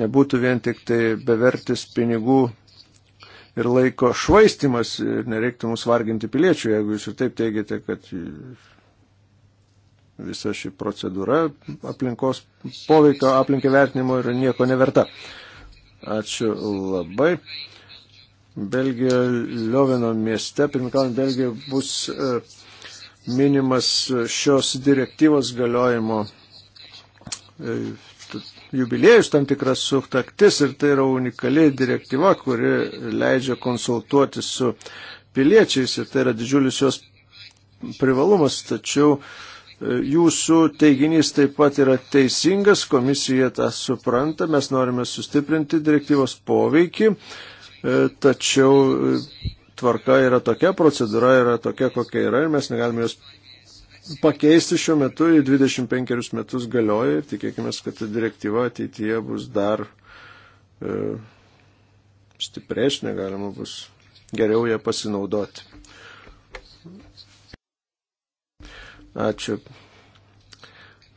nebūtų vien tik tai bevertis pinigų ir laiko švaistimas ir nereiktų mus varginti piliečių, jeigu jūs ir taip teigiate, kad visa ši procedūra aplinkos poveikio aplinkai vertinimo yra nieko neverta. Ačiū labai. Belgijoje Liovino mieste, pirmikaujant Belgijoje, bus e, minimas šios direktyvos galiojimo e, jubiliejus tam tikras suktaktis ir tai yra unikali direktyva, kuri leidžia konsultuoti su piliečiais ir tai yra didžiulis jos privalumas, tačiau uh, Jūsų teiginys taip pat yra teisingas, komisija tą supranta, mes norime sustiprinti direktyvos poveikį, e, tačiau e, tvarka yra tokia, procedūra yra tokia, kokia yra ir mes negalime jos pakeisti šiuo metu į 25 metus galioja ir tikėkime, kad ta direktyva ateityje bus dar e, stipresnė, galima bus geriau ją pasinaudoti. Ačiū.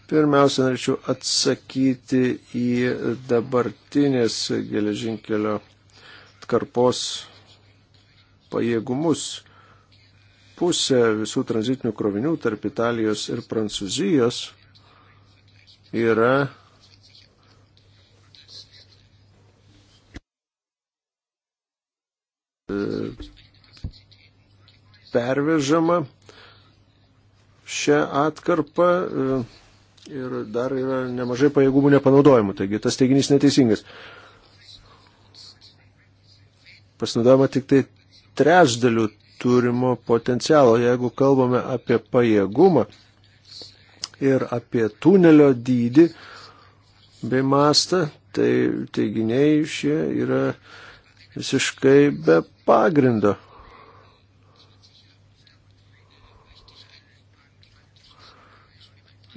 Pirmiausia, norėčiau atsakyti į dabartinės geležinkelio atkarpos pajėgumus. Pusė visų tranzitinių krovinių tarp Italijos ir Prancūzijos yra pervežama šią atkarpą e, ir dar yra nemažai pajėgumų nepanaudojimų, taigi tas teiginys neteisingas. Pasinaudojama tik tai trečdalių turimo potencialo, jeigu kalbame apie pajėgumą ir apie tunelio dydį bei mastą, tai teiginiai šie yra visiškai be pagrindo.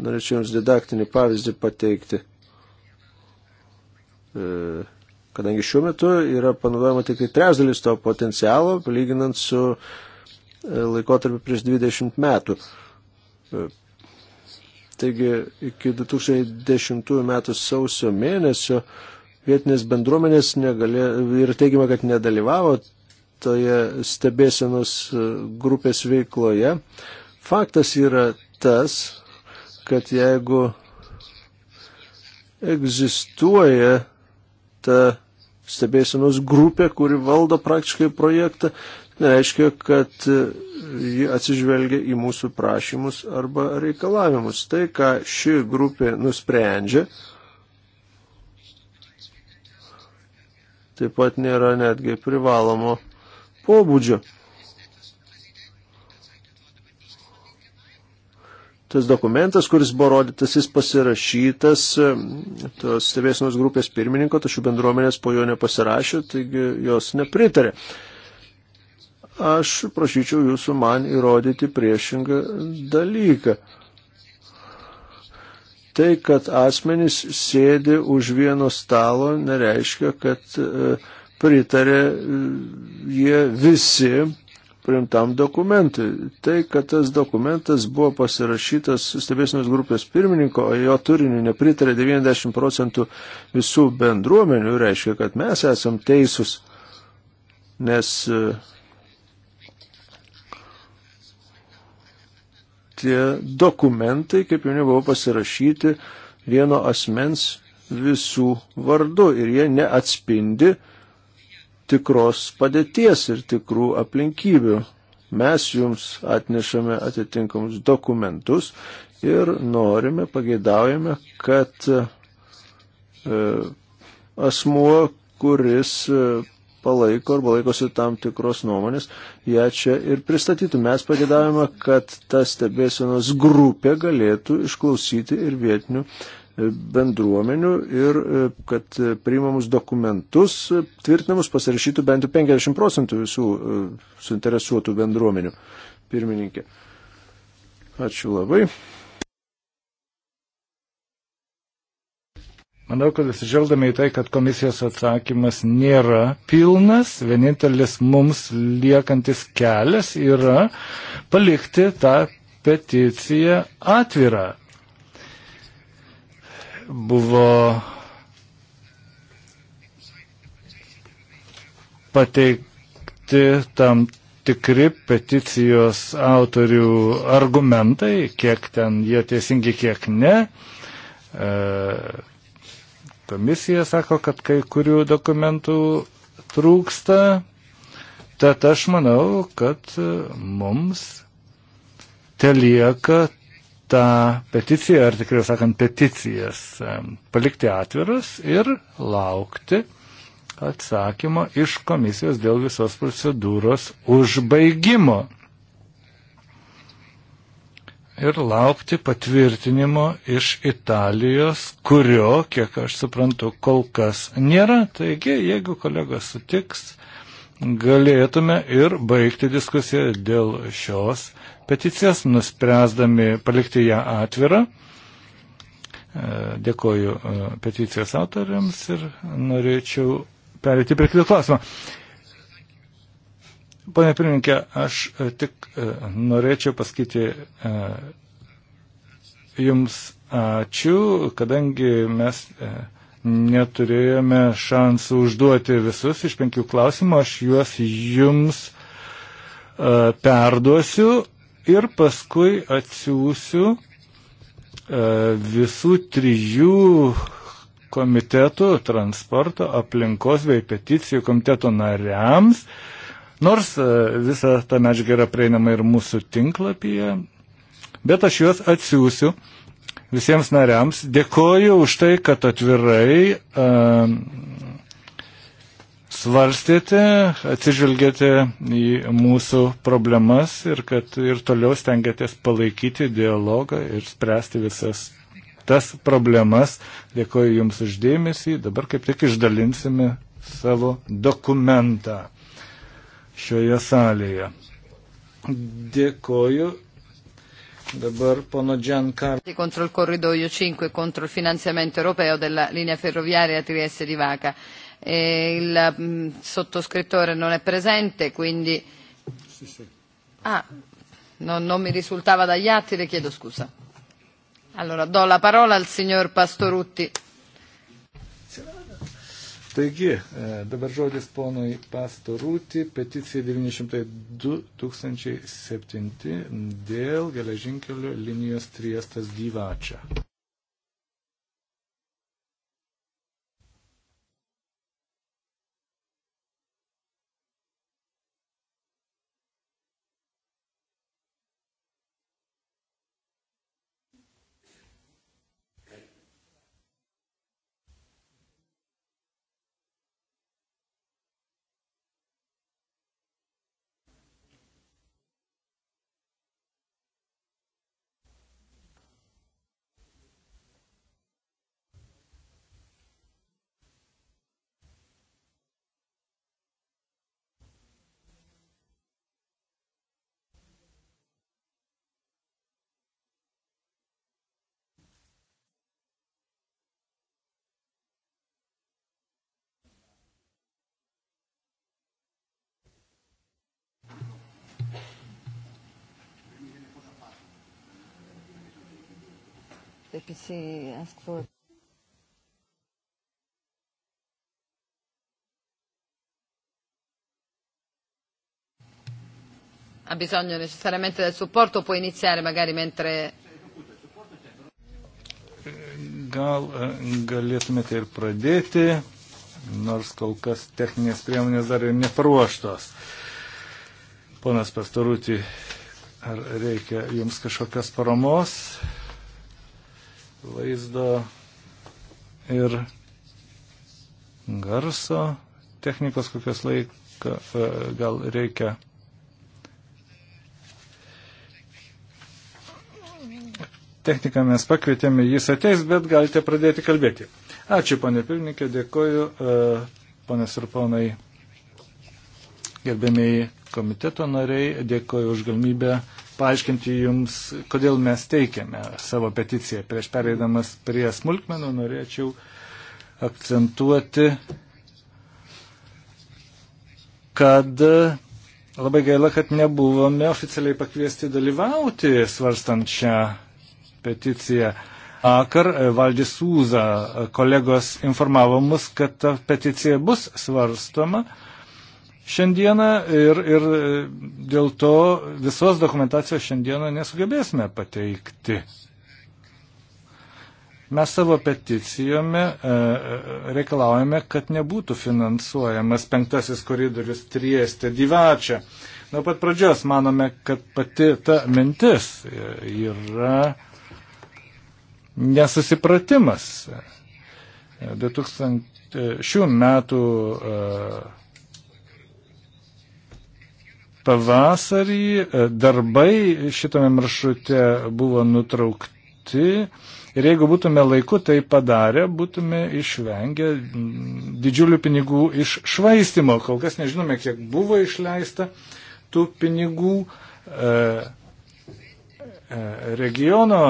Norėčiau Jums didaktinį pavyzdį pateikti. E, kadangi šiuo metu yra panaudojama tik tai trečdalis to potencialo, palyginant su e, laikotarpiu prieš 20 metų. E, taigi iki 2010 metų sausio mėnesio vietinės bendruomenės negalė, ir teigiama, kad nedalyvavo toje stebėsenos grupės veikloje. Faktas yra tas, kad jeigu egzistuoja ta stebėsenos grupė, kuri valdo praktiškai projektą, nereiškia, kad ji atsižvelgia į mūsų prašymus arba reikalavimus. Tai, ką ši grupė nusprendžia, taip pat nėra netgi privalomo pobūdžio. tas dokumentas, kuris buvo rodytas, jis pasirašytas e, tos stebėsinos grupės pirmininko, tačiau bendruomenės po jo nepasirašė, taigi jos nepritarė. Aš prašyčiau jūsų man įrodyti priešingą dalyką. Tai, kad asmenys sėdi už vieno stalo, nereiškia, kad e, pritarė e, jie visi priimtam dokumentui. Tai, kad tas dokumentas buvo pasirašytas stebėsinos grupės pirmininko, o jo turiniu nepritarė 90 procentų visų bendruomenių, reiškia, kad mes esam teisūs, nes e, tie dokumentai, kaip jau nebuvo pasirašyti vieno asmens visų vardu ir jie neatspindi tikros padėties ir tikrų aplinkybių. Mes jums atnešame atitinkamus dokumentus ir norime, pageidaujame, kad e, asmuo, kuris e, palaiko arba laikosi tam tikros nuomonės, ją čia ir pristatytų. Mes pagėdavome, kad ta stebėsenos grupė galėtų išklausyti ir vietinių bendruomenių ir e, kad e, priimamus dokumentus e, tvirtinamus pasirašytų bent 50 procentų visų suinteresuotų bendruomenių. Pirmininkė. Ačiū labai. Manau, kad atsižvelgdami į tai, kad komisijos atsakymas nėra pilnas, vienintelis mums liekantis kelias yra palikti tą peticiją atvirą buvo pateikti tam tikri peticijos autorių argumentai, kiek ten jie teisingi, kiek ne. E, komisija sako, kad kai kurių dokumentų trūksta, tad aš manau, kad mums telieka tą peticiją, ar tikriau sakant, peticijas palikti atviras ir laukti atsakymo iš komisijos dėl visos procedūros užbaigimo. Ir laukti patvirtinimo iš Italijos, kurio, kiek aš suprantu, kol kas nėra. Taigi, jeigu kolegos sutiks, galėtume ir baigti diskusiją dėl šios peticijas, nuspręsdami palikti ją atvirą. E, dėkoju e, peticijos autoriams ir norėčiau perėti prie kito klausimo. Pane pirmininkė, aš e, tik norėčiau pasakyti Jums ačiū, kadangi mes neturėjome šansų užduoti visus iš penkių klausimų, aš juos Jums perduosiu ir paskui atsiųsiu e, visų trijų komitetų transporto, aplinkos bei peticijų komiteto nariams, nors e, visa ta medžiaga yra prieinama ir mūsų tinklapyje, bet aš juos atsiųsiu visiems nariams. Dėkoju už tai, kad atvirai uh, svarstėte, atsižvelgėte į mūsų problemas ir kad ir toliau stengiatės palaikyti dialogą ir spręsti visas tas problemas. Dėkoju Jums uždėmesį. Dabar kaip tik išdalinsime savo dokumentą šioje salėje. Dėkoju. Dabar pono Giancarlo. Contro il corridoio 5 contro il finanziamento europeo della linea ferroviaria Trieste di Vaca. Eh, il mh, mm, sottoscrittore non è presente, quindi. Sì, sì. Ah, no, non mi risultava dagli atti, le chiedo scusa. Allora, do la parola al signor Pastorutti. Taigi, e, dabar žodis ponui Pastorūti, peticija 902-2007 dėl geležinkelio linijos Triestas gyvačia. EPC asked for. Ha bisogno necessariamente del supporto, può iniziare magari mentre. Gal eh, galėtumėte ir pradėti, nors kol kas techninės priemonės dar ir neparuoštos. Ponas Pastarūti, ar reikia jums kažkokios paramos? vaizdo ir garso technikos, kokios laiko e, gal reikia. Techniką mes pakvietėme, jis ateis, bet galite pradėti kalbėti. Ačiū, ponė pirmininkė, dėkoju, e, ponės ir ponai, gerbėmiai komiteto nariai, dėkoju už galimybę paaiškinti Jums, kodėl mes teikiame savo peticiją. Prieš pereidamas prie smulkmenų norėčiau akcentuoti, kad labai gaila, kad nebuvome oficialiai pakviesti dalyvauti svarstant šią peticiją. Akar e, valdys Sūza e, kolegos informavo mus, kad ta peticija bus svarstoma šiandieną ir, ir dėl to visos dokumentacijos šiandieną nesugebėsime pateikti. Mes savo peticijome e, reikalaujame, kad nebūtų finansuojamas penktasis koridorius Trieste Divačia. Nuo pat pradžios manome, kad pati ta mintis e, yra nesusipratimas. 2000, e, šių metų uh, Pavasarį e, darbai šitame maršrute buvo nutraukti ir jeigu būtume laiku tai padarę, būtume išvengę didžiulių pinigų iššvaistimo. Kol kas nežinome, kiek buvo išleista tų pinigų. E, e, regiono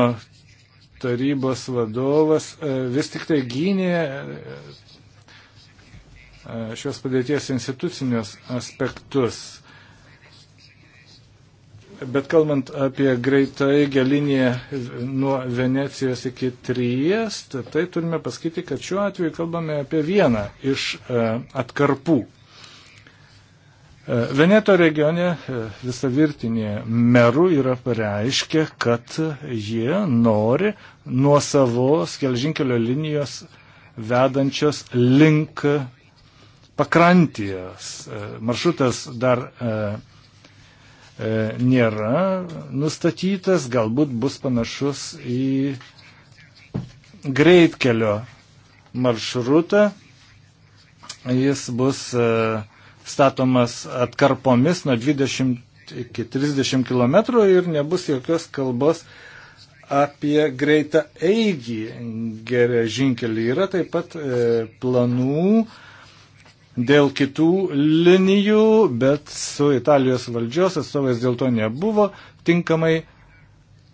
tarybos vadovas vis tik tai gynė šios padėties institucinius aspektus. Bet kalbant apie greitaeigę liniją nuo Venecijos iki Trijas, tai turime pasakyti, kad šiuo atveju kalbame apie vieną iš e, atkarpų. E, Veneto regione e, visa virtinė merų yra pareiškę, kad jie nori nuo savos kelžinkelio linijos vedančios link pakrantijos. Maršrutas dar e, E, nėra nustatytas, galbūt bus panašus į greitkelio maršrutą. Jis bus e, statomas atkarpomis nuo 20 iki 30 km ir nebus jokios kalbos apie greitą eigį geležinkelį. Yra taip pat e, planų, dėl kitų linijų, bet su Italijos valdžios atstovais dėl to nebuvo tinkamai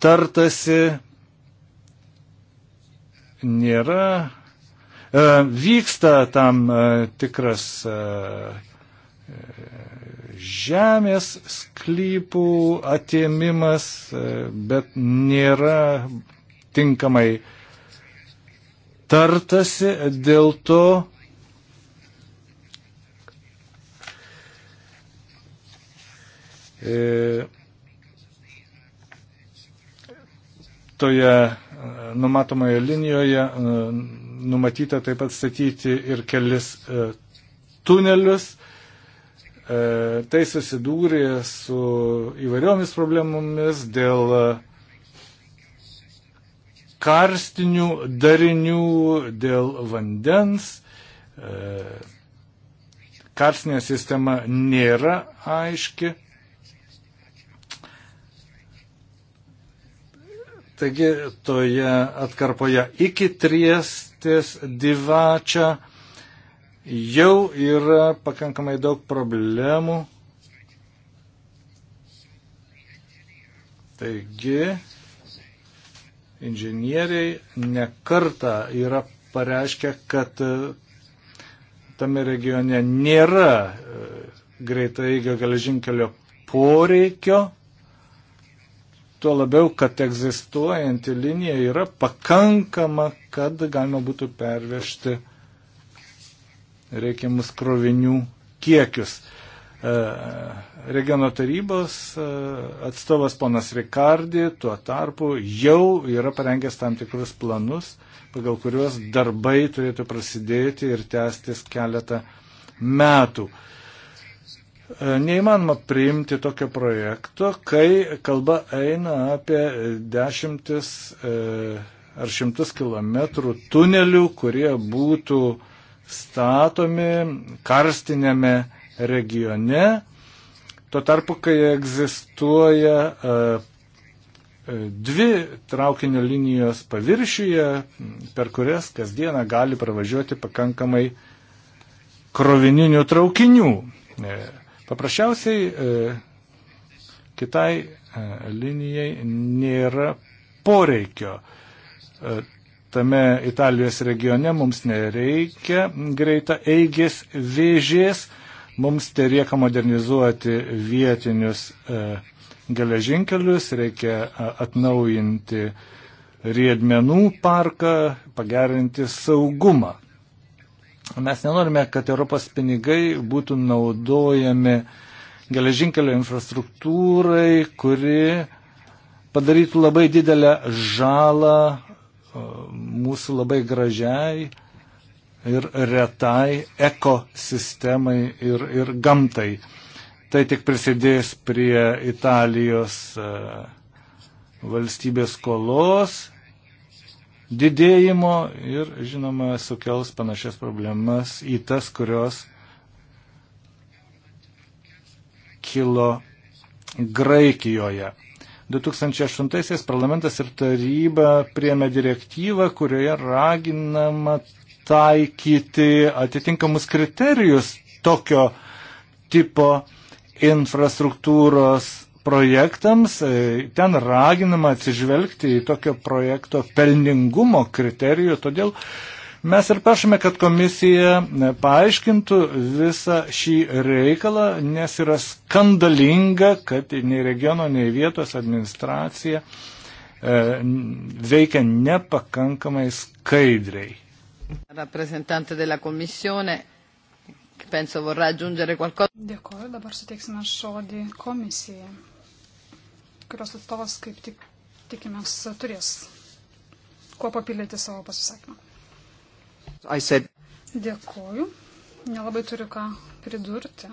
tartasi. Nėra. E, vyksta tam e, tikras e, e žemės sklypų atėmimas, e, bet nėra tinkamai tartasi, dėl to E, toje e, numatomoje linijoje e, numatyta taip pat statyti ir kelis tunelius. Tai susidūrė su įvairiomis problemomis dėl karstinių darinių, dėl vandens. Karstinė sistema nėra aiški. Taigi toje atkarpoje iki Triestės divačia jau yra pakankamai daug problemų. Taigi, inžinieriai nekarta yra pareiškę, kad tame regione nėra e, greitaeigio geležinkelio poreikio Tuo labiau, kad egzistuojanti linija yra pakankama, kad galima būtų pervežti reikiamus krovinių kiekius. E, regiono tarybos e, atstovas ponas Rikardi tuo tarpu jau yra parengęs tam tikrus planus, pagal kuriuos darbai turėtų prasidėti ir tęstis keletą metų. Uh, E, neįmanoma priimti tokio projekto, kai kalba eina apie dešimtis e, ar šimtus kilometrų tunelių, kurie būtų statomi karstinėme regione. Tuo tarpu, kai egzistuoja e, dvi traukinio linijos paviršiuje, per kurias kasdieną gali pravažiuoti pakankamai krovininių traukinių. Paprasčiausiai e, kitai e, linijai nėra poreikio. E, tame Italijos regione mums nereikia greita eigės vėžės, mums tai reikia modernizuoti vietinius geležinkelius, reikia atnaujinti riedmenų parką, pagerinti saugumą. Mes nenorime, kad Europos pinigai būtų naudojami geležinkelio infrastruktūrai, kuri padarytų labai didelę žalą mūsų labai gražiai ir retai ekosistemai ir, ir gamtai. Tai tik prisidės prie Italijos e, valstybės skolos didėjimo ir, žinoma, sukels panašias problemas į tas, kurios kilo Graikijoje. 2008 parlamentas ir taryba priemė direktyvą, kurioje raginama taikyti atitinkamus kriterijus tokio tipo infrastruktūros projektams, e, ten raginama atsižvelgti į tokio projekto pelningumo kriterijų, todėl mes ir prašome, kad komisija e, paaiškintų visą šį reikalą, nes yra skandalinga, kad nei regiono, nei vietos administracija e, veikia nepakankamai skaidriai. Rappresentante della Commissione, penso vorrà aggiungere qualcosa. Dėkuoju, dabar suteiksime žodį komisijai kurios atstovas kaip tik tikimės turės kuo papildyti savo pasisakymą. Said... Dėkoju. Nelabai turiu ką pridurti.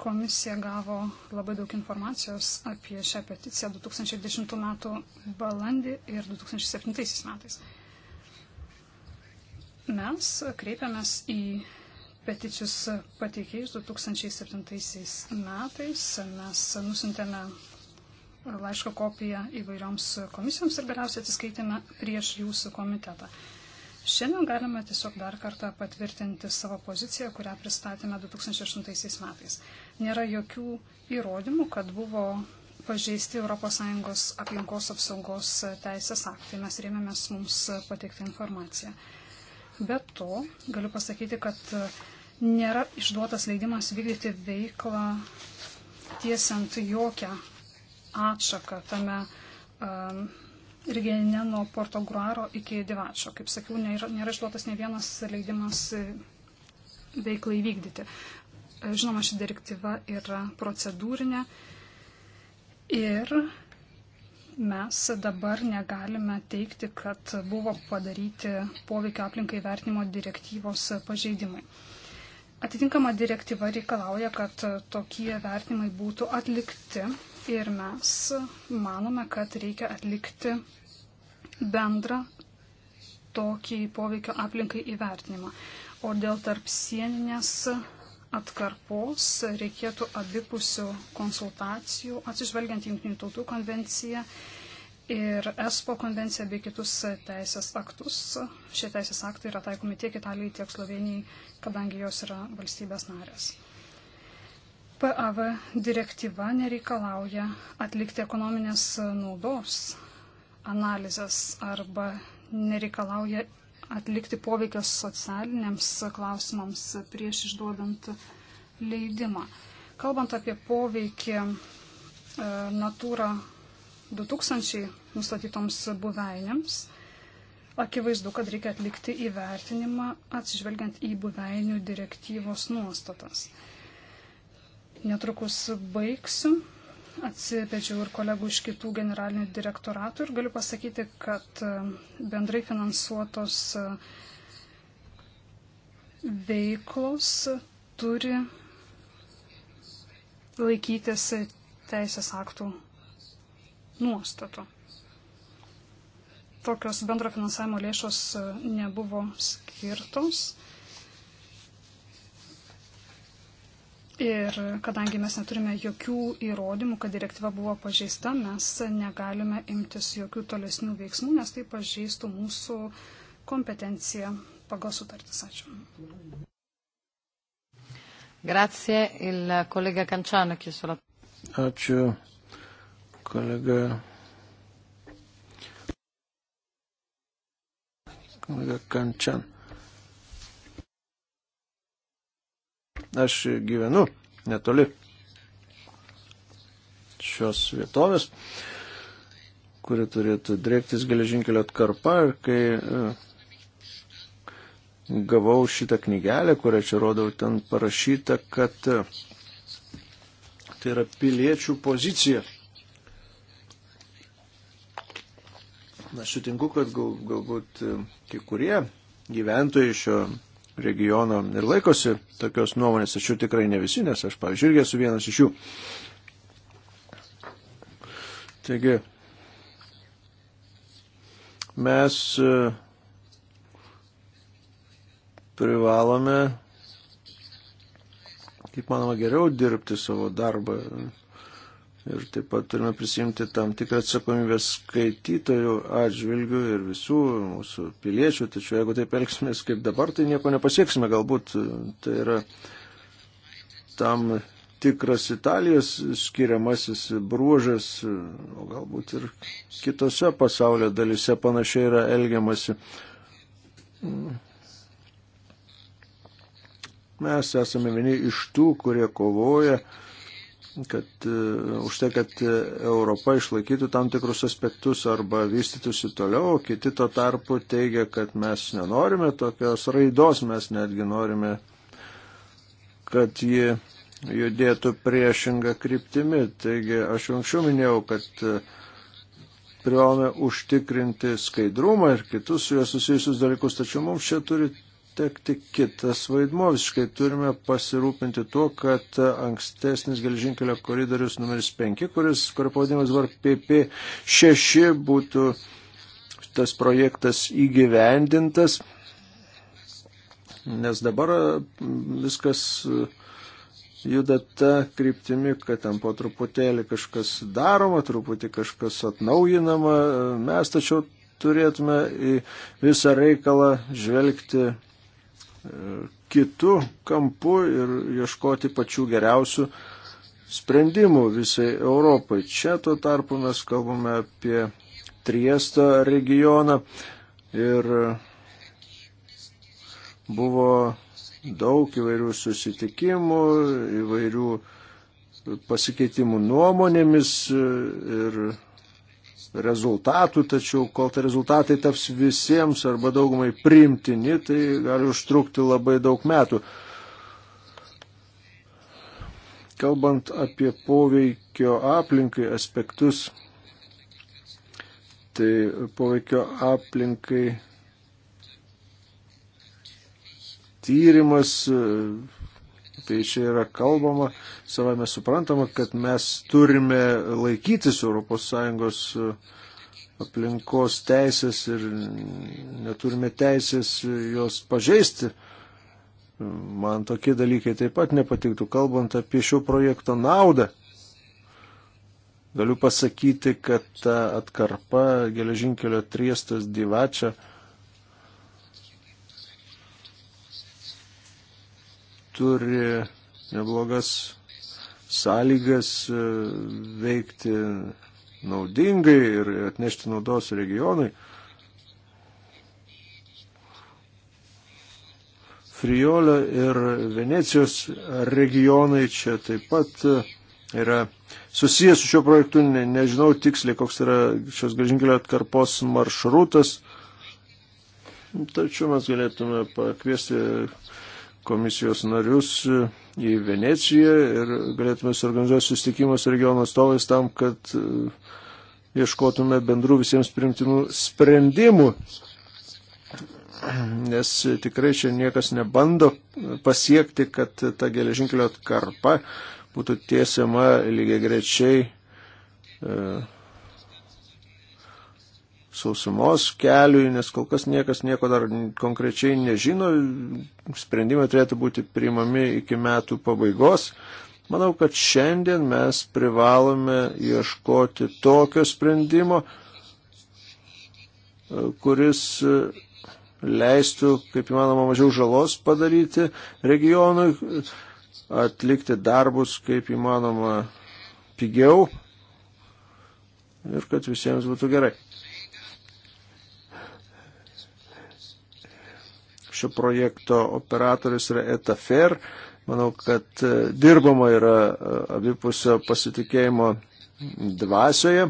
Komisija gavo labai daug informacijos apie šią peticiją 2010 m. balandį ir 2007 metais. Mes kreipiamės į peticijus pateikėjus 2007 metais. Mes nusintėme laiško kopiją įvairioms komisijoms ir galiausiai atsiskaitėme prieš jūsų komitetą. Šiandien galime tiesiog dar kartą patvirtinti savo poziciją, kurią pristatėme 2008 metais. Nėra jokių įrodymų, kad buvo pažeisti ES aplinkos apsaugos teisės aktai. Mes rėmėmės mums pateiktą informaciją. Be to, galiu pasakyti, kad nėra išduotas leidimas vykdyti veiklą tiesiant jokią atšaką tame um, regione nuo Porto Gruaro iki Divačio. Kaip sakiau, nėra, nėra išduotas ne vienas leidimas e, veiklai vykdyti. E, žinoma, ši direktyva yra procedūrinė ir mes dabar negalime teikti, kad buvo padaryti poveikio aplinkai vertinimo direktyvos pažeidimai. Atitinkama direktyva reikalauja, kad tokie vertinimai būtų atlikti Ir mes manome, kad reikia atlikti bendrą tokį poveikio aplinkai įvertinimą. O dėl tarp sieninės atkarpos reikėtų abipusių konsultacijų, atsižvelgiant į Junktinių tautų konvenciją ir ESPO konvenciją bei kitus teisės aktus. Šie teisės aktai yra taikomi tiek Italijai, tiek Slovenijai, kadangi jos yra valstybės narės. PAV direktyva nereikalauja atlikti ekonominės naudos analizės arba nereikalauja atlikti poveikio socialiniams klausimams prieš išduodant leidimą. Kalbant apie poveikį e, Natūra 2000 nustatytoms buveinėms, akivaizdu, kad reikia atlikti įvertinimą atsižvelgiant į buveinių direktyvos nuostatas. Netrukus baigsiu. Atsipečiau ir kolegų iš kitų generalinių direktoratų ir galiu pasakyti, kad e, bendrai finansuotos e, veiklos turi laikytis teisės aktų nuostatų. Tokios bendro finansavimo lėšos e, nebuvo skirtos Ir kadangi mes neturime jokių įrodymų, kad direktyva buvo pažeista, mes negalime imtis jokių tolesnių veiksmų, nes tai pažeistų mūsų kompetenciją pagal sutartis. Ačiū. Grazie, il kolega Kančiano chiesto la. Ačiū, kolega. Kolega Kančiano. Aš gyvenu netoli šios vietovės, kuri turėtų drėktis geležinkelio atkarpa ir kai e, gavau šitą knygelę, kurią čia rodau, ten parašyta, kad e, tai yra piliečių pozicija. Aš sutinku, kad gal, galbūt e, kai kurie gyventojai šio regiono ir laikosi tokios nuomonės, tačiau tikrai ne visi, nes aš, pavyzdžiui, irgi esu vienas iš jų. Taigi, mes e, privalome, kaip manoma, geriau dirbti savo darbą, Ir taip pat turime prisimti tam tikrą atsakomybę skaitytojų atžvilgių ir visų mūsų piliečių, tačiau jeigu taip elgsimės kaip dabar, tai nieko nepasieksime galbūt. E, tai yra tam tikras Italijos skiriamasis bruožas, e, o galbūt ir kitose pasaulio dalise panašiai yra elgiamasi. Mm. Mes esame vieni iš tų, kurie kovoja kad e, už tai, kad e, Europa išlaikytų tam tikrus aspektus arba vystytųsi toliau, o kiti to tarpu teigia, kad mes nenorime tokios raidos, mes netgi norime, kad ji judėtų priešingą kryptimį. Taigi aš jau anksčiau minėjau, kad e, privalome užtikrinti skaidrumą ir kitus su juos susijusius dalykus, tačiau mums čia turi tekti kitas vaidmo. Visiškai turime pasirūpinti tuo, kad ankstesnis gelžinkelio koridorius numeris 5, kuris, kurio pavadinimas dabar PP6, būtų tas projektas įgyvendintas, nes dabar viskas e, juda ta kryptimi, kad ten po truputėlį kažkas daroma, truputį kažkas atnaujinama. Mes tačiau turėtume į visą reikalą žvelgti kitų kampų ir ieškoti pačių geriausių sprendimų visai Europai. Čia tuo tarpu mes kalbame apie Triesto regioną ir buvo daug įvairių susitikimų, įvairių pasikeitimų nuomonėmis ir rezultatų, tačiau kol tie rezultatai taps visiems arba daugumai priimtini, tai gali užtrukti labai daug metų. Kalbant apie poveikio aplinkai aspektus, tai poveikio aplinkai tyrimas apie tai jį čia yra kalbama, savai mes suprantama, kad mes turime laikytis ES uh, aplinkos teisės ir neturime teisės jos pažeisti. Man tokie dalykai taip pat nepatiktų, kalbant apie šio projekto naudą. Galiu pasakyti, kad ta atkarpa geležinkelio triestas divačia turi neblogas sąlygas e, veikti naudingai ir atnešti naudos regionui. Friolio ir Venecijos regionai čia taip pat e, yra susijęs su šiuo projektu, ne, nežinau tiksliai, koks yra šios gražinkelio atkarpos maršrutas, tačiau mes galėtume pakviesti komisijos narius e, į Veneciją ir galėtume suorganizuoti susitikimus regiono atstovais tam, kad e, ieškotume bendrų visiems primtinų sprendimų. Nes tikrai čia niekas nebando pasiekti, kad ta geležinkelio atkarpa būtų tiesiama lygiai grečiai e, sausumos keliui, nes kol kas niekas nieko dar konkrečiai nežino, sprendimai turėtų būti priimami iki metų pabaigos. Manau, kad šiandien mes privalome ieškoti tokio sprendimo, kuris leistų, kaip įmanoma, mažiau žalos padaryti regionui, atlikti darbus, kaip įmanoma, pigiau ir kad visiems būtų gerai. šio projekto operatorius yra ETAFER. Manau, kad e, dirbama yra e, abipusio pasitikėjimo dvasioje.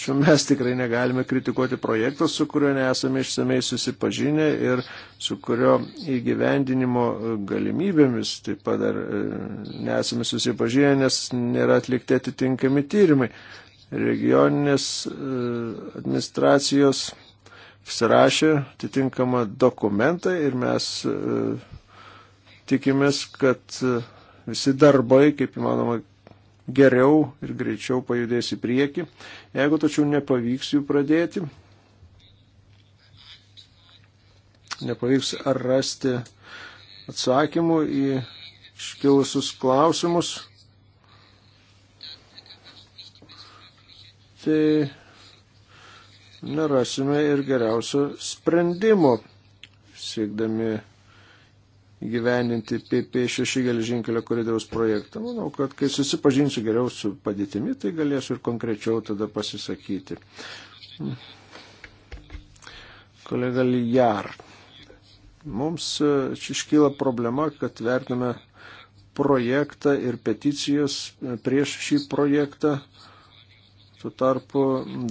Šiuo mes tikrai negalime kritikuoti projektą, su kuriuo nesame išsamei susipažinę ir su kurio įgyvendinimo e, galimybėmis taip pat dar nesame susipažinę, nes nėra atlikti atitinkami tyrimai. Regioninės administracijos pasirašė atitinkamą dokumentą ir mes e, tikimės, kad e, visi darbai, kaip įmanoma, geriau ir greičiau pajudės į priekį. Jeigu tačiau nepavyks jų pradėti, nepavyks ar rasti atsakymų į iškilusius klausimus, tai nerasime ir geriausio sprendimo, siekdami gyveninti PP6 geležinkelio koridoriaus projektą. Manau, kad kai susipažinsiu geriau su padėtimi, tai galėsiu ir konkrečiau tada pasisakyti. Kolega Lijar. Mums e, čia iškyla problema, kad vertiname projektą ir peticijas e, prieš šį projektą. Tuo tarpu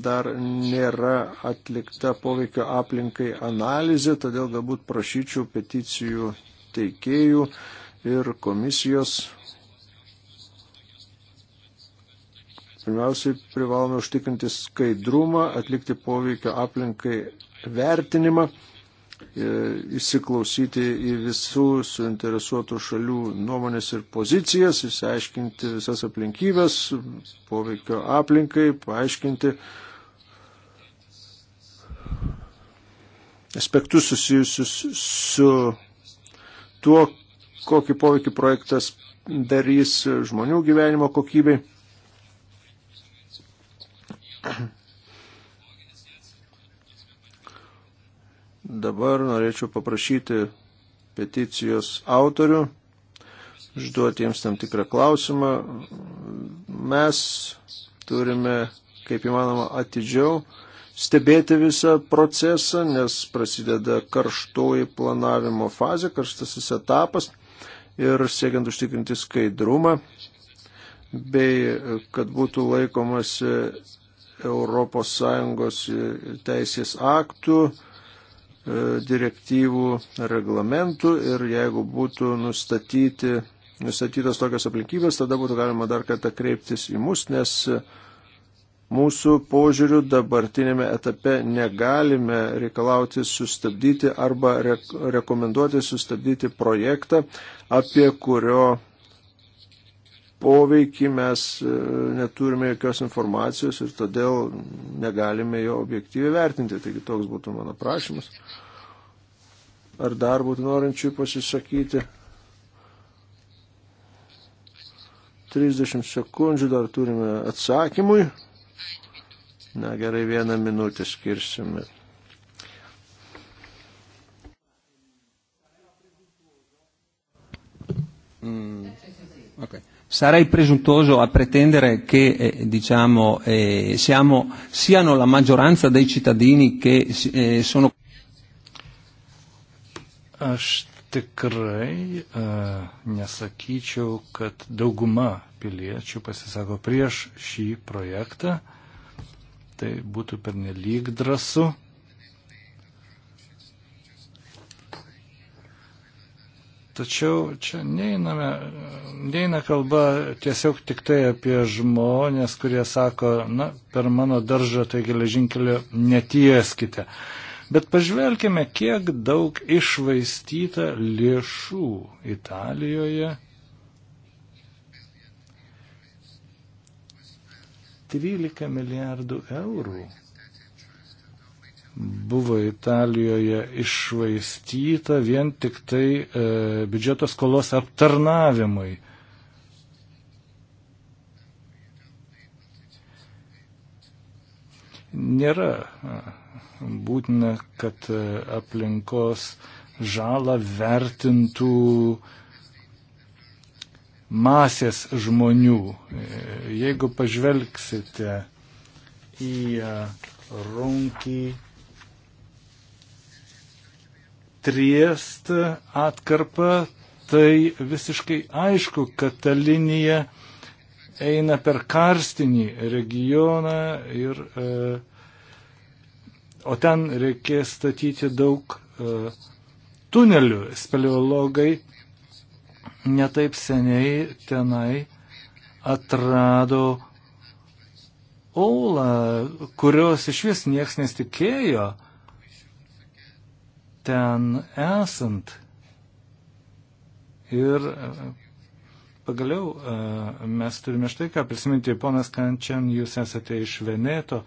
dar nėra atlikta poveikio aplinkai analizė, todėl galbūt prašyčiau peticijų teikėjų ir komisijos. Pirmiausiai privalome užtikrinti skaidrumą, atlikti poveikio aplinkai vertinimą E, įsiklausyti į visų suinteresuotų šalių nuomonės ir pozicijas, įsiaiškinti visas aplinkybės, poveikio aplinkai, paaiškinti aspektus susijusius su tuo, kokį poveikį projektas darys žmonių gyvenimo kokybei. Dabar norėčiau paprašyti peticijos autorių, užduoti jiems tam tikrą klausimą. Mes turime, kaip įmanoma, atidžiau stebėti visą procesą, nes prasideda karštoji planavimo fazė, karštasis etapas ir siekiant užtikrinti skaidrumą bei kad būtų laikomasi ES teisės aktų, E, direktyvų reglamentų ir jeigu būtų nustatyti, nustatytos tokios aplinkybės, tada būtų galima dar kartą kreiptis į mus, nes mūsų požiūrių dabartinėme etape negalime reikalauti sustabdyti arba re rekomenduoti sustabdyti projektą, apie kurio poveikį mes e, neturime jokios informacijos ir todėl negalime jo objektyviai vertinti. Taigi toks būtų mano prašymas. Ar dar būtų norinčių pasisakyti? 30 sekundžių dar turime atsakymui. Na gerai, vieną minutę skirsime. Mm. Okay. Sarei presuntuoso a pretendere che eh, diciamo, eh, siamo, siano la maggioranza dei cittadini che eh, sono. Aš tikrai e, nesakyčiau, kad dauguma piliečių pasisako prieš šį projektą. Tai būtų pernelyg drasu. Tačiau čia neįname, neįna kalba tiesiog tik tai apie žmonės, kurie sako, na, per mano daržą tai geležinkelio netieskite. Bet pažvelkime, kiek daug išvaistyta lėšų Italijoje. 13 milijardų eurų buvo Italijoje išvaistyta vien tik tai e, biudžeto skolos aptarnavimui. Nėra būtina, kad e, aplinkos žalą vertintų masės žmonių. E, jeigu pažvelgsite į runkį Triest atkarpa, tai visiškai aišku, kad ta linija eina per karstinį regioną ir, e, o ten reikės statyti daug e, tunelių. Speleologai netaip seniai tenai atrado Ola, kurios iš vis nieks nesitikėjo, ten esant. Ir pagaliau e, mes turime štai ką prisiminti, ponas Kančian, jūs esate iš Veneto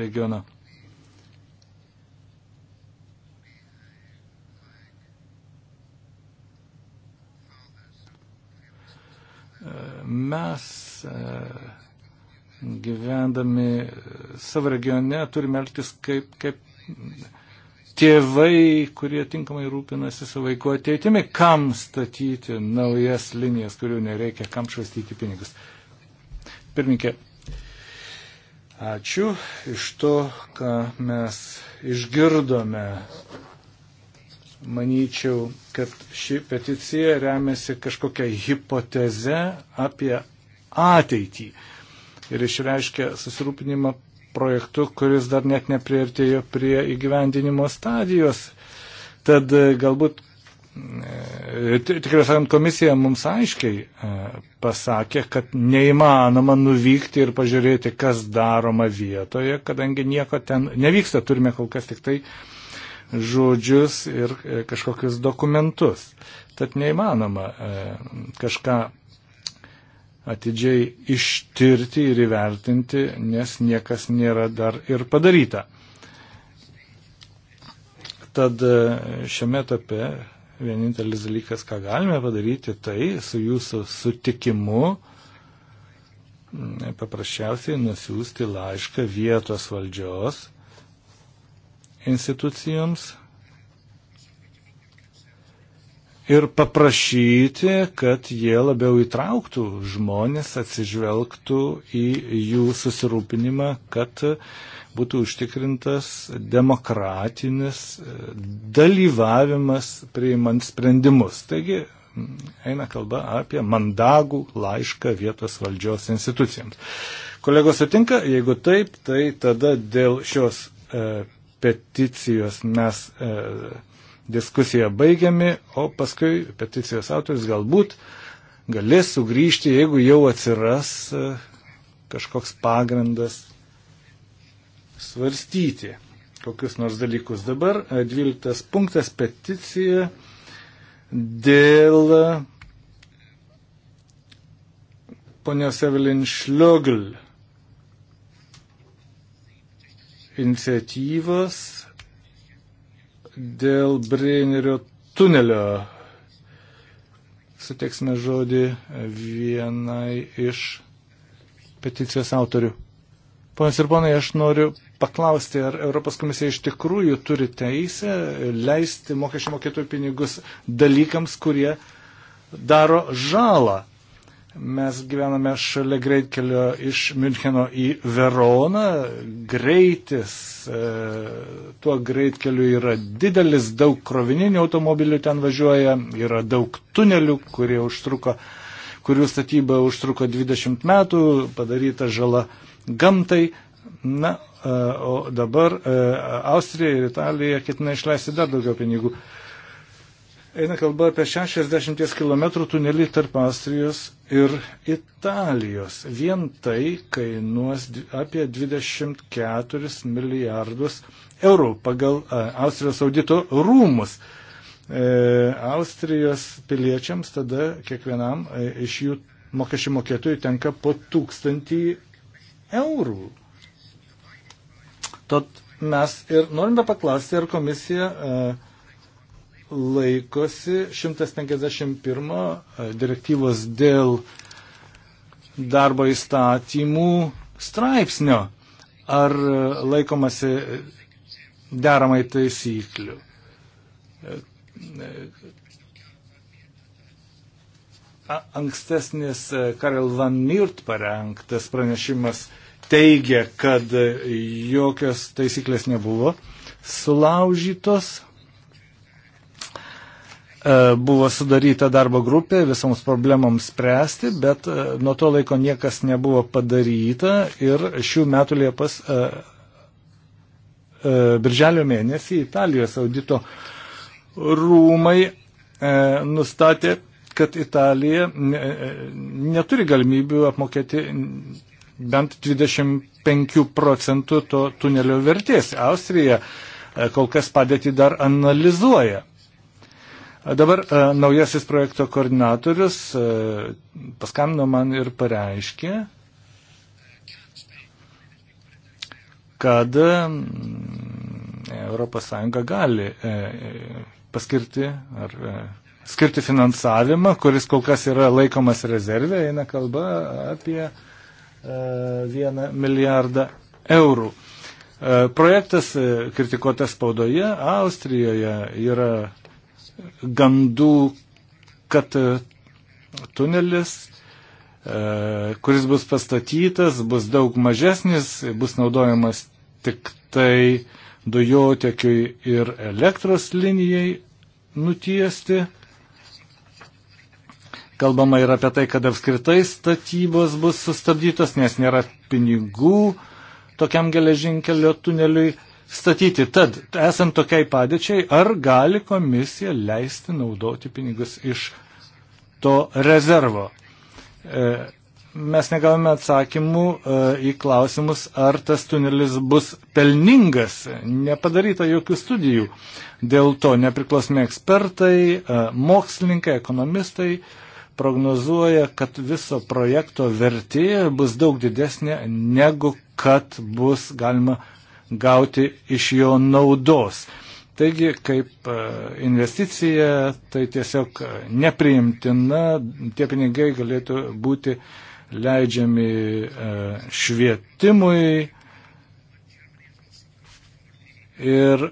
regiono. E, mes e, gyvendami savo regione turime elgtis kaip, kaip tėvai, kurie tinkamai rūpinasi su vaiko ateitimi, kam statyti naujas linijas, kurių nereikia, kam švaistyti pinigus. Pirminkė, ačiū iš to, ką mes išgirdome. Manyčiau, kad ši peticija remiasi kažkokią hipotezę apie ateitį ir išreiškia susirūpinimą projektu, kuris dar net neprieartėjo prie įgyvendinimo stadijos. Tad e, galbūt, e, tikrai sakant, komisija mums aiškiai e, pasakė, kad neįmanoma nuvykti ir pažiūrėti, kas daroma vietoje, kadangi nieko ten nevyksta, turime kol kas tik tai žodžius ir kažkokius dokumentus. Tad neįmanoma kažką atidžiai ištirti ir įvertinti, nes niekas nėra dar ir padaryta. Tad e, šiame etape vienintelis dalykas, ką galime padaryti, tai su jūsų sutikimu paprasčiausiai nusiųsti laišką vietos valdžios institucijoms ir paprašyti, kad jie labiau įtrauktų žmonės, atsižvelgtų į jų susirūpinimą, kad būtų užtikrintas demokratinis e, dalyvavimas priimant sprendimus. Taigi eina kalba apie mandagų laišką vietos valdžios institucijams. Kolegos sutinka, jeigu taip, tai tada dėl šios e, peticijos mes e, diskusiją baigiame, o paskui peticijos autoris galbūt galės sugrįžti, jeigu jau atsiras e, kažkoks pagrindas svarstyti kokius nors dalykus. Dabar 12 e, punktas peticija dėl ponios Evelin Šliogl iniciatyvos dėl Breinerio tunelio. Suteiksime žodį vienai iš peticijos autorių. Ponas ir ponai, aš noriu paklausti, ar Europos komisija iš tikrųjų turi teisę leisti mokesčių mokėtojų pinigus dalykams, kurie daro žalą Mes gyvename šalia greitkelio iš Müncheno į Veroną. Greitis e, tuo greitkeliu yra didelis, daug krovininių automobilių ten važiuoja, yra daug tunelių, kurie užtruko, kurių statyba užtruko 20 metų, padaryta žala gamtai. Na, e, o dabar e, Austrija ir Italija ketina išleisti dar daugiau pinigų Eina kalba apie 60 km tunelį tarp Austrijos ir Italijos. Vien tai kainuos apie 24 milijardus eurų pagal e, Austrijos audito rūmus. E, Austrijos piliečiams tada kiekvienam e, iš jų mokesčių mokėtojų tenka po tūkstantį eurų. Tad mes ir norime paklausti, ar komisija uh, laikosi 151 e, direktyvos dėl darbo įstatymų straipsnio. Ar e, laikomasi deramai taisyklių? E, ankstesnis Karel Van Mirt parengtas pranešimas teigia, kad jokios taisyklės nebuvo sulaužytos E, buvo sudaryta darbo grupė visoms problemams spręsti, bet e, nuo to laiko niekas nebuvo padaryta ir šių metų Liepas, e, birželio mėnesį Italijos audito rūmai nustatė, kad Italija neturi galimybių apmokėti bent 25 procentų to tunelio vertės. Austrija kol kas padėti dar analizuoja. Dabar e, naujasis projekto koordinatorius e, paskambino man ir pareiškė, kad mm, ES gali e, paskirti ar skirti finansavimą, kuris kol kas yra laikomas rezervė, eina kalba apie vieną milijardą eurų. Projektas kritikuotas spaudoje Austrijoje yra gandų, kad tunelis, e, kuris bus pastatytas, bus daug mažesnis, bus naudojamas tik tai dujotekiui ir elektros linijai nutiesti. Kalbama ir apie tai, kad apskritai statybos bus sustabdytos, nes nėra pinigų tokiam geležinkelio tuneliui statyti. Tad, esant tokiai padėčiai, ar gali komisija leisti naudoti pinigus iš to rezervo? E, mes negavome atsakymų e, į klausimus, ar tas tunelis bus pelningas. Nepadaryta jokių studijų. Dėl to nepriklausomi ekspertai, e, mokslininkai, ekonomistai prognozuoja, kad viso projekto vertė bus daug didesnė, negu kad bus galima uh, gauti iš jo naudos. Taigi, kaip e, investicija, tai tiesiog nepriimtina, tie pinigai galėtų būti leidžiami e, švietimui ir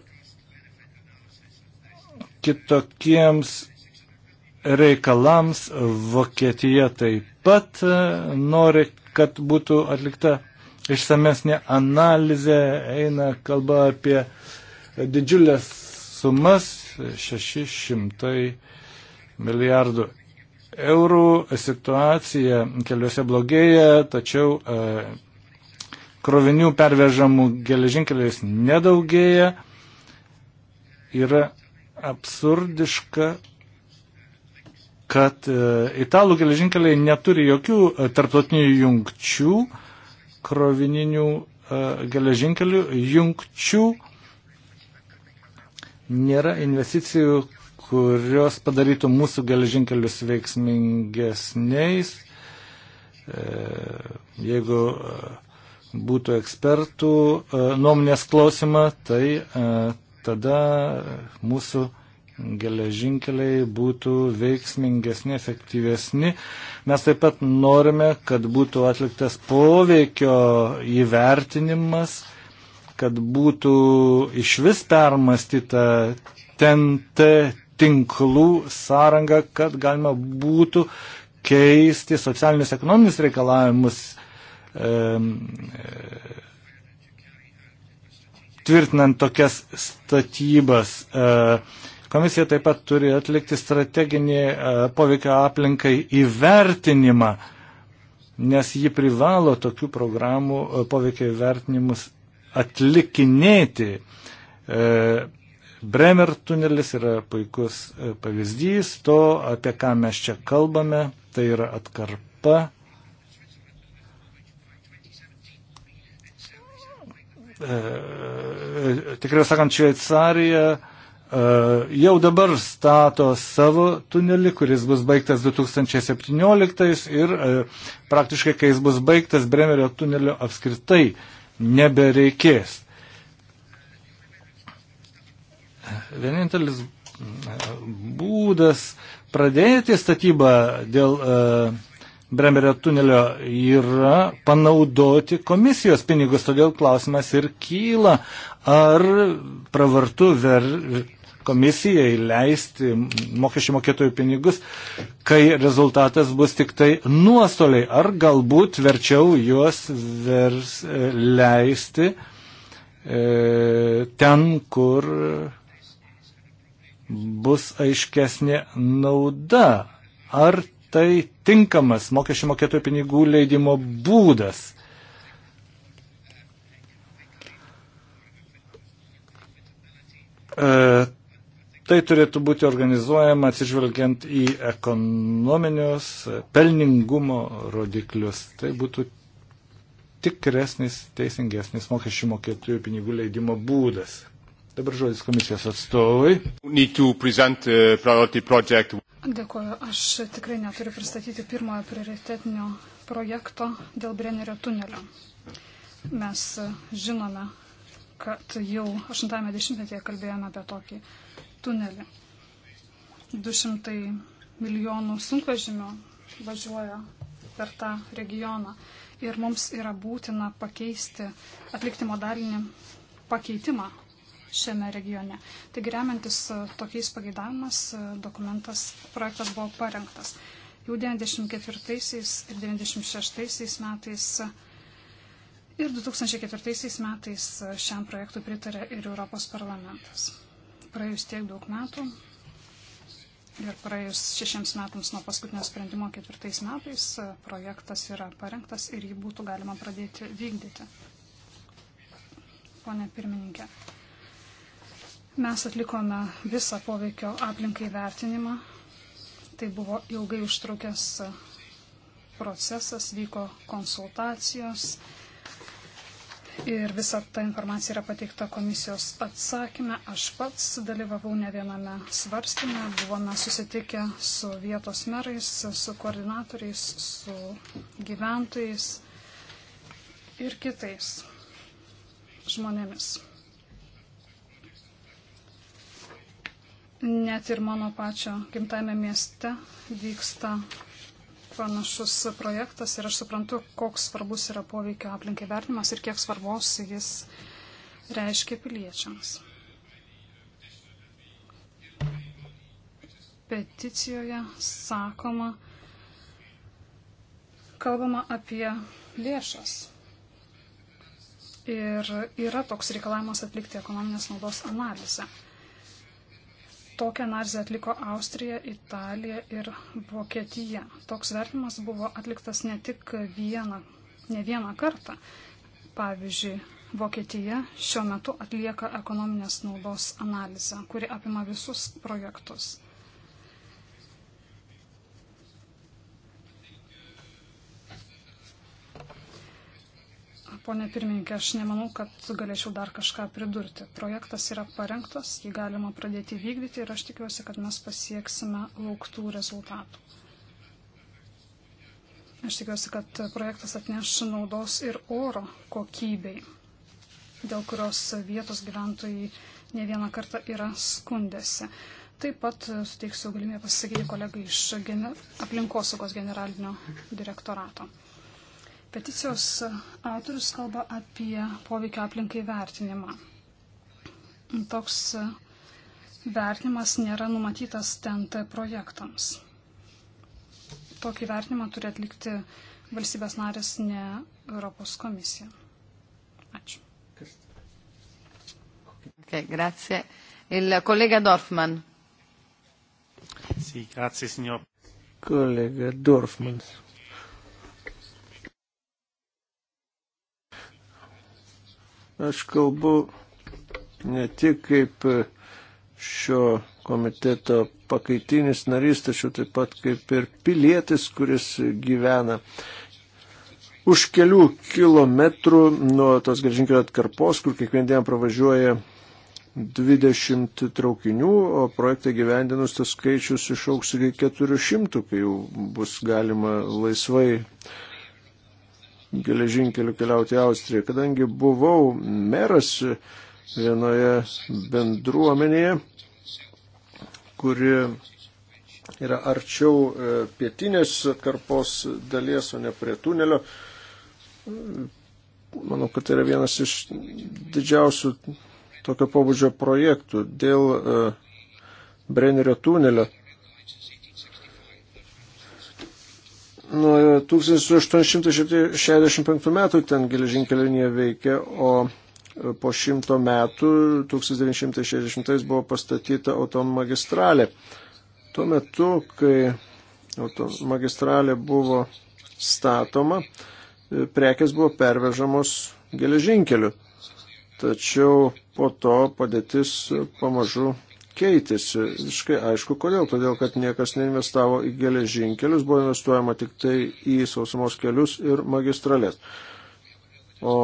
kitokiems reikalams Vokietija taip pat e, nori, kad būtų atlikta išsamesnė analizė, eina kalba apie didžiulės sumas 600 milijardų eurų, situacija keliuose blogėja, tačiau e, krovinių pervežamų geležinkeliais nedaugėja, yra absurdiška, kad e, italų geležinkeliai neturi jokių e, tarptautinių jungčių, e, krovininių e, geležinkelių jungčių nėra investicijų, kurios padarytų mūsų geležinkelius veiksmingesniais. E, jeigu e, būtų ekspertų nuomonės klausima, tai tada mūsų geležinkeliai būtų veiksmingesni, efektyvesni. Mes taip pat norime, kad būtų atliktas poveikio įvertinimas, kad būtų iš vis permastyta TNT tinklų sąranga, kad galima būtų keisti socialinius ekonominius reikalavimus. E, e, tvirtinant tokias statybas. E, Komisija taip pat turi atlikti strateginį e, poveikio aplinkai įvertinimą, nes ji privalo tokių programų e, poveikio įvertinimus atlikinėti. E, Bremer tunelis yra puikus pavyzdys to, apie ką mes čia kalbame, tai yra atkarpa tikriau sakant, Šveicarija jau dabar stato savo tunelį, kuris bus baigtas 2017 ir e, praktiškai, kai jis bus baigtas, Bremerio tunelio apskritai nebereikės. Vienintelis e, būdas pradėti statybą dėl e, Bremerio tunelio yra panaudoti komisijos pinigus, todėl klausimas ir kyla, ar pravartu ver, komisijai leisti mokesčių mokėtojų pinigus, kai rezultatas bus tik tai nuostoliai, ar galbūt verčiau juos vers, e, leisti e, ten, kur bus aiškesnė nauda. Ar tai tinkamas mokesčių mokėtojų pinigų leidimo būdas? E, Tai turėtų būti organizuojama atsižvelgiant į ekonominius pelningumo rodiklius. Tai būtų tikresnis, teisingesnis mokesčių mokėtojų pinigų leidimo būdas. Dabar žodis komisijos atstovai. Uh, Dėkuoju, aš tikrai neturiu pristatyti pirmojo prioritetinio projekto dėl Brennerio tunelio. Mes uh, žinome, kad jau 80-metyje kalbėjome apie tokį tunelį. 200 milijonų sunkvežimio važiuoja per tą regioną ir mums yra būtina pakeisti, atlikti modalinį pakeitimą šiame regione. Taigi remiantis e, tokiais pageidavimas e, dokumentas, projektas buvo parengtas. Jau 94 ir 96 metais e, ir 2004 metais šiam projektui pritarė ir Europos parlamentas praėjus tiek daug metų ir praėjus šešiems metams nuo paskutinio sprendimo ketvirtais metais e, projektas yra parengtas ir jį būtų galima pradėti vykdyti. Pone pirmininkė, mes atlikome visą poveikio aplinkai vertinimą. Tai buvo ilgai užtrukęs e, procesas, vyko konsultacijos Ir visa ta informacija yra pateikta komisijos atsakyme. Aš pats dalyvavau ne viename svarstyme, buvome susitikę su vietos merais, su koordinatoriais, su gyventojais ir kitais žmonėmis. Net ir mano pačio gimtame mieste vyksta panašus projektas ir aš suprantu, koks svarbus yra poveikio aplinkai vertinimas ir kiek svarbos jis reiškia piliečiams. Peticijoje sakoma, kalbama apie lėšas. Ir yra toks reikalavimas atlikti ekonominės naudos analizę. Tokią analizę atliko Austrija, Italija ir Vokietija. Toks vertimas buvo atliktas ne tik vieną, ne vieną kartą. Pavyzdžiui, Vokietija šiuo metu atlieka ekonominės naudos analizę, kuri apima visus projektus. ponė pirmininkė, aš nemanau, kad galėčiau dar kažką pridurti. Projektas yra parengtas, jį galima pradėti vykdyti ir aš tikiuosi, kad mes pasieksime lauktų rezultatų. Aš tikiuosi, kad projektas atneš naudos ir oro kokybei, dėl kurios vietos gyventojai ne vieną kartą yra skundėsi. Taip pat suteiksiu galimybę pasisakyti kolegai iš gener... aplinkosaugos generalinio direktorato. Peticijos autorius kalba apie poveikio aplinkai vertinimą. Toks vertinimas nėra numatytas TNT projektams. Tokį vertinimą turi atlikti valstybės narės, ne Europos komisija. Ačiū. Okay, grazie. Il collega Dorfman. Sì, si, grazie signor. Collega Dorfman. Aš kalbu ne tik kaip šio komiteto pakaitinis narys, tačiau taip pat kaip ir pilietis, kuris gyvena už kelių kilometrų nuo tos gražinkelio atkarpos, kur kiekvieną dieną pravažiuoja 20 traukinių, o projektą gyvendinus tas skaičius išauks iki 400, kai jau bus galima laisvai geležinkeliu keliauti į Austriją. Kadangi buvau meras vienoje bendruomenėje, kuri yra arčiau e, pietinės atkarpos dalies, o ne prie tunelio. Manau, kad tai yra vienas iš didžiausių tokio pobūdžio projektų dėl e, Brennerio tunelio Nuo 1865 metų ten geležinkelio linija veikia, o po šimto metų 1960 buvo pastatyta automagistralė. Tuo metu, kai automagistralė buvo statoma, prekes buvo pervežamos geležinkeliu. Tačiau po to padėtis pamažu keitėsi. Visiškai aišku, kodėl. Todėl, kad niekas neinvestavo į geležinkelius, buvo investuojama tik tai į sausumos kelius ir magistralės. O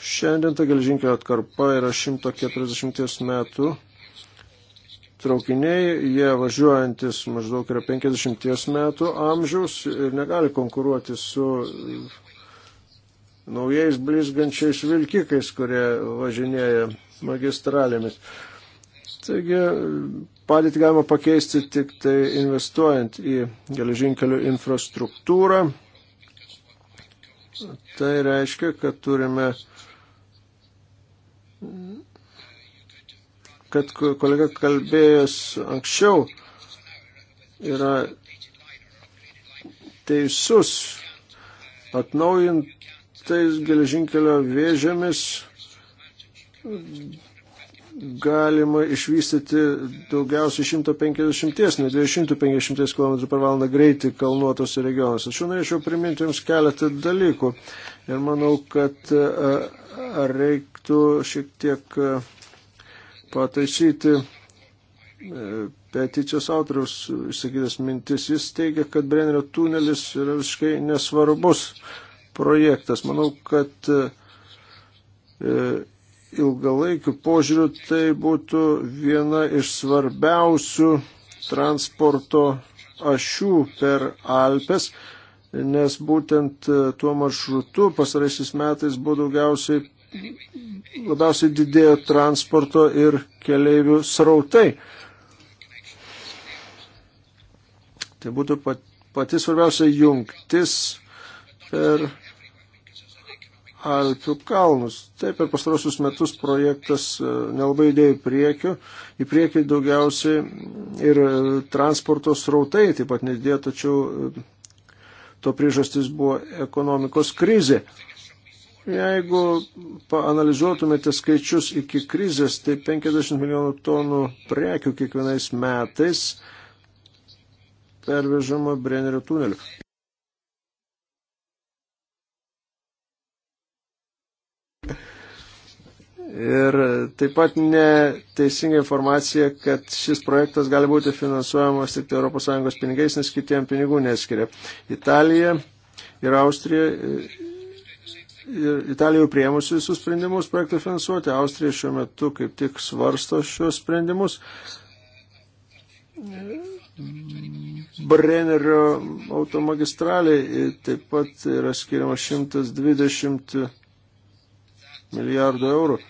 šiandien ta geležinkelio atkarpa yra 140 metų traukiniai, jie važiuojantis maždaug yra 50 metų amžiaus ir negali konkuruoti su naujais blizgančiais vilkikais, kurie važinėja magistralėmis. Taigi padėtį galima pakeisti tik tai investuojant į geležinkelių infrastruktūrą. Tai reiškia, kad turime, kad kolega kalbėjęs anksčiau yra teisus atnaujintais geležinkelio vėžėmis galima išvystyti daugiausiai 150, ne 250 km per valandą greitį kalnuotose regionuose. Aš norėčiau priminti Jums keletą dalykų ir manau, kad e, reiktų šiek tiek e, pataisyti e, peticijos autoriaus išsakytas mintis. Jis teigia, kad Brennerio tunelis yra visiškai nesvarbus projektas. Manau, kad ilgalaikių požiūrių tai būtų viena iš svarbiausių transporto ašių per Alpes, nes būtent e, tuo maršrutu pasaraisiais metais buvo daugiausiai, labiausiai didėjo transporto ir keleivių srautai. Tai būtų pati svarbiausia jungtis per Alpių kalnus. Taip, per pastarosius metus projektas e, nelabai dėjo į priekį, į priekį daugiausiai ir e, transporto srautai taip pat nedėjo, tačiau e, to priežastis buvo ekonomikos krizė. Jeigu paanalizuotumėte skaičius iki krizės, tai 50 milijonų tonų prekių kiekvienais metais pervežama Brenerio tuneliu. Ir taip pat neteisinga informacija, kad šis projektas gali būti finansuojamas tik tai ES pinigais, nes kitiem pinigų neskiria. Italija ir Austrija. Ir Italija jau prieimusi visus sprendimus projektą finansuoti, Austrija šiuo metu kaip tik svarsto šios sprendimus. Brennerio automagistraliai taip pat yra skiriama 120 milijardų eurų.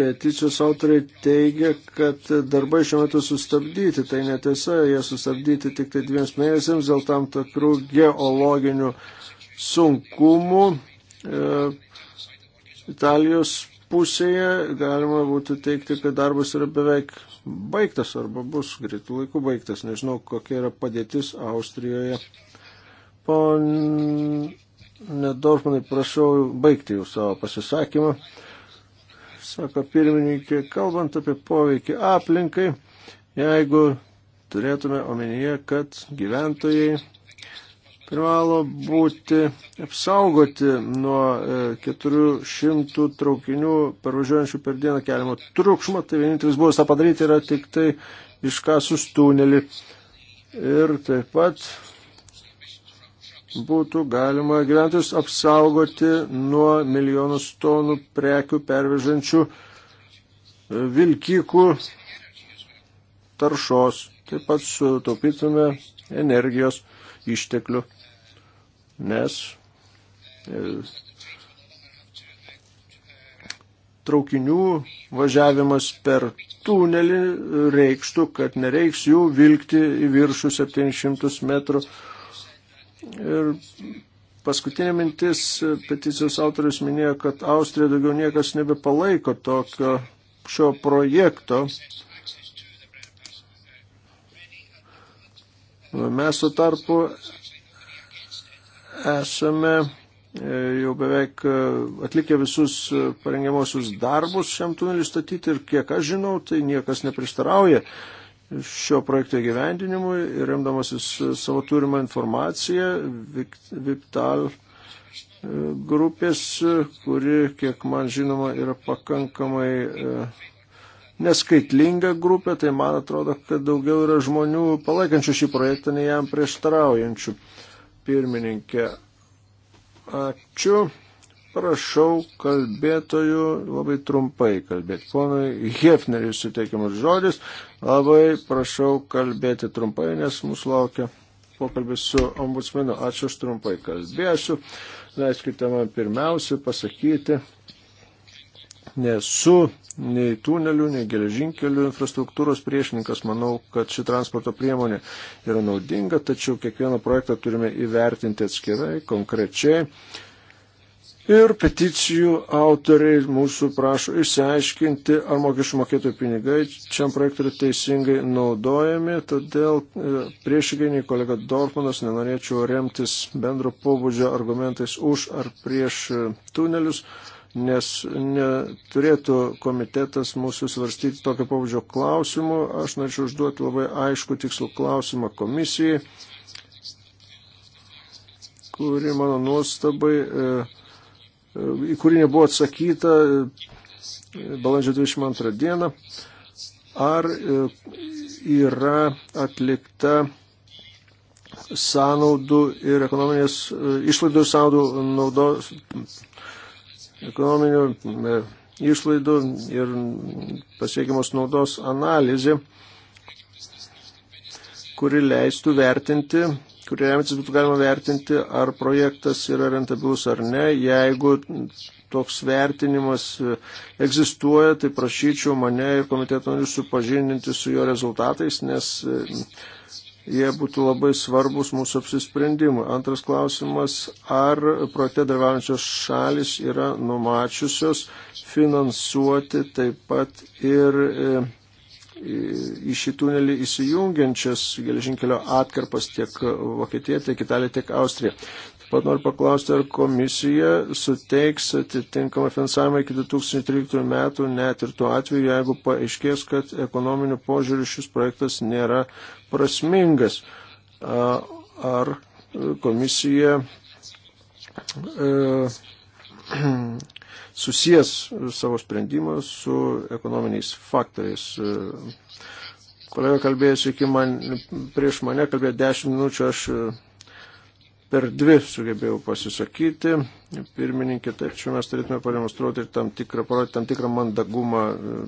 peticijos autoriai teigia, kad darbai šiuo metu sustabdyti. Tai netiesa, jie sustabdyti tik tai dviems mėnesiams dėl tam tikrų geologinių sunkumų. E, Italijos pusėje galima būtų teikti, kad darbas yra beveik baigtas arba bus greitų laikų baigtas. Nežinau, kokia yra padėtis Austrijoje. Pone Dorfmanai, prašau baigti jau savo pasisakymą sako pirmininkė, kalbant apie poveikį aplinkai, jeigu turėtume omenyje, kad gyventojai privalo būti apsaugoti nuo 400 e, traukinių parvažiuojančių per dieną keliamo triukšmo, tai vienintelis būdas tą padaryti yra tik tai iškasus tunelį. Ir taip pat būtų galima gyventojus apsaugoti nuo milijonus tonų prekių pervežančių e, vilkikų taršos. Taip pat sutaupytume energijos išteklių, nes e, traukinių važiavimas per tunelį reikštų, kad nereiks jų vilkti į viršų 700 metrų Ir paskutinė mintis, peticijos autorius minėjo, kad Austrija daugiau niekas nebepalaiko tokio šio projekto. Mes su tarpu esame e, jau beveik e, atlikę visus parengiamosius darbus šiam tuneliu statyti ir kiek aš žinau, tai niekas neprieštarauja šio projekto įgyvendinimui ir remdamasis e, savo turimą informaciją, Viptal e, grupės, e, kuri, kiek man žinoma, yra pakankamai neskaitlinga grupė, tai man atrodo, kad daugiau yra žmonių palaikančių šį projektą, nei jam prieštaraujančių. Pirmininkė, ačiū prašau kalbėtojų labai trumpai kalbėti. Ponui Hefneriui suteikiamas žodis, labai prašau kalbėti trumpai, nes mūsų laukia pokalbis su ombudsmenu. Ačiū, aš trumpai kalbėsiu. Leiskite man pirmiausia pasakyti, nesu nei tunelių, nei geležinkelių infrastruktūros priešininkas. Manau, kad ši transporto priemonė yra naudinga, tačiau kiekvieną projektą turime įvertinti atskirai, konkrečiai Ir peticijų autoriai mūsų prašo išsiaiškinti, ar mokesčių mokėtojų pinigai šiam projektui teisingai naudojami, todėl e, priešingai nei kolega Dortmanas nenorėčiau remtis bendro pobūdžio argumentais už ar prieš e, tunelius, nes neturėtų komitetas mūsų svarstyti tokio pobūdžio klausimų. Aš norėčiau užduoti labai aišku tikslų klausimą komisijai kuri mano nuostabai e, į kurį nebuvo atsakyta e, balandžio 22 dieną, ar e, yra atlikta sąnaudų ir ekonominės e, išlaidų sąnaudų naudos ekonominių išlaidų ir pasiekimos naudos analizė, kuri leistų vertinti kurie remiantis būtų galima vertinti, ar projektas yra rentabilus ar ne. Jeigu toks vertinimas e, egzistuoja, tai prašyčiau mane ir komiteto narius supažindinti su jo rezultatais, nes e, jie būtų labai svarbus mūsų apsisprendimui. Antras klausimas, ar projekte dalyvaujančios šalis yra numačiusios finansuoti taip pat ir e, į šį tunelį įsijungiančias geležinkelio atkarpas tiek Vokietija, tiek Italija, tiek Austrija. Taip pat noriu paklausti, ar komisija suteiks atitinkamą finansavimą iki 2013 metų, net ir tuo atveju, jeigu paaiškės, kad ekonominiu požiūriu šis projektas nėra prasmingas. Ar komisija. E, [CLEARS THROAT] susijęs savo sprendimą su ekonominiais faktoriais. Kolega kalbėjusi iki man, prieš mane kalbėjo 10 minučių, aš per dvi sugebėjau pasisakyti. Pirmininkė, tačiau mes turėtume pademonstruoti ir tam tikrą, parodyti tam tikrą mandagumą e,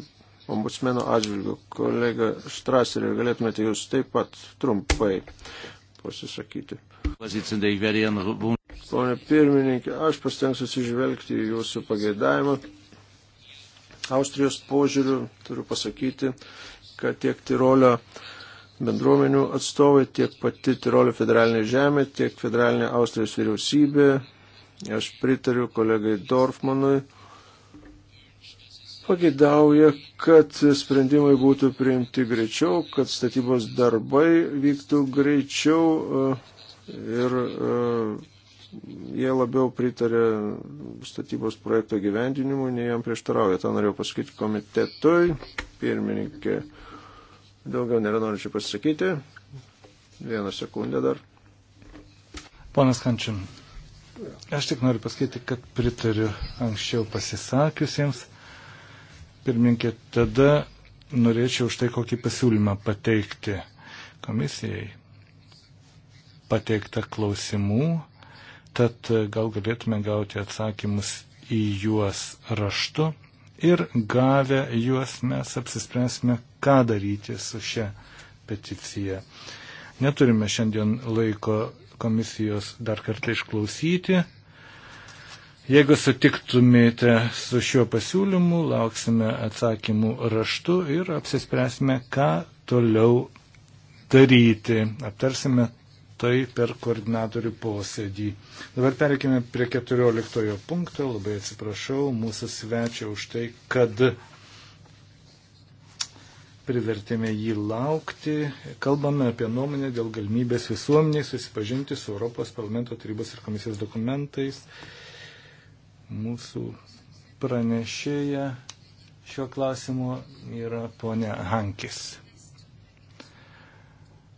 ombudsmeno atžvilgių. Kolega Štraserė, galėtumėte jūs taip pat trumpai pasisakyti. Pone pirmininkė, aš pastengsiu atsižvelgti į jūsų pageidavimą. Austrijos požiūriu turiu pasakyti, kad tiek Tirolio bendruomenių atstovai, tiek pati Tirolio federalinė žemė, tiek federalinė Austrijos vyriausybė. Aš pritariu kolegai Dorfmanui pagėdauja, kad sprendimai būtų priimti greičiau, kad statybos darbai vyktų greičiau, ir e, jie labiau pritarė statybos projekto gyvendinimui, nei jam prieštarauja. Ta norėjau pasakyti komitetui, pirmininkė. Daugiau nėra norinčių pasakyti. Vieną sekundę dar. Ponas Kančian, aš tik noriu pasakyti, kad pritariu anksčiau pasisakiusiems. Pirmininkė, tada norėčiau už tai kokį pasiūlymą pateikti komisijai pateikta klausimų, tad gal galėtume gauti atsakymus į juos raštu ir gavę juos mes apsispręsime, ką daryti su šia peticija. Neturime šiandien laiko komisijos dar kartą išklausyti. Jeigu sutiktumėte su šiuo pasiūlymu, lauksime atsakymų raštu ir apsispręsime, ką toliau daryti. Aptarsime tai per koordinatorių posėdį. Dabar perkime prie 14 punkto. Labai atsiprašau mūsų svečia už tai, kad privertėme jį laukti. Kalbame apie nuomonę dėl galimybės visuomeniai susipažinti su Europos parlamento tarybos ir komisijos dokumentais. Mūsų pranešėja šio klausimo yra ponia Hankis.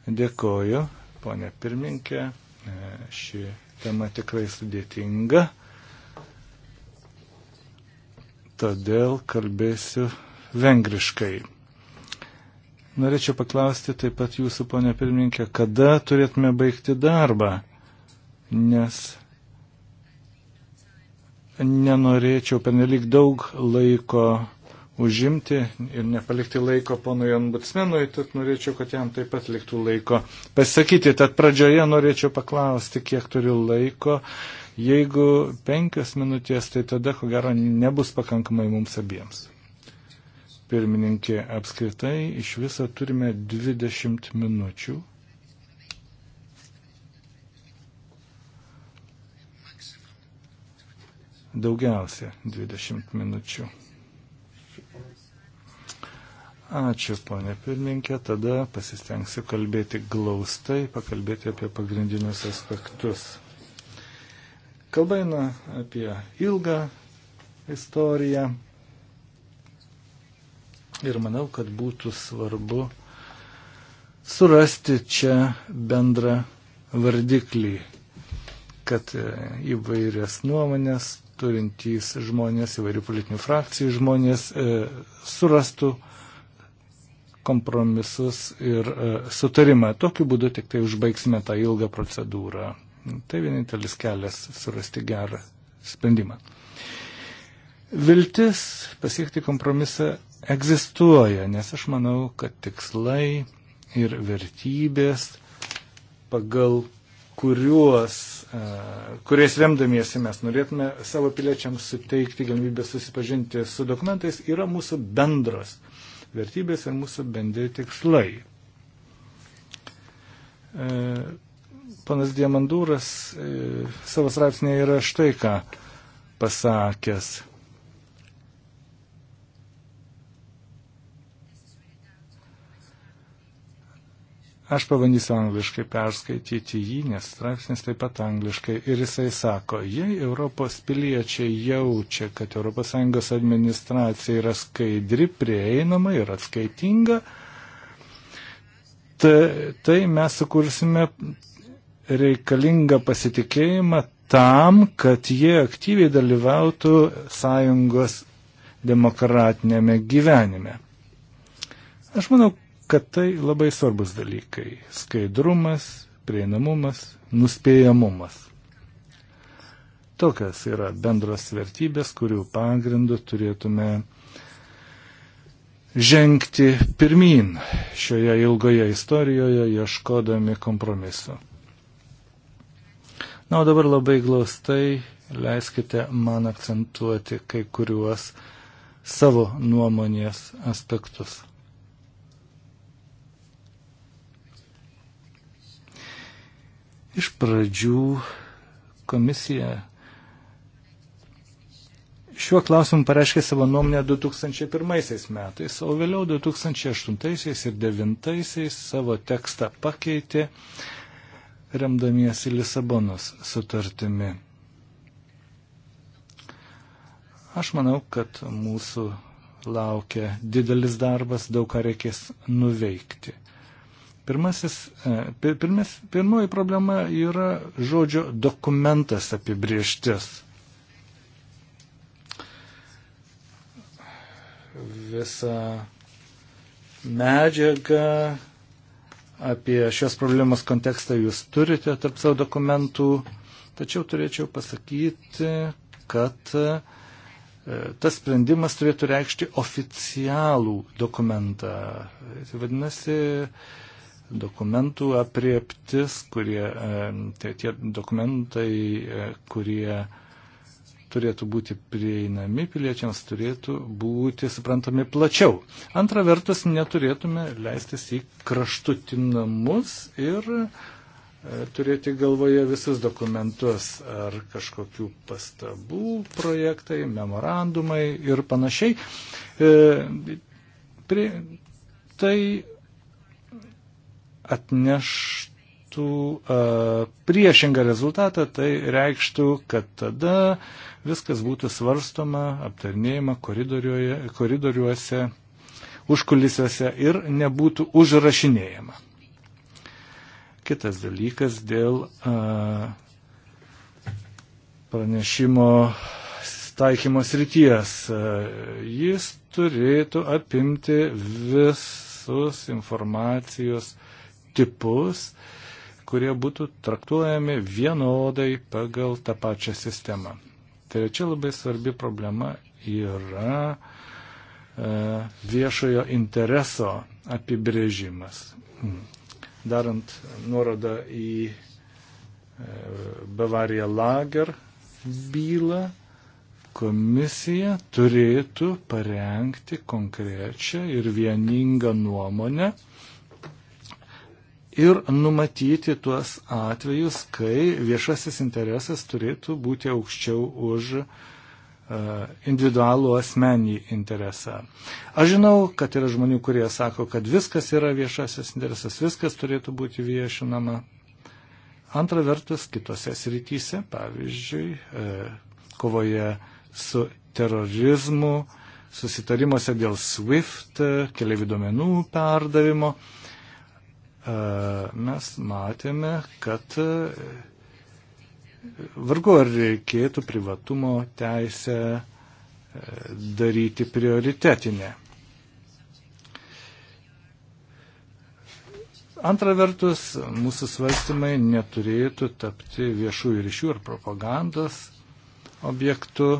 Dėkoju ponė pirminkė. E, ši tema tikrai sudėtinga. Todėl kalbėsiu vengriškai. Norėčiau paklausti taip pat jūsų, ponė pirmininkė, kada turėtume baigti darbą, nes nenorėčiau penelik daug laiko užimti ir nepalikti laiko ponui ombudsmenui, tad norėčiau, kad jam taip pat liktų laiko pasakyti. Tad pradžioje norėčiau paklausti, kiek turiu laiko. Jeigu penkias minutės, tai tada, ko gero, nebus pakankamai mums abiems. Pirmininkė, apskritai iš viso turime 20 minučių. Daugiausia 20 minučių. Ačiū, ponė pirmininkė. Tada pasistengsiu kalbėti glaustai, pakalbėti apie pagrindinius aspektus. Kalba eina apie ilgą istoriją. Ir manau, kad būtų svarbu surasti čia bendrą vardiklį, kad įvairias nuomonės turintys žmonės, įvairių politinių frakcijų žmonės e, surastų kompromisus ir e, sutarimą. Tokiu būdu tik tai užbaigsime tą ilgą procedūrą. Tai vienintelis kelias surasti gerą sprendimą. Viltis pasiekti kompromisą egzistuoja, nes aš manau, kad tikslai ir vertybės, pagal kuriuos, e, kuriais remdamiesi mes norėtume savo piliečiams suteikti galimybę susipažinti su dokumentais, yra mūsų bendros vertybės ir mūsų bendri tikslai. E, Panas Diamandūras e, savo straipsnėje yra štai ką pasakęs. Aš pabandysiu angliškai perskaityti jį, nes straipsnis taip pat angliškai. Ir jisai sako, jei Europos piliečiai jaučia, kad ES administracija yra skaidri, prieinama ir atskaitinga, tai, tai mes sukursime reikalingą pasitikėjimą tam, kad jie aktyviai dalyvautų sąjungos demokratinėme gyvenime. Aš manau, kad tai labai svarbus dalykai - skaidrumas, prieinamumas, nuspėjamumas. Tokias yra bendros vertybės, kurių pagrindu turėtume žengti pirmin šioje ilgoje istorijoje, ieškodami kompromisu. Na, o dabar labai glaustai leiskite man akcentuoti kai kuriuos savo nuomonės aspektus. Iš pradžių komisija šiuo klausimu pareiškė savo nuomonę 2001 metais, o vėliau 2008 ir 2009 savo tekstą pakeitė, remdamiesi Lisabonos sutartimi. Aš manau, kad mūsų laukia didelis darbas, daug ką reikės nuveikti. Pirmasis, e, pirmis, pirmoji problema yra žodžio dokumentas apibrieštis. Visa medžiaga apie šios problemos kontekstą jūs turite tarp savo dokumentų, tačiau turėčiau pasakyti, kad e, tas sprendimas turėtų reikšti oficialų dokumentą. Tai vadinasi, dokumentų apriektis, kurie, tie, tai tie dokumentai, e, kurie turėtų būti prieinami piliečiams, turėtų būti suprantami plačiau. Antra vertus, neturėtume leistis į kraštutinamus ir e, turėti galvoje visus dokumentus ar kažkokių pastabų projektai, memorandumai ir panašiai. E, Prie, tai atneštų a, priešingą rezultatą, tai reikštų, kad tada viskas būtų svarstoma, aptarnėjama koridoriuose, užkulisiuose ir nebūtų užrašinėjama. Kitas dalykas dėl a, pranešimo taikymos ryties. Jis turėtų apimti visus informacijos tipus, kurie būtų traktuojami vienodai pagal tą pačią sistemą. Trečia labai svarbi problema yra e, viešojo intereso apibrėžimas. Darant nuorodą į e, Bavariją Lager bylą, komisija turėtų parengti konkrečią ir vieningą nuomonę, ir numatyti tuos atvejus, kai viešasis interesas turėtų būti aukščiau už e, individualų asmenį interesą. Aš žinau, kad yra žmonių, kurie sako, kad viskas yra viešasis interesas, viskas turėtų būti viešinama. Antra vertus, kitose srityse, pavyzdžiui, e, kovoje su terorizmu, susitarimuose dėl SWIFT, keliavių duomenų perdavimo, E, mes matėme, kad e, vargu ar reikėtų privatumo teisę e, daryti prioritetinę. Antra vertus, mūsų svarstymai neturėtų tapti viešųjų ryšių ar propagandos objektu.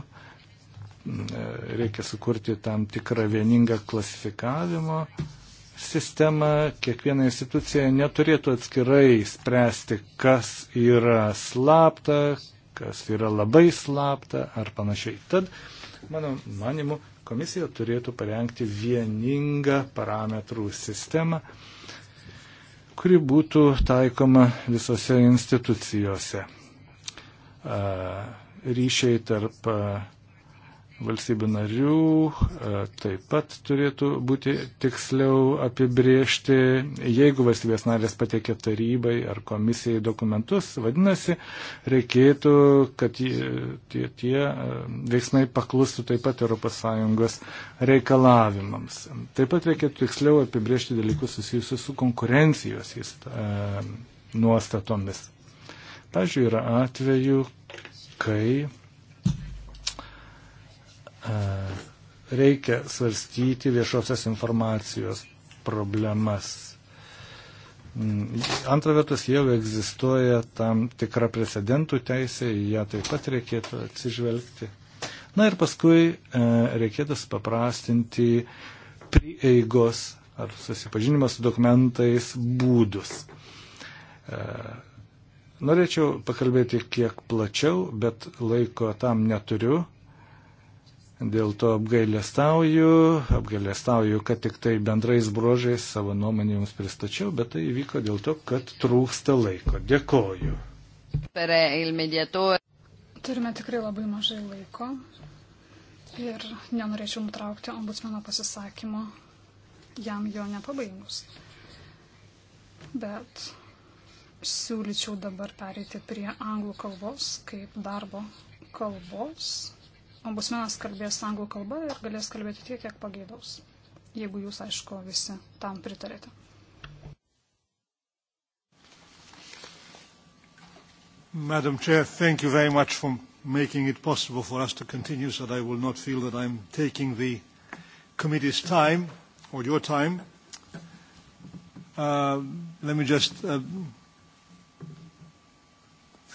Reikia sukurti tam tikrą vieningą klasifikavimo sistemą, kiekviena institucija neturėtų atskirai spręsti, kas yra slapta, kas yra labai slapta ar panašiai. Tad, mano manimu, komisija turėtų parengti vieningą parametrų sistemą, kuri būtų taikoma visose institucijose. Ryšiai tarp valstybių narių e, taip pat turėtų būti tiksliau apibriežti, jeigu valstybės narės pateikia tarybai ar komisijai dokumentus, vadinasi, reikėtų, kad tie, tie e, veiksmai paklustų taip pat ES reikalavimams. Taip pat reikėtų tiksliau apibriežti dalykus susijusius su konkurencijos jis, e, nuostatomis. Pavyzdžiui, yra atveju, kai reikia svarstyti viešosios informacijos problemas. Mm, antra vertus, jau egzistuoja tam tikra precedentų teisė, į ją taip pat reikėtų atsižvelgti. Na ir paskui e, reikėtų paprastinti prieigos ar susipažinimas su dokumentais būdus. E, norėčiau pakalbėti kiek plačiau, bet laiko tam neturiu. Dėl to apgailestauju, apgailestauju, kad tik tai bendrais brožais savo nuomonę jums pristačiau, bet tai įvyko dėl to, kad trūksta laiko. Dėkoju. Turime tikrai labai mažai laiko ir nenorėčiau nutraukti ombudsmeno pasisakymo, jam jo nepabaigus. Bet siūlyčiau dabar pereiti prie anglų kalbos kaip darbo kalbos Ombusmenas kalbės anglų kalba ir galės kalbėti tiek, kiek pageidaus, jeigu jūs, aišku, visi tam pritarėte. Madam Chair, thank you very much for making it possible for us to continue so that I will not feel that I'm taking the committee's time or your time. Uh, let me just uh,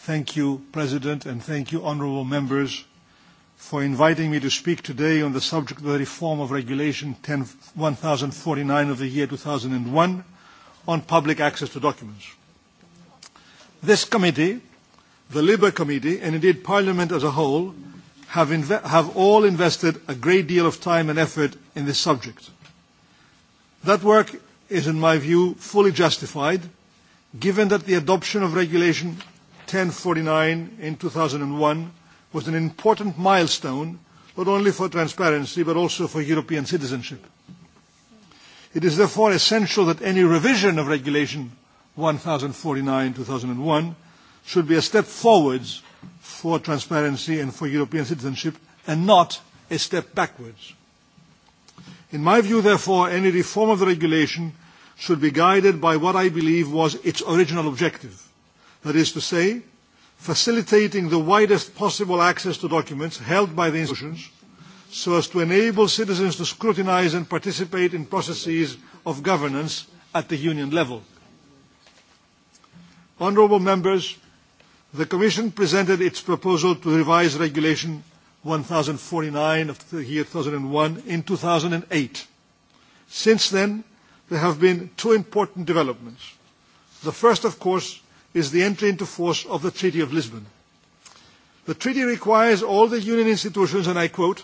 thank you, President, and thank you, honorable members, for inviting me to speak today on the subject of the reform of Regulation 10, 1049 of the year 2001 on public access to documents. This committee, the Labour Committee, and indeed Parliament as a whole, have, inve- have all invested a great deal of time and effort in this subject. That work is, in my view, fully justified, given that the adoption of Regulation 1049 in 2001 was an important milestone not only for transparency but also for European citizenship. It is therefore essential that any revision of Regulation 1049-2001 should be a step forwards for transparency and for European citizenship and not a step backwards. In my view, therefore, any reform of the regulation should be guided by what I believe was its original objective. That is to say, facilitating the widest possible access to documents held by the institutions so as to enable citizens to scrutinize and participate in processes of governance at the Union level. Honourable Members, the Commission presented its proposal to revise Regulation 1049 of the year 2001 in 2008. Since then, there have been two important developments. The first, of course, is the entry into force of the Treaty of Lisbon. The treaty requires all the Union institutions, and I quote,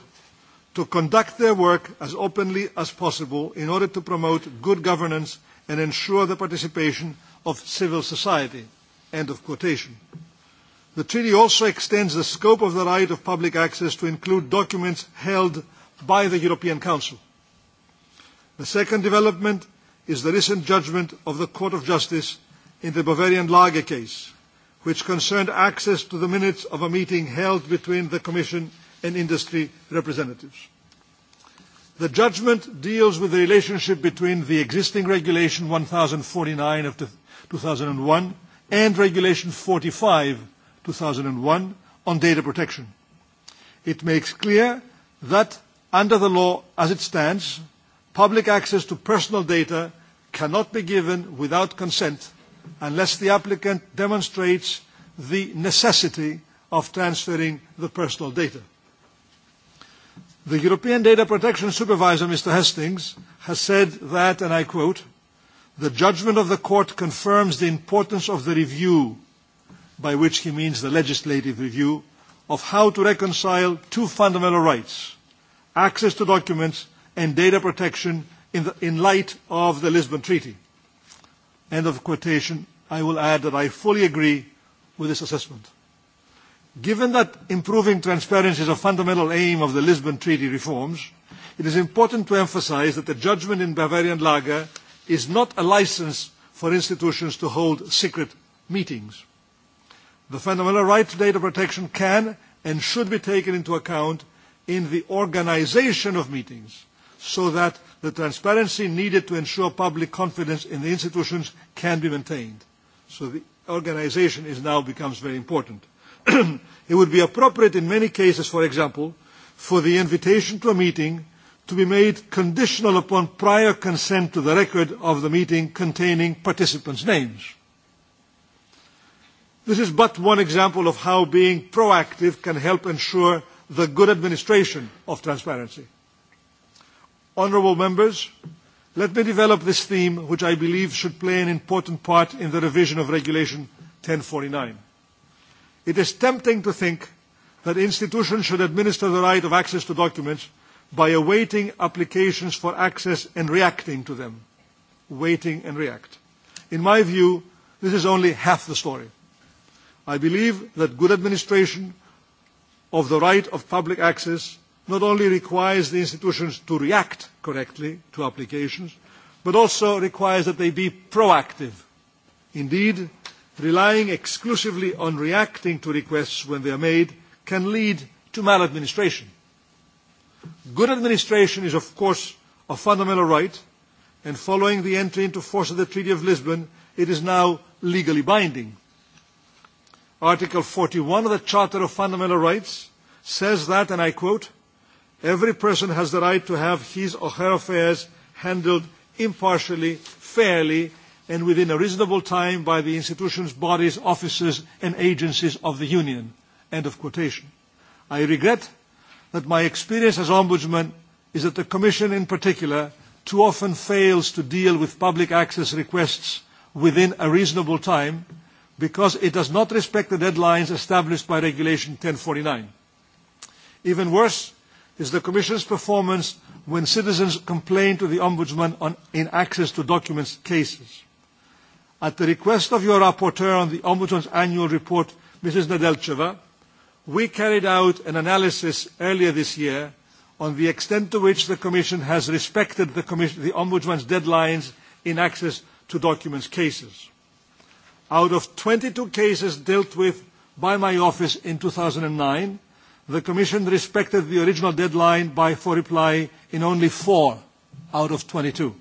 to conduct their work as openly as possible in order to promote good governance and ensure the participation of civil society. End of quotation. The treaty also extends the scope of the right of public access to include documents held by the European Council. The second development is the recent judgment of the Court of Justice in the Bavarian Lager case, which concerned access to the minutes of a meeting held between the Commission and industry representatives. The judgment deals with the relationship between the existing Regulation 1049 of 2001 and Regulation 45 2001 on data protection. It makes clear that under the law as it stands, public access to personal data cannot be given without consent unless the applicant demonstrates the necessity of transferring the personal data. The European Data Protection Supervisor, Mr. Hastings, has said that, and I quote, the judgment of the court confirms the importance of the review, by which he means the legislative review, of how to reconcile two fundamental rights, access to documents and data protection in, the, in light of the Lisbon Treaty. End of quotation. I will add that I fully agree with this assessment. Given that improving transparency is a fundamental aim of the Lisbon Treaty reforms, it is important to emphasize that the judgment in Bavarian Lager is not a license for institutions to hold secret meetings. The fundamental right to data protection can and should be taken into account in the organization of meetings so that the transparency needed to ensure public confidence in the institutions can be maintained. So the organization is now becomes very important. [CLEARS THROAT] it would be appropriate in many cases, for example, for the invitation to a meeting to be made conditional upon prior consent to the record of the meeting containing participants' names. This is but one example of how being proactive can help ensure the good administration of transparency. Honourable members, let me develop this theme, which I believe should play an important part in the revision of Regulation 1049. It is tempting to think that institutions should administer the right of access to documents by awaiting applications for access and reacting to them. Waiting and react. In my view, this is only half the story. I believe that good administration of the right of public access not only requires the institutions to react correctly to applications, but also requires that they be proactive. Indeed, relying exclusively on reacting to requests when they are made can lead to maladministration. Good administration is, of course, a fundamental right, and following the entry into force of the Treaty of Lisbon, it is now legally binding. Article 41 of the Charter of Fundamental Rights says that, and I quote, Every person has the right to have his or her affairs handled impartially, fairly, and within a reasonable time by the institutions, bodies, offices, and agencies of the Union. End of quotation. I regret that my experience as Ombudsman is that the Commission in particular too often fails to deal with public access requests within a reasonable time because it does not respect the deadlines established by Regulation 1049. Even worse, is the Commission's performance when citizens complain to the Ombudsman on, in access to documents cases. At the request of your rapporteur on the Ombudsman's annual report, Mrs. Nedelcheva, we carried out an analysis earlier this year on the extent to which the Commission has respected the, commission, the Ombudsman's deadlines in access to documents cases. Out of 22 cases dealt with by my office in 2009, the Commission respected the original deadline by, for reply in only four out of 22.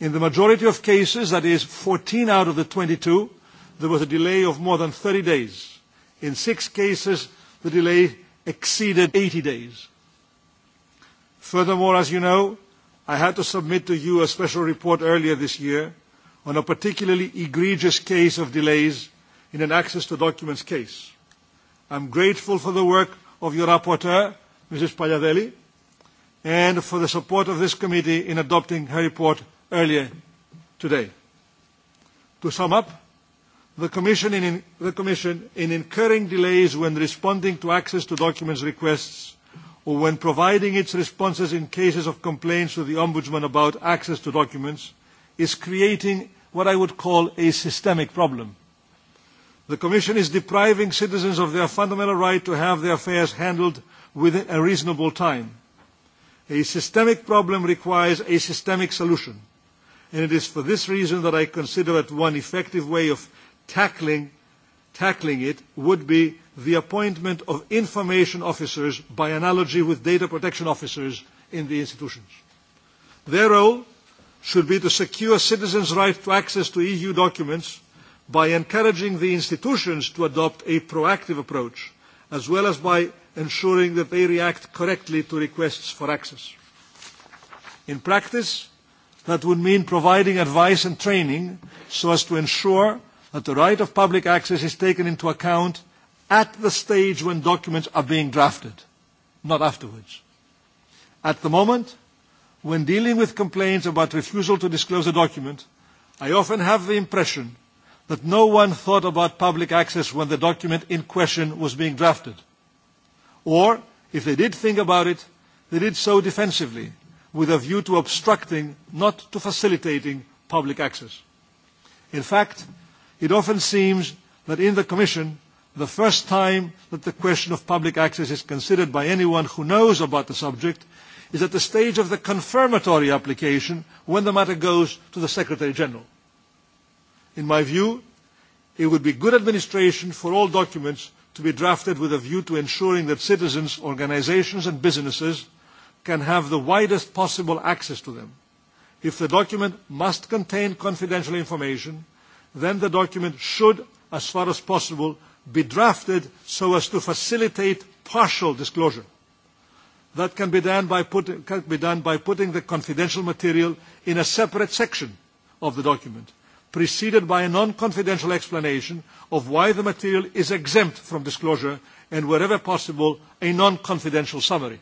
In the majority of cases, that is 14 out of the 22, there was a delay of more than 30 days. In six cases, the delay exceeded 80 days. Furthermore, as you know, I had to submit to you a special report earlier this year on a particularly egregious case of delays in an access to documents case. I'm grateful for the work of your rapporteur, Mrs. Pagliadelli, and for the support of this committee in adopting her report earlier today. To sum up, the Commission, in, the Commission, in incurring delays when responding to access to documents requests or when providing its responses in cases of complaints to the Ombudsman about access to documents, is creating what I would call a systemic problem. The Commission is depriving citizens of their fundamental right to have their affairs handled within a reasonable time. A systemic problem requires a systemic solution, and it is for this reason that I consider that one effective way of tackling, tackling it would be the appointment of information officers by analogy with data protection officers in the institutions. Their role should be to secure citizens' right to access to EU documents by encouraging the institutions to adopt a proactive approach, as well as by ensuring that they react correctly to requests for access. In practice, that would mean providing advice and training so as to ensure that the right of public access is taken into account at the stage when documents are being drafted, not afterwards. At the moment, when dealing with complaints about refusal to disclose a document, I often have the impression that no one thought about public access when the document in question was being drafted. Or, if they did think about it, they did so defensively, with a view to obstructing, not to facilitating, public access. In fact, it often seems that in the Commission, the first time that the question of public access is considered by anyone who knows about the subject is at the stage of the confirmatory application when the matter goes to the Secretary General. In my view, it would be good administration for all documents to be drafted with a view to ensuring that citizens, organizations and businesses can have the widest possible access to them. If the document must contain confidential information, then the document should, as far as possible, be drafted so as to facilitate partial disclosure. That can be done by, put, can be done by putting the confidential material in a separate section of the document preceded by a non-confidential explanation of why the material is exempt from disclosure and, wherever possible, a non-confidential summary.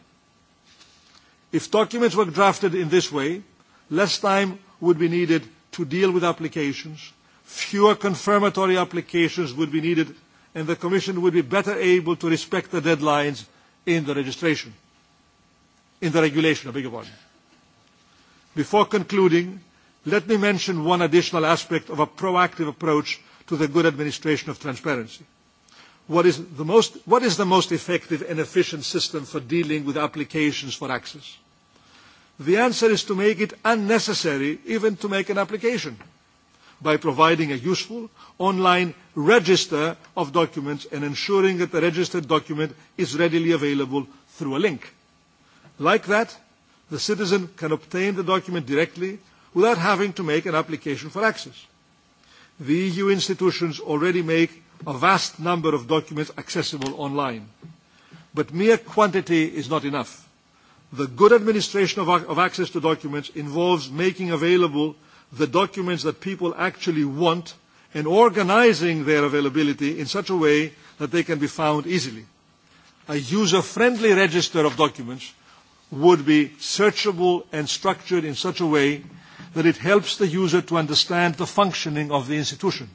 If documents were drafted in this way, less time would be needed to deal with applications, fewer confirmatory applications would be needed, and the Commission would be better able to respect the deadlines in the registration, in the regulation, I beg your pardon. Before concluding, Let me mention one additional aspect of a proactive approach to the good administration of transparency. What is the most, what is the most effective and efficient system for dealing with applications for access? The answer is to make it unnecessary even to make an application by providing a useful online register of documents and ensuring that the registered document is readily available through a link. Like that, the citizen can obtain the document directly without having to make an application for access. The EU institutions already make a vast number of documents accessible online. But mere quantity is not enough. The good administration of, of access to documents involves making available the documents that people actually want and organizing their availability in such a way that they can be found easily. A user-friendly register of documents would be searchable and structured in such a way that it helps the user to understand the functioning of the institution.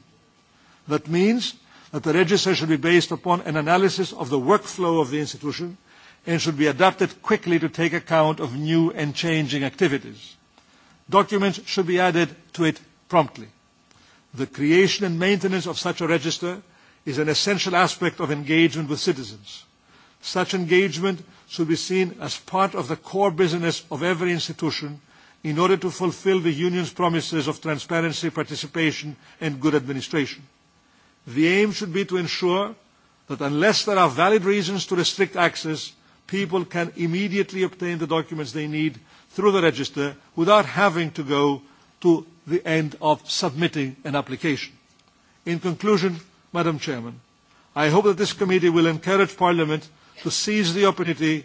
That means that the register should be based upon an analysis of the workflow of the institution and should be adapted quickly to take account of new and changing activities. Documents should be added to it promptly. The creation and maintenance of such a register is an essential aspect of engagement with citizens. Such engagement should be seen as part of the core business of every institution in order to fulfill the Union's promises of transparency, participation and good administration. The aim should be to ensure that unless there are valid reasons to restrict access, people can immediately obtain the documents they need through the register without having to go to the end of submitting an application. In conclusion, Madam Chairman, I hope that this committee will encourage Parliament to seize the opportunity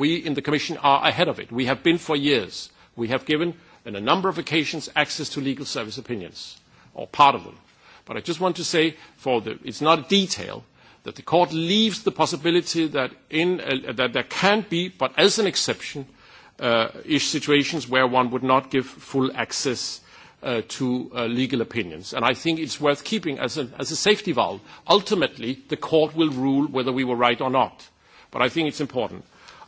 We in the Commission are ahead of it. We have been for years. We have given, on a number of occasions, access to legal service opinions, or part of them. But I just want to say, for the, it's not a detail, that the court leaves the possibility that, in, uh, that there can be, but as an exception, uh, is situations where one would not give full access uh, to uh, legal opinions. And I think it's worth keeping as a, as a safety valve. Ultimately, the court will rule whether we were right or not. But I think it's important. Uh,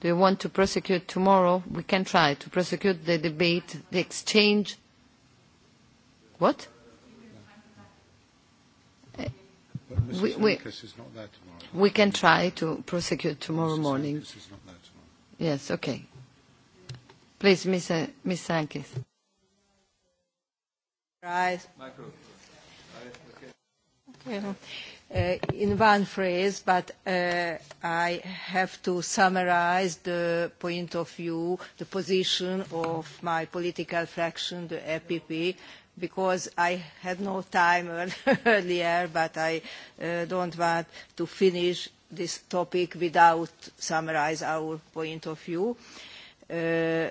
do you want to prosecute tomorrow? We can try to prosecute the debate, the exchange. What? We, we, we can try to prosecute tomorrow morning. Yes, okay. Please, Ms. Uh, Ms. Sankis. Right. Micro. Okay uh, in one phrase, but uh, I have to summarize the point of view, the position of my political fraction, the EPP, because I had no time [LAUGHS] earlier, but I uh, don't want to finish this topic without summarize our point of view. Uh,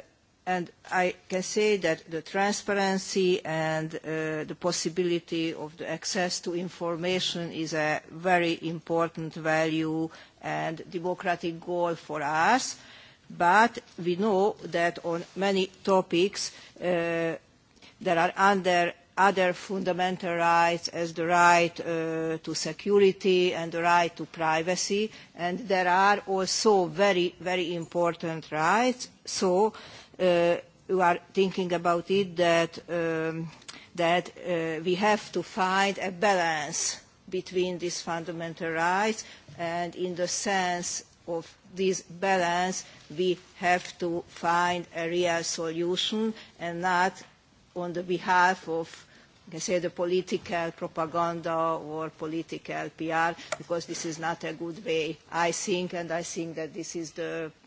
And I can say that the transparency and uh, the possibility of the access to information is a very important value and democratic goal for us. But we know that on many topics uh, there are under other fundamental rights as the right uh, to security and the right to privacy. And there are also very, very important rights. So uh, uh, who are thinking about it that, um, that uh, we have to find a balance between these fundamental rights and in the sense of this balance we have to find a real solution and not on the behalf of you can say the political propaganda or political PR because this is not a good way I think and I think that this is the